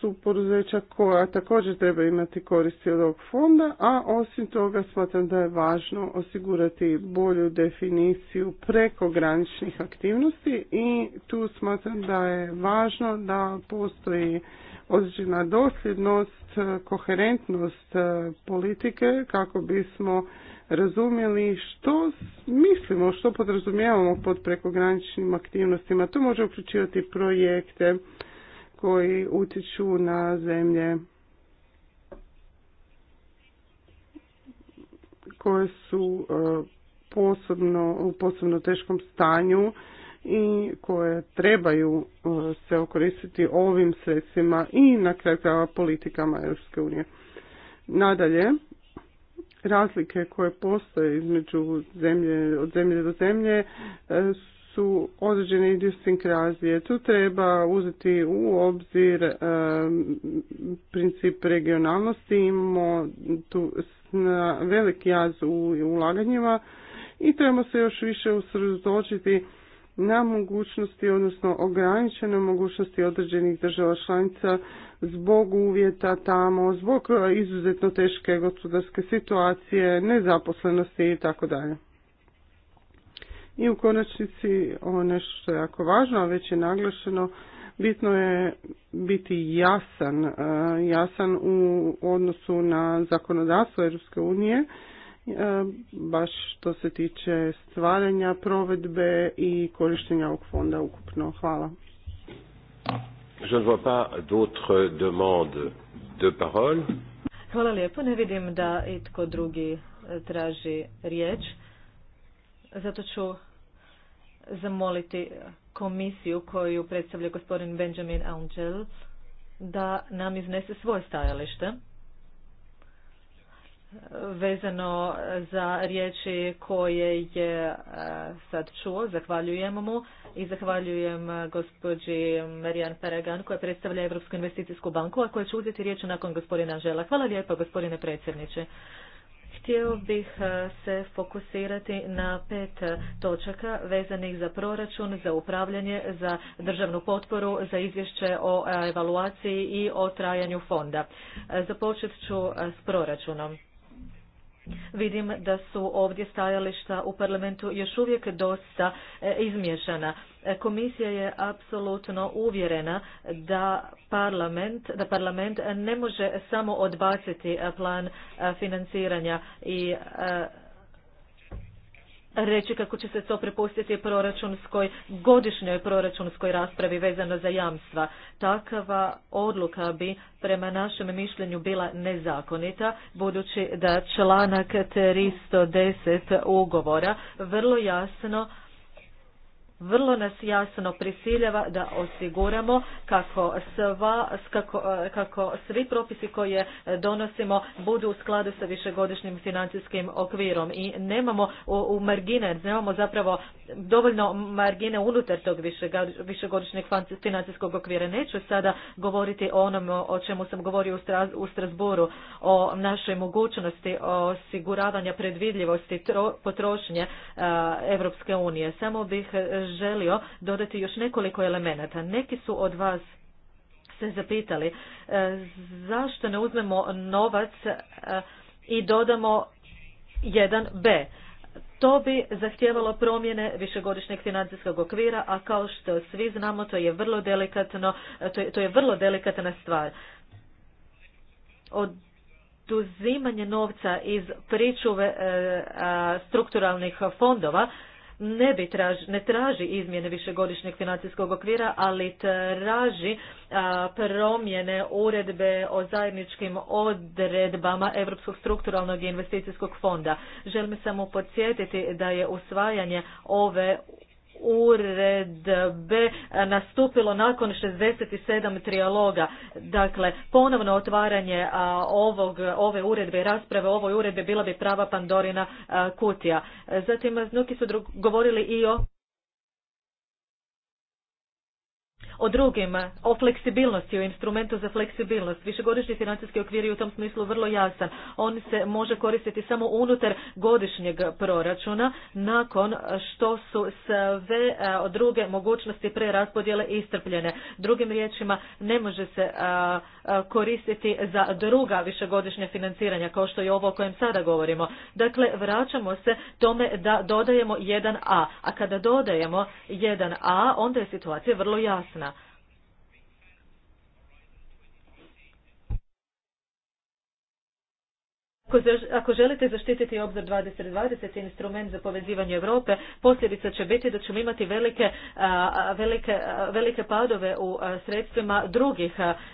su poduzeća koja također treba imati koristi od ovog fonda, a osim toga smatram da je važno osigurati bolju definiciju prekograničnih aktivnosti i tu smatram da je važno da postoji određena dosljednost, koherentnost e, politike kako bismo razumjeli što mislimo, što podrazumijevamo pod prekograničnim aktivnostima. To može uključivati projekte, koji utječu na zemlje koje su e, posebno, u posebno teškom stanju i koje trebaju e, se okoristiti ovim sredstvima i na kraju krajeva politikama Europske unije. Nadalje, razlike koje postoje između zemlje, od zemlje do zemlje e, su određene idiosinkrazije. Tu treba uzeti u obzir e, princip regionalnosti, imamo tu velik jaz u ulaganjima i trebamo se još više usredotočiti na mogućnosti, odnosno ograničene mogućnosti određenih država članica zbog uvjeta tamo, zbog izuzetno teške gospodarske situacije, nezaposlenosti i tako dalje i u konačnici ono što je jako važno, a već je naglašeno, bitno je biti jasan, e, jasan u odnosu na zakonodavstvo Europske unije, e, baš što se tiče stvaranja, provedbe i korištenja ovog fonda ukupno. Hvala. Je ne pas de parole. Hvala lijepo, ne vidim da itko drugi traži riječ. Zato ću zamoliti komisiju koju predstavlja gospodin Benjamin Angel da nam iznese svoje stajalište vezano za riječi koje je e, sad čuo. Zahvaljujemo mu i zahvaljujem e, gospođi Marijan Paragan koja predstavlja Europsku investicijsku banku, a koja će uzeti riječ nakon gospodina Žela. Hvala lijepo, gospodine predsjedniče. Htio bih e, se fokusirati na pet e, točaka vezanih za proračun, za upravljanje, za državnu potporu, za izvješće o e, evaluaciji i o trajanju fonda. Započet ću s proračunom. Vidim da su ovdje stajališta u parlamentu još uvijek dosta e, izmješana. E, komisija je apsolutno uvjerena da parlament, da parlament ne može samo odbaciti plan e, financiranja i reći kako će se to prepustiti proračunskoj, godišnjoj proračunskoj raspravi vezano za jamstva. Takava odluka bi prema našem mišljenju bila nezakonita, budući da članak 310 ugovora vrlo jasno vrlo nas jasno prisiljava da osiguramo kako, sva, e, kako, svi propisi koje donosimo budu u skladu sa višegodišnjim financijskim okvirom i nemamo u, margine, nemamo zapravo dovoljno margine unutar tog višegodišnjeg financijskog okvira. Neću sada govoriti o onom o čemu sam govorio u Strasburu, o našoj mogućnosti osiguravanja predvidljivosti potrošnje Europske unije. Samo bih želio dodati još nekoliko elemenata. Neki su od vas se zapitali e, zašto ne uzmemo novac e, i dodamo 1b. To bi zahtjevalo promjene višegodišnjeg financijskog okvira, a kao što svi znamo to je vrlo delikatno, e, to je, to je vrlo delikatna stvar. Oduzimanje novca iz pričuve strukturalnih fondova ne, bi traži, ne traži izmjene višegodišnjeg financijskog okvira, ali traži promjene uredbe o zajedničkim odredbama Europskog strukturalnog i investicijskog fonda. Želim samo podsjetiti da je usvajanje ove uredbe nastupilo nakon 67 trijaloga. Dakle, ponovno otvaranje ovog, ove uredbe i rasprave o ovoj uredbi bila bi prava Pandorina kutija. Zatim, znuki su govorili i o o drugim, o fleksibilnosti, o instrumentu za fleksibilnost. Višegodišnji financijski okvir je u tom smislu vrlo jasan. On se može koristiti samo unutar godišnjeg proračuna nakon što su sve druge mogućnosti preraspodjele istrpljene. Drugim riječima ne može se E, koristiti za druga višegodišnja financiranja, kao što je ovo o kojem sada govorimo. Dakle, vraćamo se tome da dodajemo 1a, a kada dodajemo 1a, onda je situacija vrlo jasna. Ako želite zaštititi obzor 2020 instrument za povezivanje Europe, posljedica će biti da ćemo imati velike, velike, velike padove u sredstvima drugih,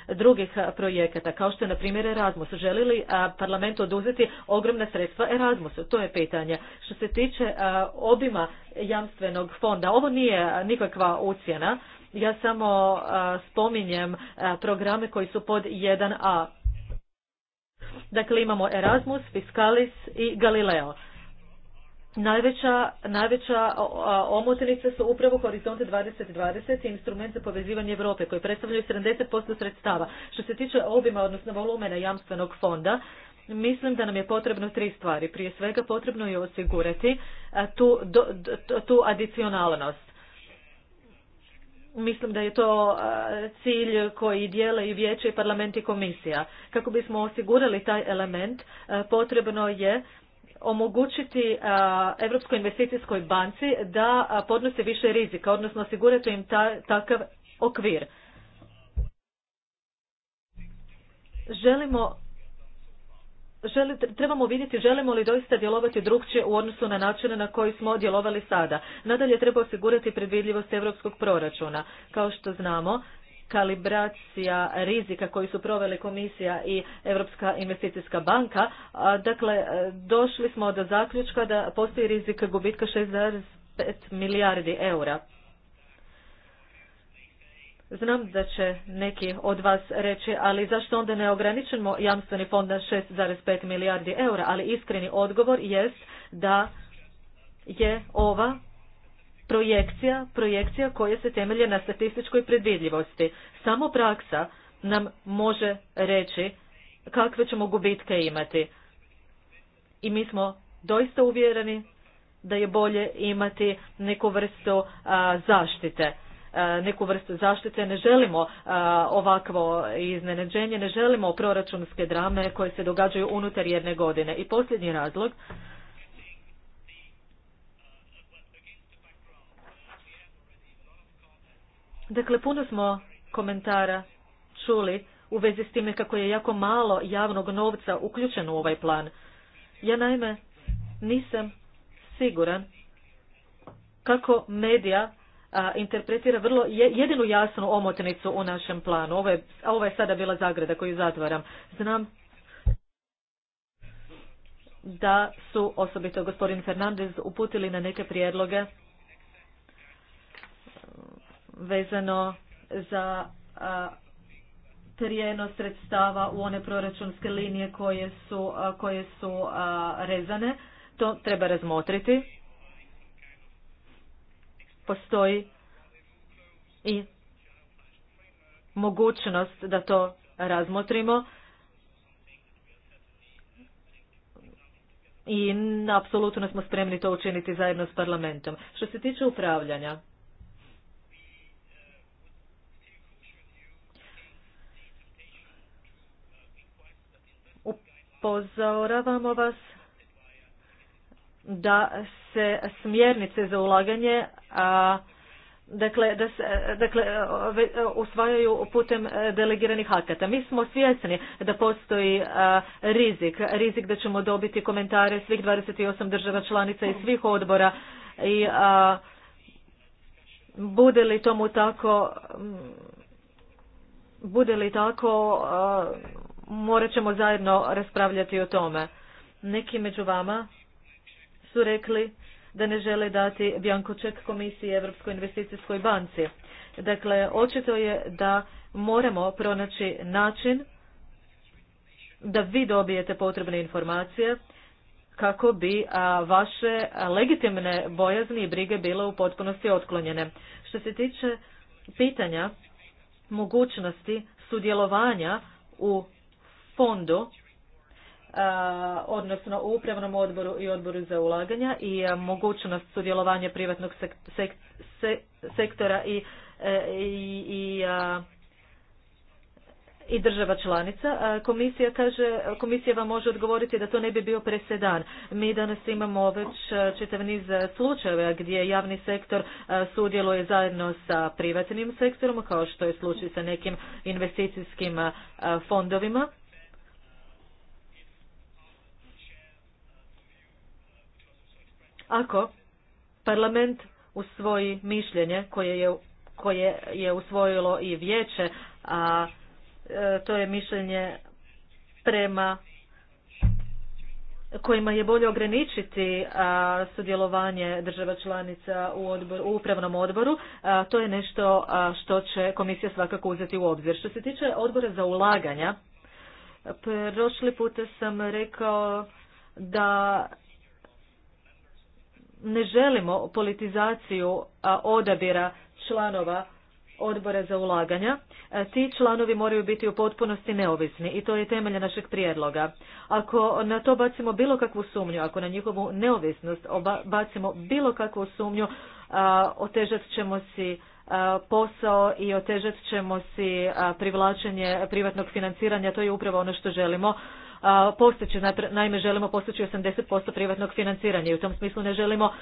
drugih projekata, kao što je na primjer Erasmus. Želi li parlament oduzeti ogromna sredstva Erasmusu? To je pitanje. Što se tiče obima jamstvenog fonda, ovo nije nikakva ucjena. Ja samo spominjem programe koji su pod 1A Dakle, imamo Erasmus, Fiscalis i Galileo. Najveća, najveća omotnica su upravo Horizonte 2020 i instrument za povezivanje Europe koji predstavljaju 70% sredstava. Što se tiče obima, odnosno volumena jamstvenog fonda, Mislim da nam je potrebno tri stvari. Prije svega potrebno je osigurati tu, tu adicionalnost. Mislim da je to e, cilj koji dijele i vijeće i parlament i komisija. Kako bismo osigurali taj element, e, potrebno je omogućiti e, Europskoj investicijskoj banci da podnose više rizika, odnosno osigurati im ta, takav okvir. Želimo trebamo vidjeti želimo li doista djelovati drukčije u odnosu na načine na koji smo djelovali sada. Nadalje treba osigurati predvidljivost europskog proračuna. Kao što znamo, kalibracija rizika koji su proveli komisija i Europska investicijska banka. Dakle, e, došli smo do zaključka da postoji rizik gubitka 6,5 milijardi eura. Znam da će neki od vas reći, ali zašto onda ne ograničimo jamstveni fond na 6,5 milijardi eura, ali iskreni odgovor jest da je ova projekcija, projekcija koja se temelje na statističkoj predvidljivosti. Samo praksa nam može reći kakve ćemo gubitke imati. I mi smo doista uvjereni da je bolje imati neku vrstu zaštite neku vrstu zaštite, ne želimo ovakvo iznenađenje, ne želimo proračunske drame koje se događaju unutar jedne godine. I posljednji razlog, Dakle, puno smo komentara čuli u vezi s time kako je jako malo javnog novca uključeno u ovaj plan. Ja naime nisam siguran kako medija interpretira vrlo jedinu jasnu omotnicu u našem planu. Ovo je, ovo je sada bila zagrada koju zatvaram. Znam da su osobito gospodin Fernandez uputili na neke prijedloge vezano za terijeno sredstava u one proračunske linije koje su, koje su rezane. To treba razmotriti postoji i mogućnost da to razmotrimo i apsolutno smo spremni to učiniti zajedno s parlamentom. Što se tiče upravljanja, upozoravamo vas da se smjernice za ulaganje, a dakle, da se, dakle, usvajaju putem delegiranih akata. Mi smo svjesni da postoji rizik, rizik da ćemo dobiti komentare svih 28 država članica i svih odbora i bude li tomu tako, bude li tako, a, morat ćemo zajedno raspravljati o tome. Neki među vama su rekli da ne žele dati bjankoček komisiji Europskoj investicijskoj banci. Dakle, očito je da moramo pronaći način da vi dobijete potrebne informacije kako bi vaše legitimne bojazni i brige bile u potpunosti otklonjene. Što se tiče pitanja mogućnosti sudjelovanja u fondu odnosno u upravnom odboru i odboru za ulaganja i mogućnost sudjelovanja privatnog sektora i, e, i, i, država članica. Komisija kaže, komisija vam može odgovoriti da to ne bi bio presedan. Mi danas imamo već čitav niz slučajeva gdje javni sektor sudjeluje zajedno sa privatnim sektorom, kao što je slučaj sa nekim investicijskim fondovima ako parlament usvoji mišljenje koje je, koje je usvojilo i vijeće, a e, to je mišljenje prema kojima je bolje ograničiti sudjelovanje država članica u, odbor, u upravnom odboru, a, to je nešto što će komisija svakako uzeti u obzir. Što se tiče odbora za ulaganja, prošli puta sam rekao da ne želimo politizaciju odabira članova odbora za ulaganja. E, ti članovi moraju biti u potpunosti neovisni i to je temelj našeg prijedloga. Ako na to bacimo bilo kakvu sumnju, ako na njihovu neovisnost bacimo bilo kakvu sumnju, otežat ćemo si posao i otežat ćemo si privlačenje privatnog financiranja. To je upravo ono što želimo postići. Naime, želimo postići 80% privatnog financiranja i u tom smislu ne želimo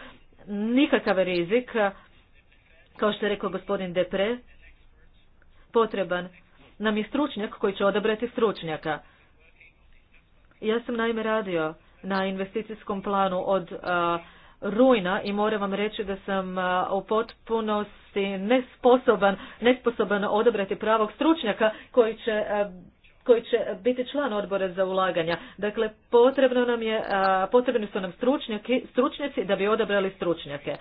nikakav rizik, kao što je rekao gospodin Depre, potreban nam je stručnjak koji će odabrati stručnjaka. Ja sam naime radio na investicijskom planu od rujna i moram vam reći da sam u potpunosti nesposoban, nesposoban odabrati pravog stručnjaka koji će koji će biti član odbora za ulaganja. Dakle, potrebno nam je, potrebni su nam stručnjaci da bi odabrali stručnjake.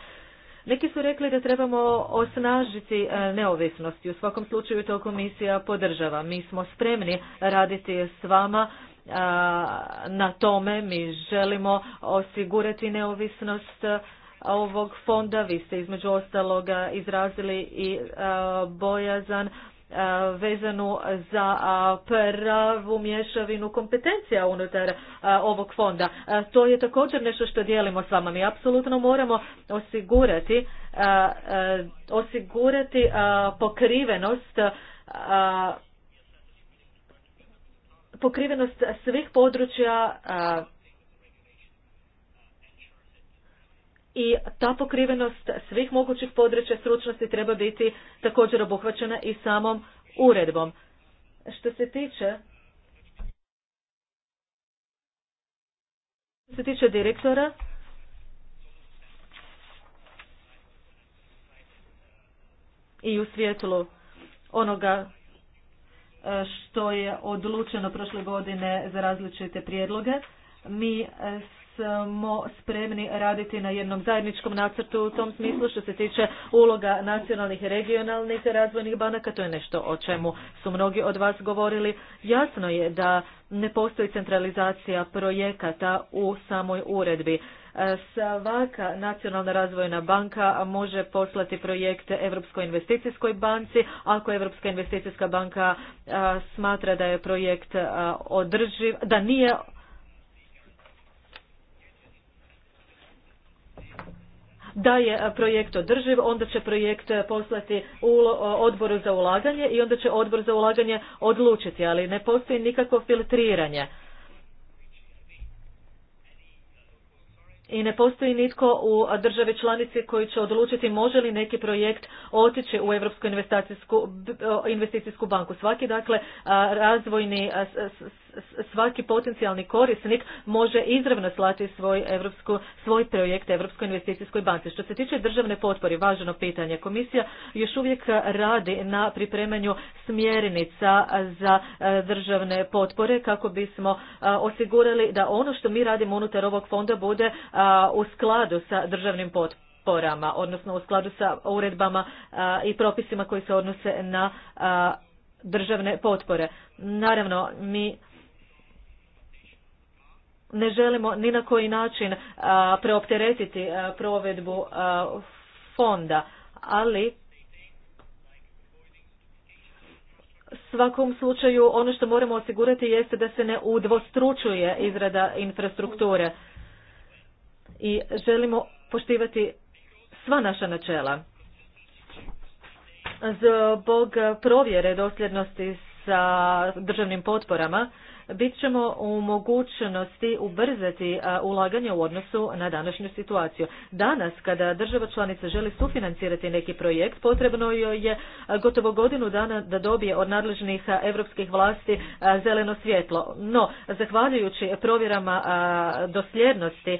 Neki su rekli da trebamo osnažiti e, neovisnost i u svakom slučaju to komisija podržava. Mi smo spremni raditi s vama na tome. Mi želimo osigurati neovisnost ovog fonda. Vi ste između ostaloga izrazili i bojazan E, vezanu za prvu mješavinu kompetencija unutar ovog fonda. E, to je također nešto što dijelimo s vama. Mi apsolutno moramo osigurati, e, osigurati pokrivenost pokrivenost svih područja i ta pokrivenost svih mogućih područja stručnosti treba biti također obuhvaćena i samom uredbom. Što se tiče što se tiče direktora i u svjetlu onoga e, što je odlučeno prošle godine za različite prijedloge, mi e, smo spremni raditi na jednom zajedničkom nacrtu u tom smislu što se tiče uloga nacionalnih i regionalnih razvojnih banaka. To je nešto o čemu su mnogi od vas govorili. Jasno je da ne postoji centralizacija projekata u samoj uredbi. E, svaka nacionalna razvojna banka može poslati projekte Europskoj investicijskoj banci. Ako Europska investicijska banka smatra da je projekt održiv, da nije da je projekt održiv, onda će projekt poslati u odboru za ulaganje i onda će odbor za ulaganje odlučiti, ali ne postoji nikakvo filtriranje. I ne postoji nitko u državi članici koji će odlučiti može li neki projekt otići u Europsku investicijsku banku. Svaki dakle razvojni svaki potencijalni korisnik može izravno slati svoj, evropsku, svoj projekt Europskoj investicijskoj banci. Što se tiče državne potpore, važno pitanje. Komisija još uvijek radi na pripremanju smjernica za e, državne potpore kako bismo e, osigurali da ono što mi radimo unutar ovog fonda bude e, u skladu sa državnim potporama odnosno u skladu sa uredbama i propisima koji se odnose na državne potpore. Naravno, mi ne želimo ni na koji način preopteretiti provedbu fonda, ali svakom slučaju ono što moramo osigurati jeste da se ne udvostručuje izrada infrastrukture i želimo poštivati sva naša načela. Zbog provjere dosljednosti sa državnim potporama bit ćemo u mogućnosti ubrzati ulaganje u odnosu na današnju situaciju. Danas, kada država članica želi sufinancirati neki projekt, potrebno joj je gotovo godinu dana da dobije od nadležnih evropskih vlasti zeleno svjetlo. No, zahvaljujući provjerama dosljednosti,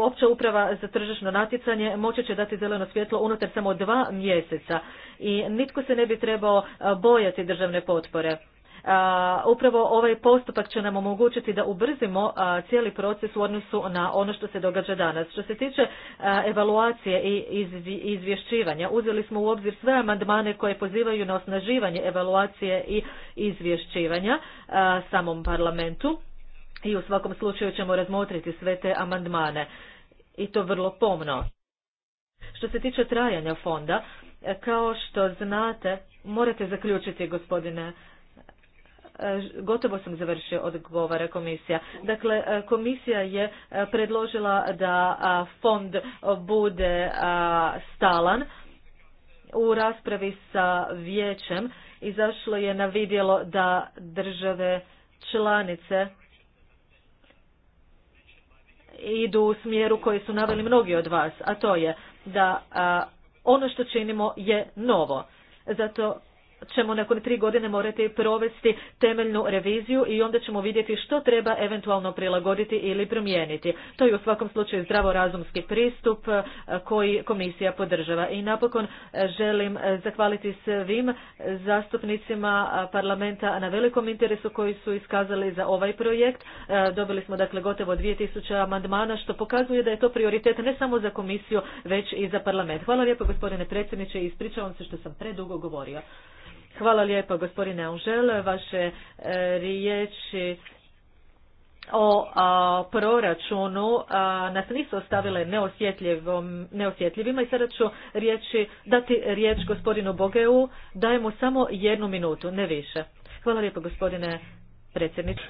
opća uprava za tržišno natjecanje moći će dati zeleno svjetlo unutar samo dva mjeseca i nitko se ne bi trebao bojati državne potpore. Upravo ovaj postupak će nam omogućiti da ubrzimo cijeli proces u odnosu na ono što se događa danas. Što se tiče evaluacije i izvješćivanja, uzeli smo u obzir sve amandmane koje pozivaju na osnaživanje evaluacije i izvješćivanja samom parlamentu i u svakom slučaju ćemo razmotriti sve te amandmane i to vrlo pomno. Što se tiče trajanja fonda, e, kao što znate, morate zaključiti gospodine gotovo sam završio, odgovara komisija. Dakle, e, komisija je e, predložila da fond bude stalan. U raspravi sa vijećem izašlo je na vidjelo da države članice idu u smjeru koji su naveli mnogi od vas, a to je da ono što činimo je novo. Zato ćemo nakon tri godine morati provesti temeljnu reviziju i onda ćemo vidjeti što treba eventualno prilagoditi ili promijeniti. To je u svakom slučaju zdravorazumski pristup eh, koji komisija podržava. I napokon eh, želim eh, zahvaliti svim zastupnicima parlamenta na velikom interesu koji su iskazali za ovaj projekt. Dobili smo dakle gotovo 2000 amandmana što pokazuje da je to prioritet ne samo za komisiju već i za parlament. Hvala lijepo gospodine predsjedniče i ispričavam se što sam predugo govorio. Hvala lijepa gospodine Anžel, vaše e, riječi o proračunu a, nas nisu ostavile neosjetljivima i sada ću riječi, dati riječ gospodinu Bogeu. Dajemo samo jednu minutu, ne više. Hvala lijepo gospodine predsjedniče.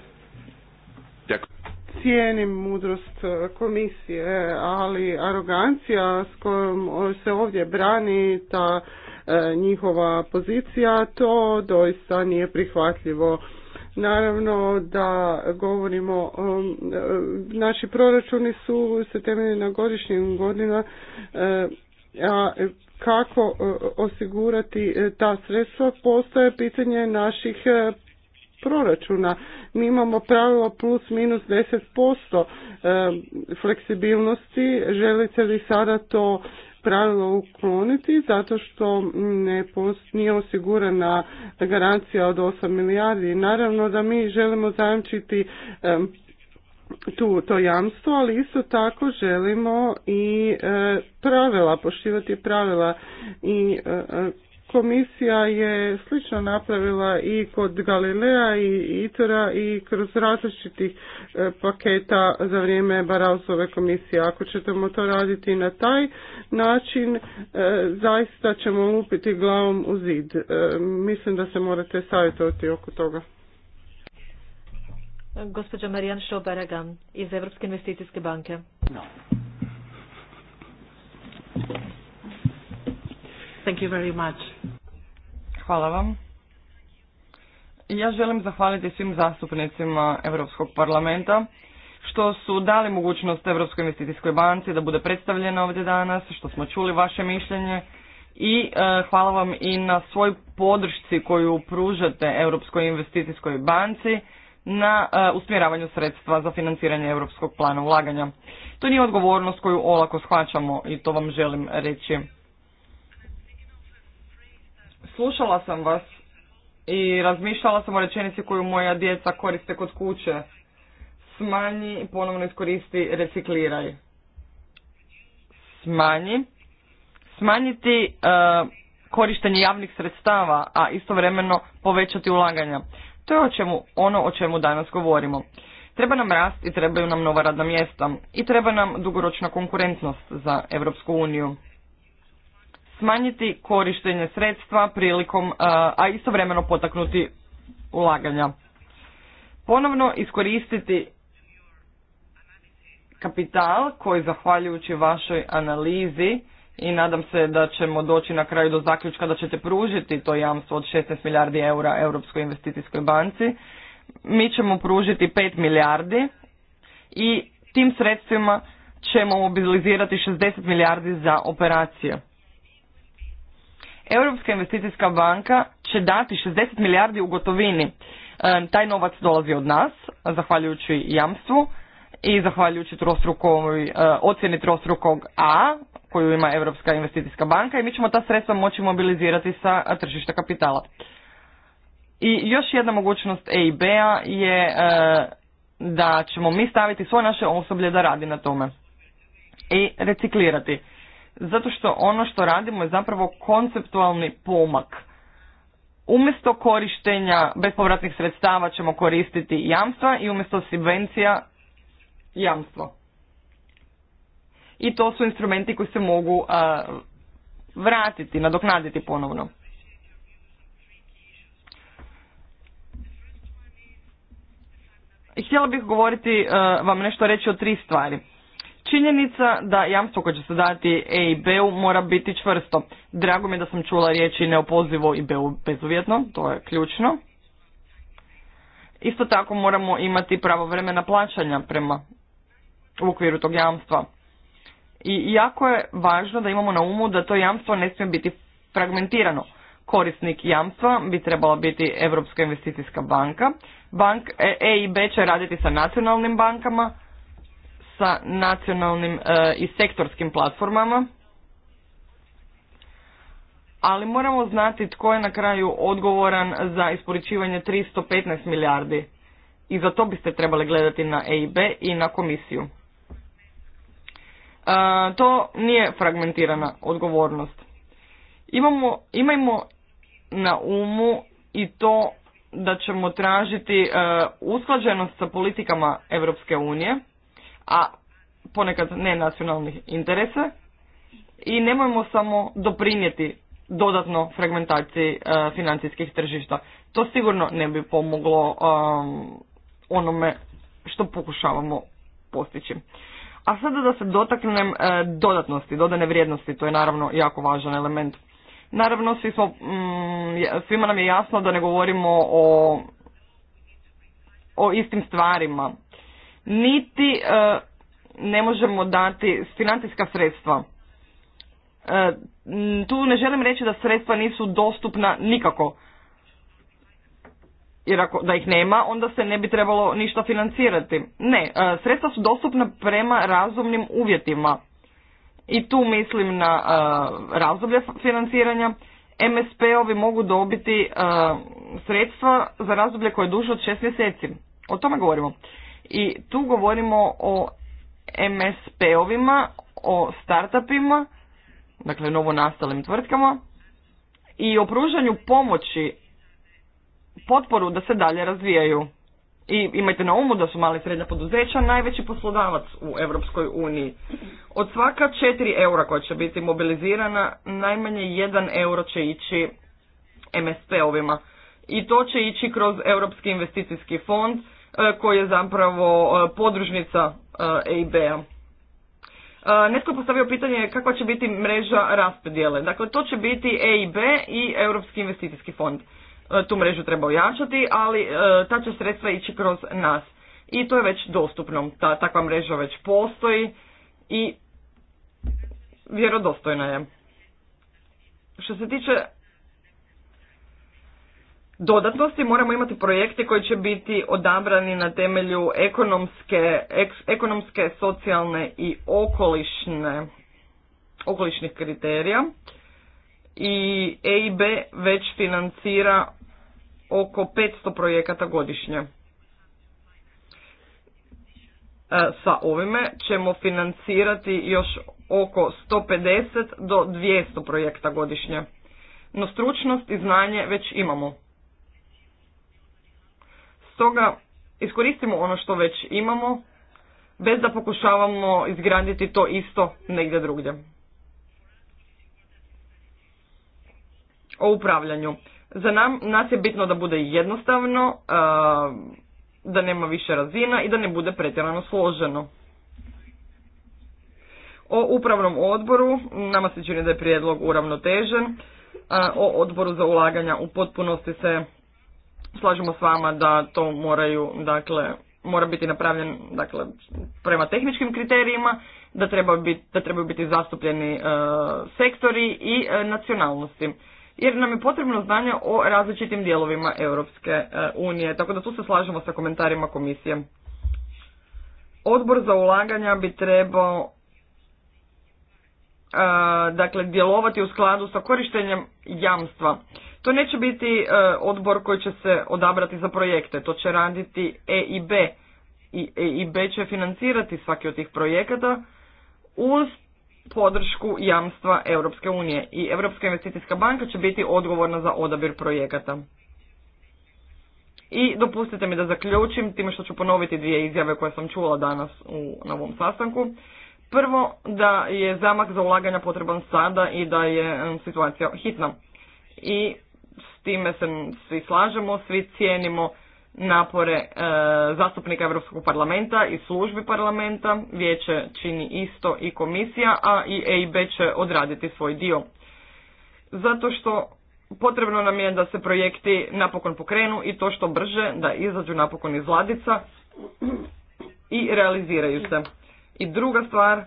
Cijenim mudrost komisije, ali arogancija s kojom se ovdje brani ta E, njihova pozicija, to doista nije prihvatljivo. Naravno da govorimo, e, naši proračuni su se temeljeni na godišnjim godina, e, a kako osigurati ta sredstva postoje pitanje naših proračuna. Mi imamo pravilo plus minus 10% fleksibilnosti. Želite li sada to pravilo ukloniti zato što ne nije osigurana garancija od 8 milijardi. Naravno da mi želimo zajamčiti tu to jamstvo, ali isto tako želimo i e, pravila, poštivati pravila i e, e, komisija je slično napravila i kod Galilea i Itora i kroz različitih e, paketa za vrijeme Barazove komisije. Ako ćemo to raditi na taj način, e, zaista ćemo lupiti glavom u zid. E, mislim da se morate savjetovati oko toga. Gospođa Marijan Šobaragan iz Europske investicijske banke. Thank you very much. Hvala vam. Ja želim zahvaliti svim zastupnicima Europskog parlamenta što su dali mogućnost Europskoj investicijskoj banci da bude predstavljena ovdje danas, što smo čuli vaše mišljenje i eh, hvala vam i na svoj podršci koju pružate Europskoj investicijskoj banci na eh, usmjeravanju sredstva za financiranje Europskog plana ulaganja. To nije odgovornost koju olako shvaćamo i to vam želim reći. Slušala sam vas i razmišljala sam o rečenici koju moja djeca koriste kod kuće. Smanji, i ponovno iskoristi, recikliraj. Smanji. Smanjiti e, korištenje javnih sredstava, a istovremeno povećati ulaganja. To je o čemu, ono o čemu danas govorimo. Treba nam rast i trebaju nam nova radna mjesta i treba nam dugoročna konkurentnost za Europsku uniju smanjiti korištenje sredstva prilikom, e, a istovremeno potaknuti ulaganja. Ponovno iskoristiti kapital koji zahvaljujući vašoj analizi i nadam se da ćemo doći na kraju do zaključka da ćete pružiti to jamstvo od 16 milijardi eura Europskoj investicijskoj banci. Mi ćemo pružiti 5 milijardi i tim sredstvima ćemo mobilizirati 60 milijardi za operacije. Europska investicijska banka će dati 60 milijardi u gotovini. E, taj novac dolazi od nas, zahvaljujući jamstvu i zahvaljujući trostrukovoj e, ocjeni trostrukog A koju ima Europska investicijska banka i mi ćemo ta sredstva moći mobilizirati sa tržišta kapitala. I još jedna mogućnost EIB-a je e, da ćemo mi staviti svoje naše osoblje da radi na tome i reciklirati zato što ono što radimo je zapravo konceptualni pomak. Umjesto korištenja bespovratnih sredstava ćemo koristiti jamstva i umjesto subvencija jamstvo. I to su instrumenti koji se mogu vratiti, nadoknaditi ponovno. htjela bih govoriti, vam nešto reći o tri stvari. Činjenica da jamstvo koje će se dati EIB-u mora biti čvrsto. Drago mi je da sam čula riječi neopozivo i bezuvjetno, to je ključno. Isto tako moramo imati pravo vremena plaćanja prema u okviru tog jamstva. I jako je važno da imamo na umu da to jamstvo ne smije biti fragmentirano. Korisnik jamstva bi trebala biti Europska investicijska banka. Bank EIB će raditi sa nacionalnim bankama, sa nacionalnim e, i sektorskim platformama ali moramo znati tko je na kraju odgovoran za isporučivanje 315 milijardi. I za to biste trebali gledati na EIB i na komisiju. E, to nije fragmentirana odgovornost. Imamo, imajmo na umu i to da ćemo tražiti e, usklađenost sa politikama Europske unije, a ponekad ne nacionalnih interesa i nemojmo samo doprinijeti dodatno fragmentaciji e, financijskih tržišta. To sigurno ne bi pomoglo onome što pokušavamo postići. A sada da se dotaknem e, dodatnosti, dodane vrijednosti, to je naravno jako važan element. Naravno, svi smo, mm, svima nam je jasno da ne govorimo o, o istim stvarima, niti e, ne možemo dati financijska sredstva. E, tu ne želim reći da sredstva nisu dostupna nikako. Jer ako da ih nema, onda se ne bi trebalo ništa financirati. Ne, e, sredstva su dostupna prema razumnim uvjetima. I tu mislim na razdoblje financiranja. MSP-ovi mogu dobiti sredstva za razdoblje koje je duže od šest mjeseci. O tome govorimo. I tu govorimo o MSP-ovima, o startupima, dakle novonastalim tvrtkama i o pružanju pomoći potporu da se dalje razvijaju. I imajte na umu da su mali i srednja poduzeća najveći poslodavac u Europskoj uniji. Od svaka četiri eura koja će biti mobilizirana, najmanje jedan euro će ići MSP-ovima. I to će ići kroz Europski investicijski fond, E, koji je zapravo e, podružnica EIB-a. E, netko je postavio pitanje kakva će biti mreža raspodjele. Dakle, to će biti EIB i Europski investicijski fond. Tu mrežu treba ojačati, ali ta će sredstva ići kroz nas. I to je već dostupno. Ta, takva mreža već postoji i vjerodostojna je. Što se tiče dodatnosti moramo imati projekte koji će biti odabrani na temelju ekonomske, ekonomske socijalne i okolišne, okolišnih kriterija. I EIB već financira oko 500 projekata godišnje. E, sa ovime ćemo financirati još oko 150 do 200 projekta godišnje. No stručnost i znanje već imamo. Stoga iskoristimo ono što već imamo, bez da pokušavamo izgraditi to isto negdje drugdje. O upravljanju. Za nam, nas je bitno da bude jednostavno, da nema više razina i da ne bude pretjerano složeno. O upravnom odboru, nama se čini da je prijedlog uravnotežen, o odboru za ulaganja u potpunosti se slažemo s vama da to moraju, dakle, mora biti napravljen dakle, prema tehničkim kriterijima, da, treba biti, da trebaju biti zastupljeni e, sektori i e, nacionalnosti. Jer nam je potrebno znanje o različitim dijelovima Europske e, unije, tako da tu se slažemo sa komentarima komisije. Odbor za ulaganja bi trebao dakle, djelovati u skladu sa korištenjem jamstva. To neće biti e, odbor koji će se odabrati za projekte, to će raditi EIB i EIB e će financirati svaki od tih projekata uz podršku jamstva Europske unije i Europska investicijska banka će biti odgovorna za odabir projekata. I dopustite mi da zaključim time što ću ponoviti dvije izjave koje sam čula danas u, na ovom sastanku. Prvo, da je zamak za ulaganja potreban sada i da je situacija hitna. I time se svi slažemo, svi cijenimo napore e, zastupnika Europskog parlamenta i službi parlamenta, vijeće čini isto i komisija, a i EIB će odraditi svoj dio. Zato što potrebno nam je da se projekti napokon pokrenu i to što brže da izađu napokon iz ladica i realiziraju se. I druga stvar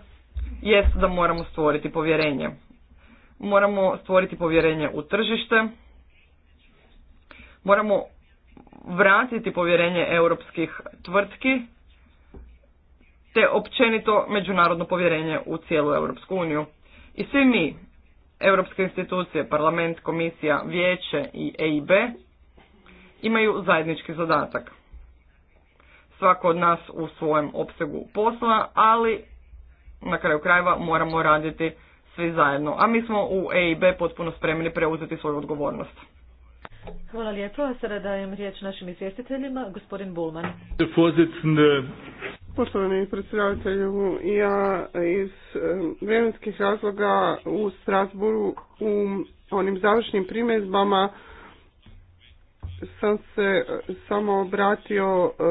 jest da moramo stvoriti povjerenje. Moramo stvoriti povjerenje u tržište, Moramo vratiti povjerenje europskih tvrtki te općenito međunarodno povjerenje u cijelu Europsku uniju. I svi mi, europske institucije, parlament, komisija, vijeće i EIB, imaju zajednički zadatak. Svako od nas u svojem opsegu posla, ali na kraju krajeva moramo raditi svi zajedno. A mi smo u EIB potpuno spremni preuzeti svoju odgovornost. Hvala lijepo. A sada dajem riječ našim izvjestiteljima. Gospodin Bulman. Poštovani predsjedavatelju, ja iz vremenskih razloga u Strasburu u onim završnim primjedbama sam se e, samo obratio e,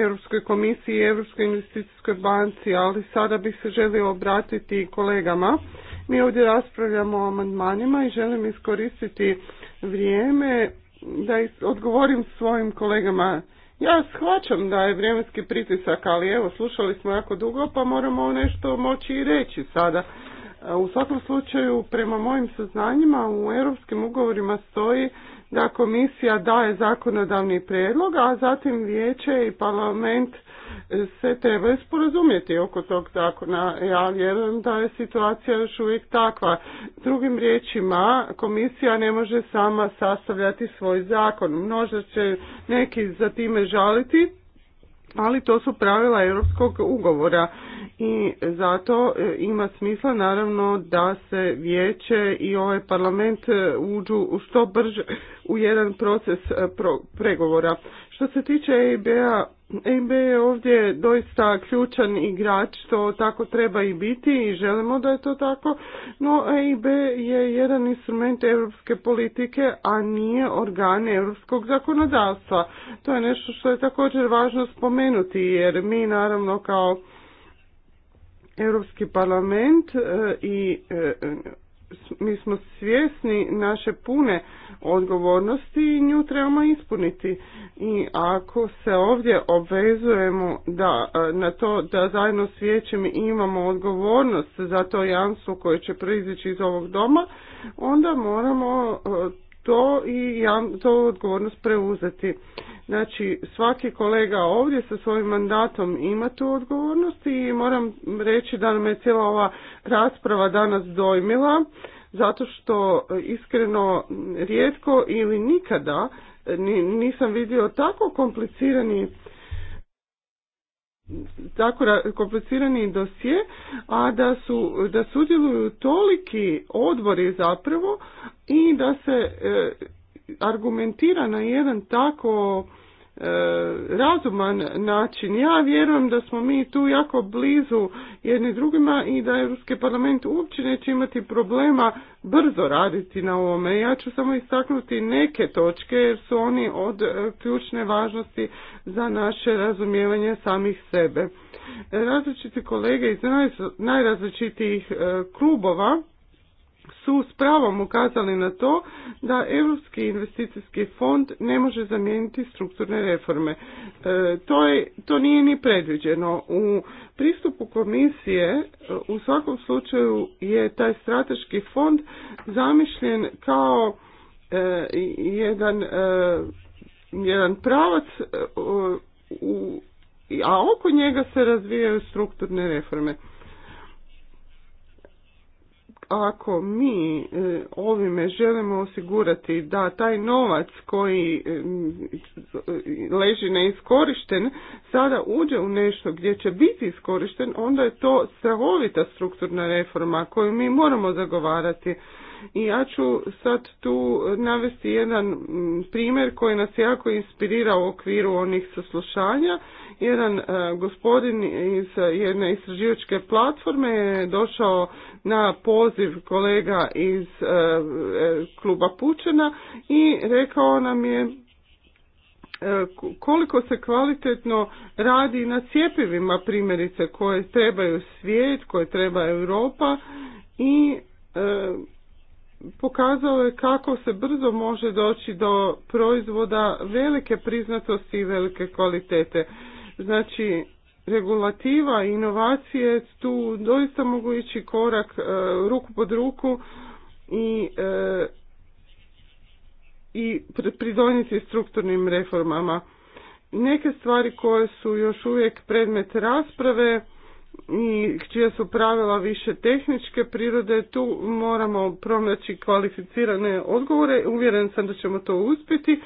Europskoj komisiji i Europskoj investicijskoj banci, ali sada bih se želio obratiti kolegama. Mi ovdje raspravljamo o amandmanima i želim iskoristiti vrijeme da odgovorim svojim kolegama. Ja shvaćam da je vremenski pritisak, ali evo, slušali smo jako dugo, pa moramo nešto moći i reći sada. U svakom slučaju, prema mojim saznanjima, u europskim ugovorima stoji da komisija daje zakonodavni predlog, a zatim vijeće i parlament se trebaju sporazumjeti oko tog zakona. Ja vjerujem da je situacija još uvijek takva. Drugim riječima, komisija ne može sama sastavljati svoj zakon. Možda će neki za time žaliti, ali to su pravila europskog ugovora i zato e, ima smisla naravno da se vijeće i ovaj parlament e, uđu što brže u jedan proces e, pregovora. Što se tiče EIB-a, EIB je ovdje doista ključan igrač, to tako treba i biti i želimo da je to tako, no EIB je jedan instrument europske politike, a nije organ europskog zakonodavstva. To je nešto što je također važno spomenuti jer mi naravno kao Europski parlament e, i e, mi smo svjesni naše pune odgovornosti i nju trebamo ispuniti. I ako se ovdje obvezujemo da, e, na to da zajedno s vijećem imamo odgovornost za to jamstvo koje će proizići iz ovog doma, onda moramo e, to i ja to odgovornost preuzeti. Znači svaki kolega ovdje sa svojim mandatom ima tu odgovornost i moram reći da nam je cijela ova rasprava danas dojmila zato što iskreno rijetko ili nikada nisam vidio tako komplicirani tako komplicirani dosje, a da su da sudjeluju toliki odbori zapravo, i da se e, argumentira na jedan tako e, razuman način. Ja vjerujem da smo mi tu jako blizu jedni drugima i da Europski parlament uopće neće imati problema brzo raditi na ovome. Ja ću samo istaknuti neke točke jer su oni od e, ključne važnosti za naše razumijevanje samih sebe. Različiti kolege iz najrazličitijih klubova su s pravom ukazali na to da Europski investicijski fond ne može zamijeniti strukturne reforme. E, to, je, to nije ni predviđeno. U pristupu komisije e, u svakom slučaju je taj strateški fond zamišljen kao e, jedan, jedan pravac u, a oko njega se razvijaju strukturne reforme ako mi e, ovime želimo osigurati da taj novac koji e, leži neiskorišten sada uđe u nešto gdje će biti iskorišten, onda je to strahovita strukturna reforma koju mi moramo zagovarati i ja ću sad tu navesti jedan primjer koji nas jako inspirira u okviru onih saslušanja. Jedan e, gospodin iz jedne istraživačke platforme je došao na poziv kolega iz e, e, kluba Pučena i rekao nam je koliko se kvalitetno radi na cjepivima primjerice koje trebaju svijet, koje treba Europa i pokazao je kako se brzo može doći do proizvoda velike priznatosti i velike kvalitete. Znači, regulativa i inovacije tu doista mogu ići korak e, ruku pod ruku i, e, i strukturnim reformama. Neke stvari koje su još uvijek predmet rasprave i čija su pravila više tehničke prirode, tu moramo pronaći kvalificirane odgovore. Uvjeren sam da ćemo to uspjeti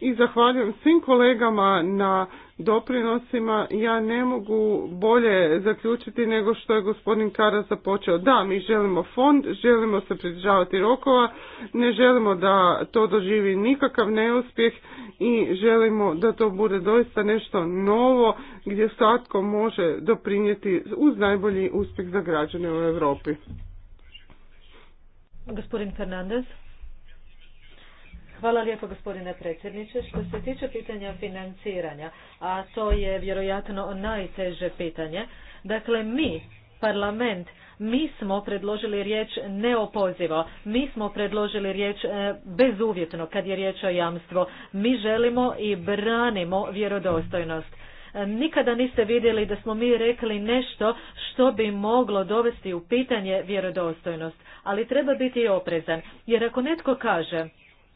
i zahvaljujem svim kolegama na doprinosima ja ne mogu bolje zaključiti nego što je gospodin Kara započeo. Da, mi želimo fond, želimo se pridržavati rokova, ne želimo da to doživi nikakav neuspjeh i želimo da to bude doista nešto novo gdje svatko može doprinijeti uz najbolji uspjeh za građane u Europi. Gospodin Fernandez. Hvala lijepo gospodine predsjedniče. Što se tiče pitanja financiranja, a to je vjerojatno najteže pitanje, dakle mi, parlament, mi smo predložili riječ neopozivo, mi smo predložili riječ e, bezuvjetno kad je riječ o jamstvo. Mi želimo i branimo vjerodostojnost. E, nikada niste vidjeli da smo mi rekli nešto što bi moglo dovesti u pitanje vjerodostojnost, ali treba biti oprezan, jer ako netko kaže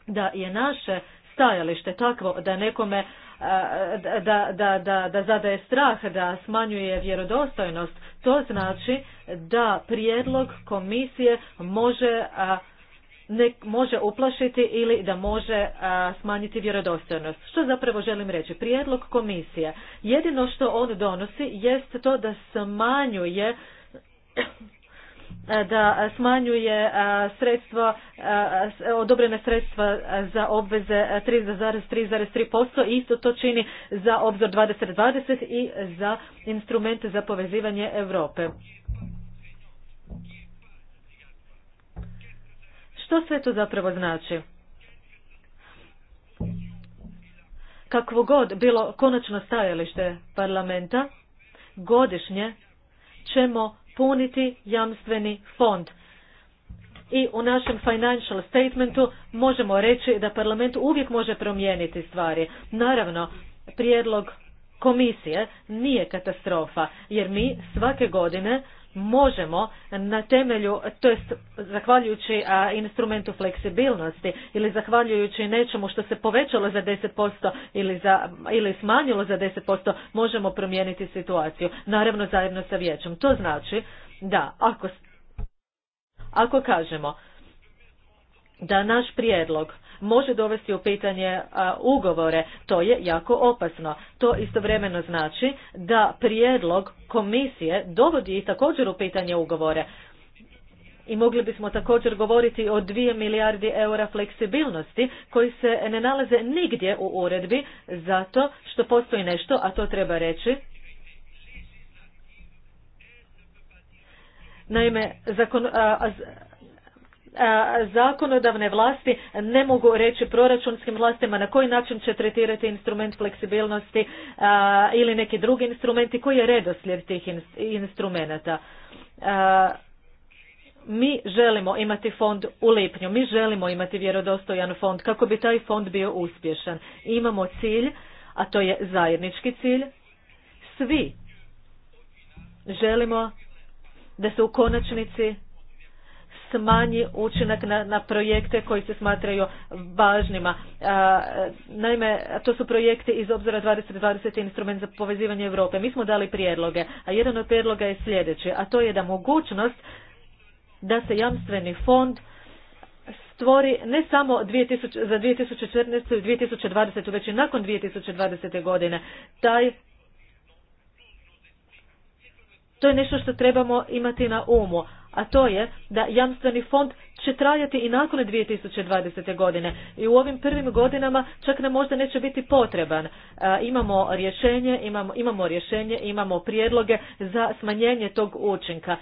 da je naše stajalište takvo da nekome e, da, da, da, da zadaje strah, da smanjuje vjerodostojnost, to znači da prijedlog komisije može ne može uplašiti ili da može smanjiti vjerodostojnost. Što zapravo želim reći? Prijedlog komisije. Jedino što on donosi jest to da smanjuje da smanjuje sredstva, odobrena sredstva za obveze 3,3% i isto to čini za obzor 2020 i za instrumente za povezivanje Europe. Što sve to zapravo znači? Kakvo god bilo konačno stajalište parlamenta, godišnje ćemo puniti jamstveni fond. I u našem financial statementu možemo reći da parlament uvijek može promijeniti stvari. Naravno, prijedlog komisije nije katastrofa, jer mi svake godine možemo na temelju, to jest zahvaljujući instrumentu fleksibilnosti ili zahvaljujući nečemu što se povećalo za 10% ili, za, ili smanjilo za 10%, možemo promijeniti situaciju. Naravno zajedno sa vijećem. To znači da ako, ako kažemo da naš prijedlog može dovesti u pitanje a, ugovore, to je jako opasno. To istovremeno znači da prijedlog komisije dovodi i također u pitanje ugovore. I mogli bismo također govoriti o 2 milijardi eura fleksibilnosti koji se ne nalaze nigdje u uredbi zato što postoji nešto, a to treba reći, Naime, zakon, zakonodavne vlasti ne mogu reći proračunskim vlastima na koji način će tretirati instrument fleksibilnosti ili neki drugi instrumenti koji je redoslijed tih instrumenata mi želimo imati fond u lipnju, mi želimo imati vjerodostojan fond kako bi taj fond bio uspješan. Imamo cilj, a to je zajednički cilj. Svi želimo da se u konačnici smanji učinak na, na projekte koji se smatraju važnima. A, naime, to su projekti iz obzora 2020 instrument za povezivanje Europe. Mi smo dali prijedloge, a jedan od prijedloga je sljedeći, a to je da mogućnost da se jamstveni fond stvori ne samo 2000, za 2014. i 2020. već i nakon 2020. godine. Taj to je nešto što trebamo imati na umu a to je da jamstveni fond će trajati i nakon 2020. godine i u ovim prvim godinama čak nam možda neće biti potreban. E, imamo rješenje, imamo, imamo rješenje, imamo prijedloge za smanjenje tog učinka. E,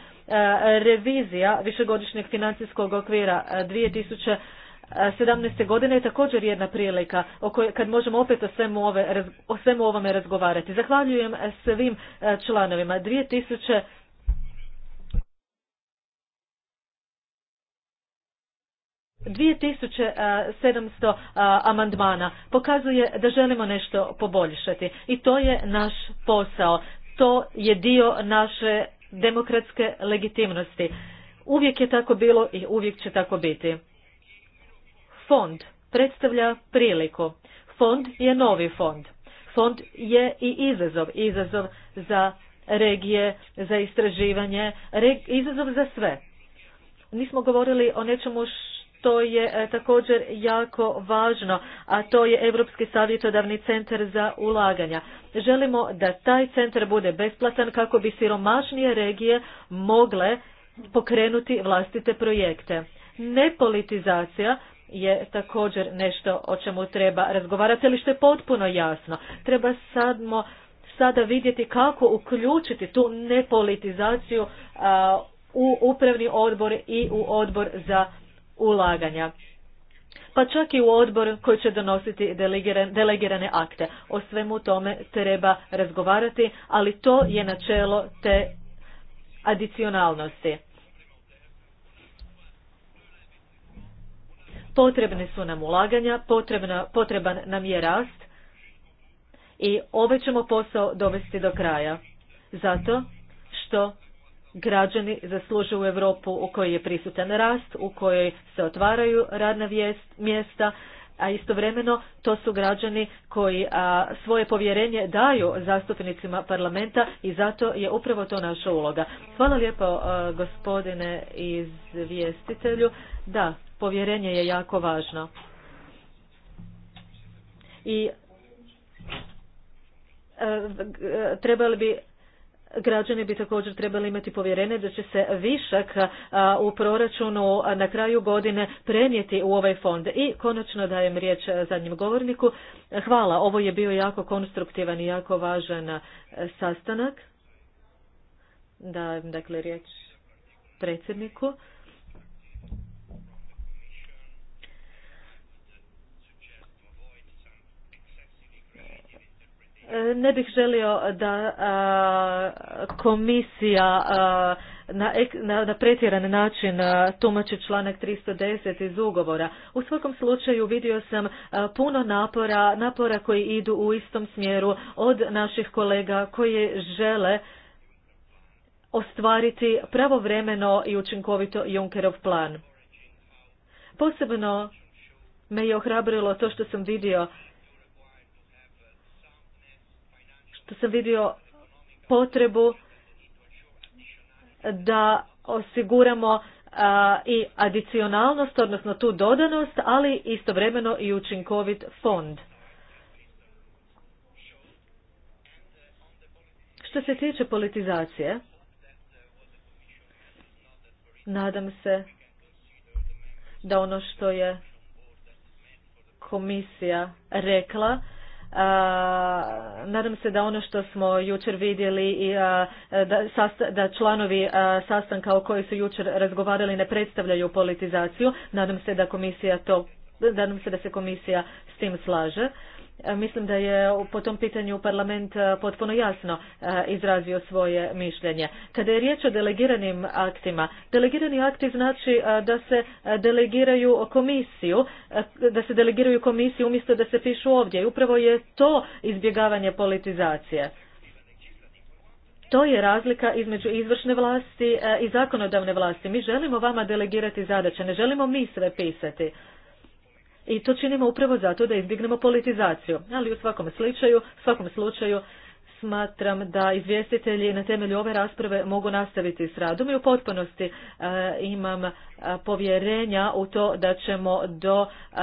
revizija višegodišnjeg financijskog okvira e, tisuće 2017. godine je također jedna prilika o kojoj, kad možemo opet o svemu, o svemu ovome razgovarati. Zahvaljujem svim članovima. 2000 2700 amandmana pokazuje da želimo nešto poboljšati i to je naš posao. To je dio naše demokratske legitimnosti. Uvijek je tako bilo i uvijek će tako biti. Fond predstavlja priliku. Fond je novi fond. Fond je i izazov. Izazov za regije, za istraživanje, izazov za sve. Nismo govorili o nečemu to je e, također jako važno, a to je Europski savjetodavni centar za ulaganja. Želimo da taj centar bude besplatan kako bi siromašnije regije mogle pokrenuti vlastite projekte. Nepolitizacija je također nešto o čemu treba razgovarati, ali što je potpuno jasno. Treba sadmo, sada vidjeti kako uključiti tu nepolitizaciju u upravni odbor i u odbor za ulaganja pa čak i u odbor koji će donositi delegirane akte. O svemu tome treba razgovarati, ali to je načelo te adicionalnosti. Potrebne su nam ulaganja, potrebna, potreban nam je rast i ovaj ćemo posao dovesti do kraja. Zato što građani zaslužuju Europu u kojoj je prisutan rast, u kojoj se otvaraju radna vijest, mjesta, a istovremeno to su građani koji a, svoje povjerenje daju zastupnicima parlamenta i zato je upravo to naša uloga. Hvala lijepo gospodine gospodine izvjestitelju. Da, povjerenje je jako važno. I e, e, trebali bi Građani bi također trebali imati povjerenje da će se višak u proračunu na kraju godine prenijeti u ovaj fond. I konačno dajem riječ zadnjem govorniku. Hvala, ovo je bio jako konstruktivan i jako važan sastanak. Da, dakle, riječ predsjedniku. ne bih želio da komisija na, na, na pretjeran način tumači članak 310 iz ugovora. U svakom slučaju vidio sam puno napora, napora koji idu u istom smjeru od naših kolega koji žele ostvariti pravovremeno i učinkovito Junckerov plan. Posebno me je ohrabrilo to što sam vidio tu sam vidio potrebu da osiguramo i adicionalnost, odnosno tu dodanost, ali istovremeno i učinkovit fond. Što se tiče politizacije, nadam se da ono što je komisija rekla nadam se da ono što smo jučer vidjeli i da, da članovi sastanka o kojoj su jučer razgovarali ne predstavljaju politizaciju. Nadam se da komisija to, nadam se da se komisija s tim slaže. E, mislim da je po tom pitanju parlament e, potpuno jasno e, izrazio svoje mišljenje. Kada je riječ o delegiranim aktima, delegirani akti znači da se delegiraju komisiju, da se delegiraju komisiju umjesto da se pišu ovdje. I upravo je to izbjegavanje politizacije. To je razlika između izvršne vlasti i zakonodavne vlasti. Mi želimo vama delegirati zadaće, ne želimo mi sve pisati i to činimo upravo zato da izbjegnemo politizaciju. Ali u svakom slučaju, svakom slučaju smatram da izvjestitelji na temelju ove rasprave mogu nastaviti s radom i u potpunosti e, imam e, povjerenja u to da ćemo do e,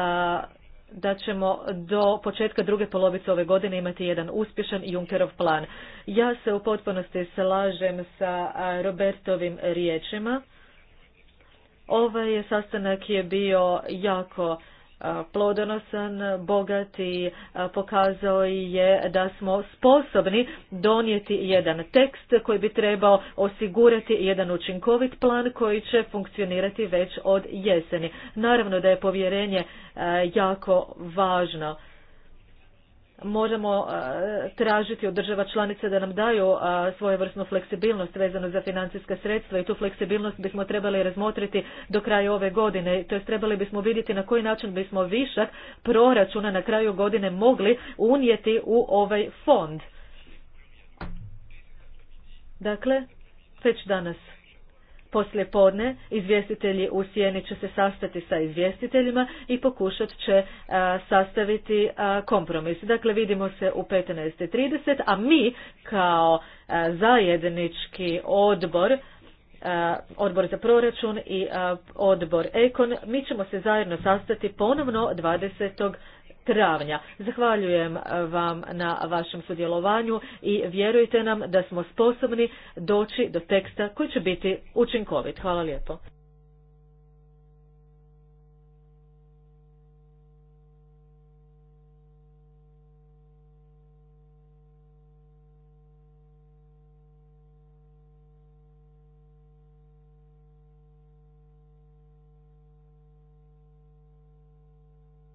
da ćemo do početka druge polovice ove godine imati jedan uspješan Junkerov plan. Ja se u potpunosti slažem sa Robertovim riječima. Ovaj sastanak je bio jako plodonosan, bogat i pokazao je da smo sposobni donijeti jedan tekst koji bi trebao osigurati jedan učinkovit plan koji će funkcionirati već od jeseni. Naravno da je povjerenje jako važno moramo e, tražiti od država članice da nam daju e, svojevrsnu fleksibilnost vezano za financijska sredstva i tu fleksibilnost bismo trebali razmotriti do kraja ove godine. To jest trebali bismo vidjeti na koji način bismo višak proračuna na kraju godine mogli unijeti u ovaj fond. Dakle, već danas poslije podne izvjestitelji u sjeni će se sastati sa izvjestiteljima i pokušat će sastaviti kompromis. Dakle, vidimo se u 15.30, a mi kao a, zajednički odbor odbor za proračun i odbor Ekon, mi ćemo se zajedno sastati ponovno 20 travnja. Zahvaljujem e, vam na vašem sudjelovanju i vjerujte nam da smo sposobni doći do teksta koji će biti učinkovit. Hvala lijepo.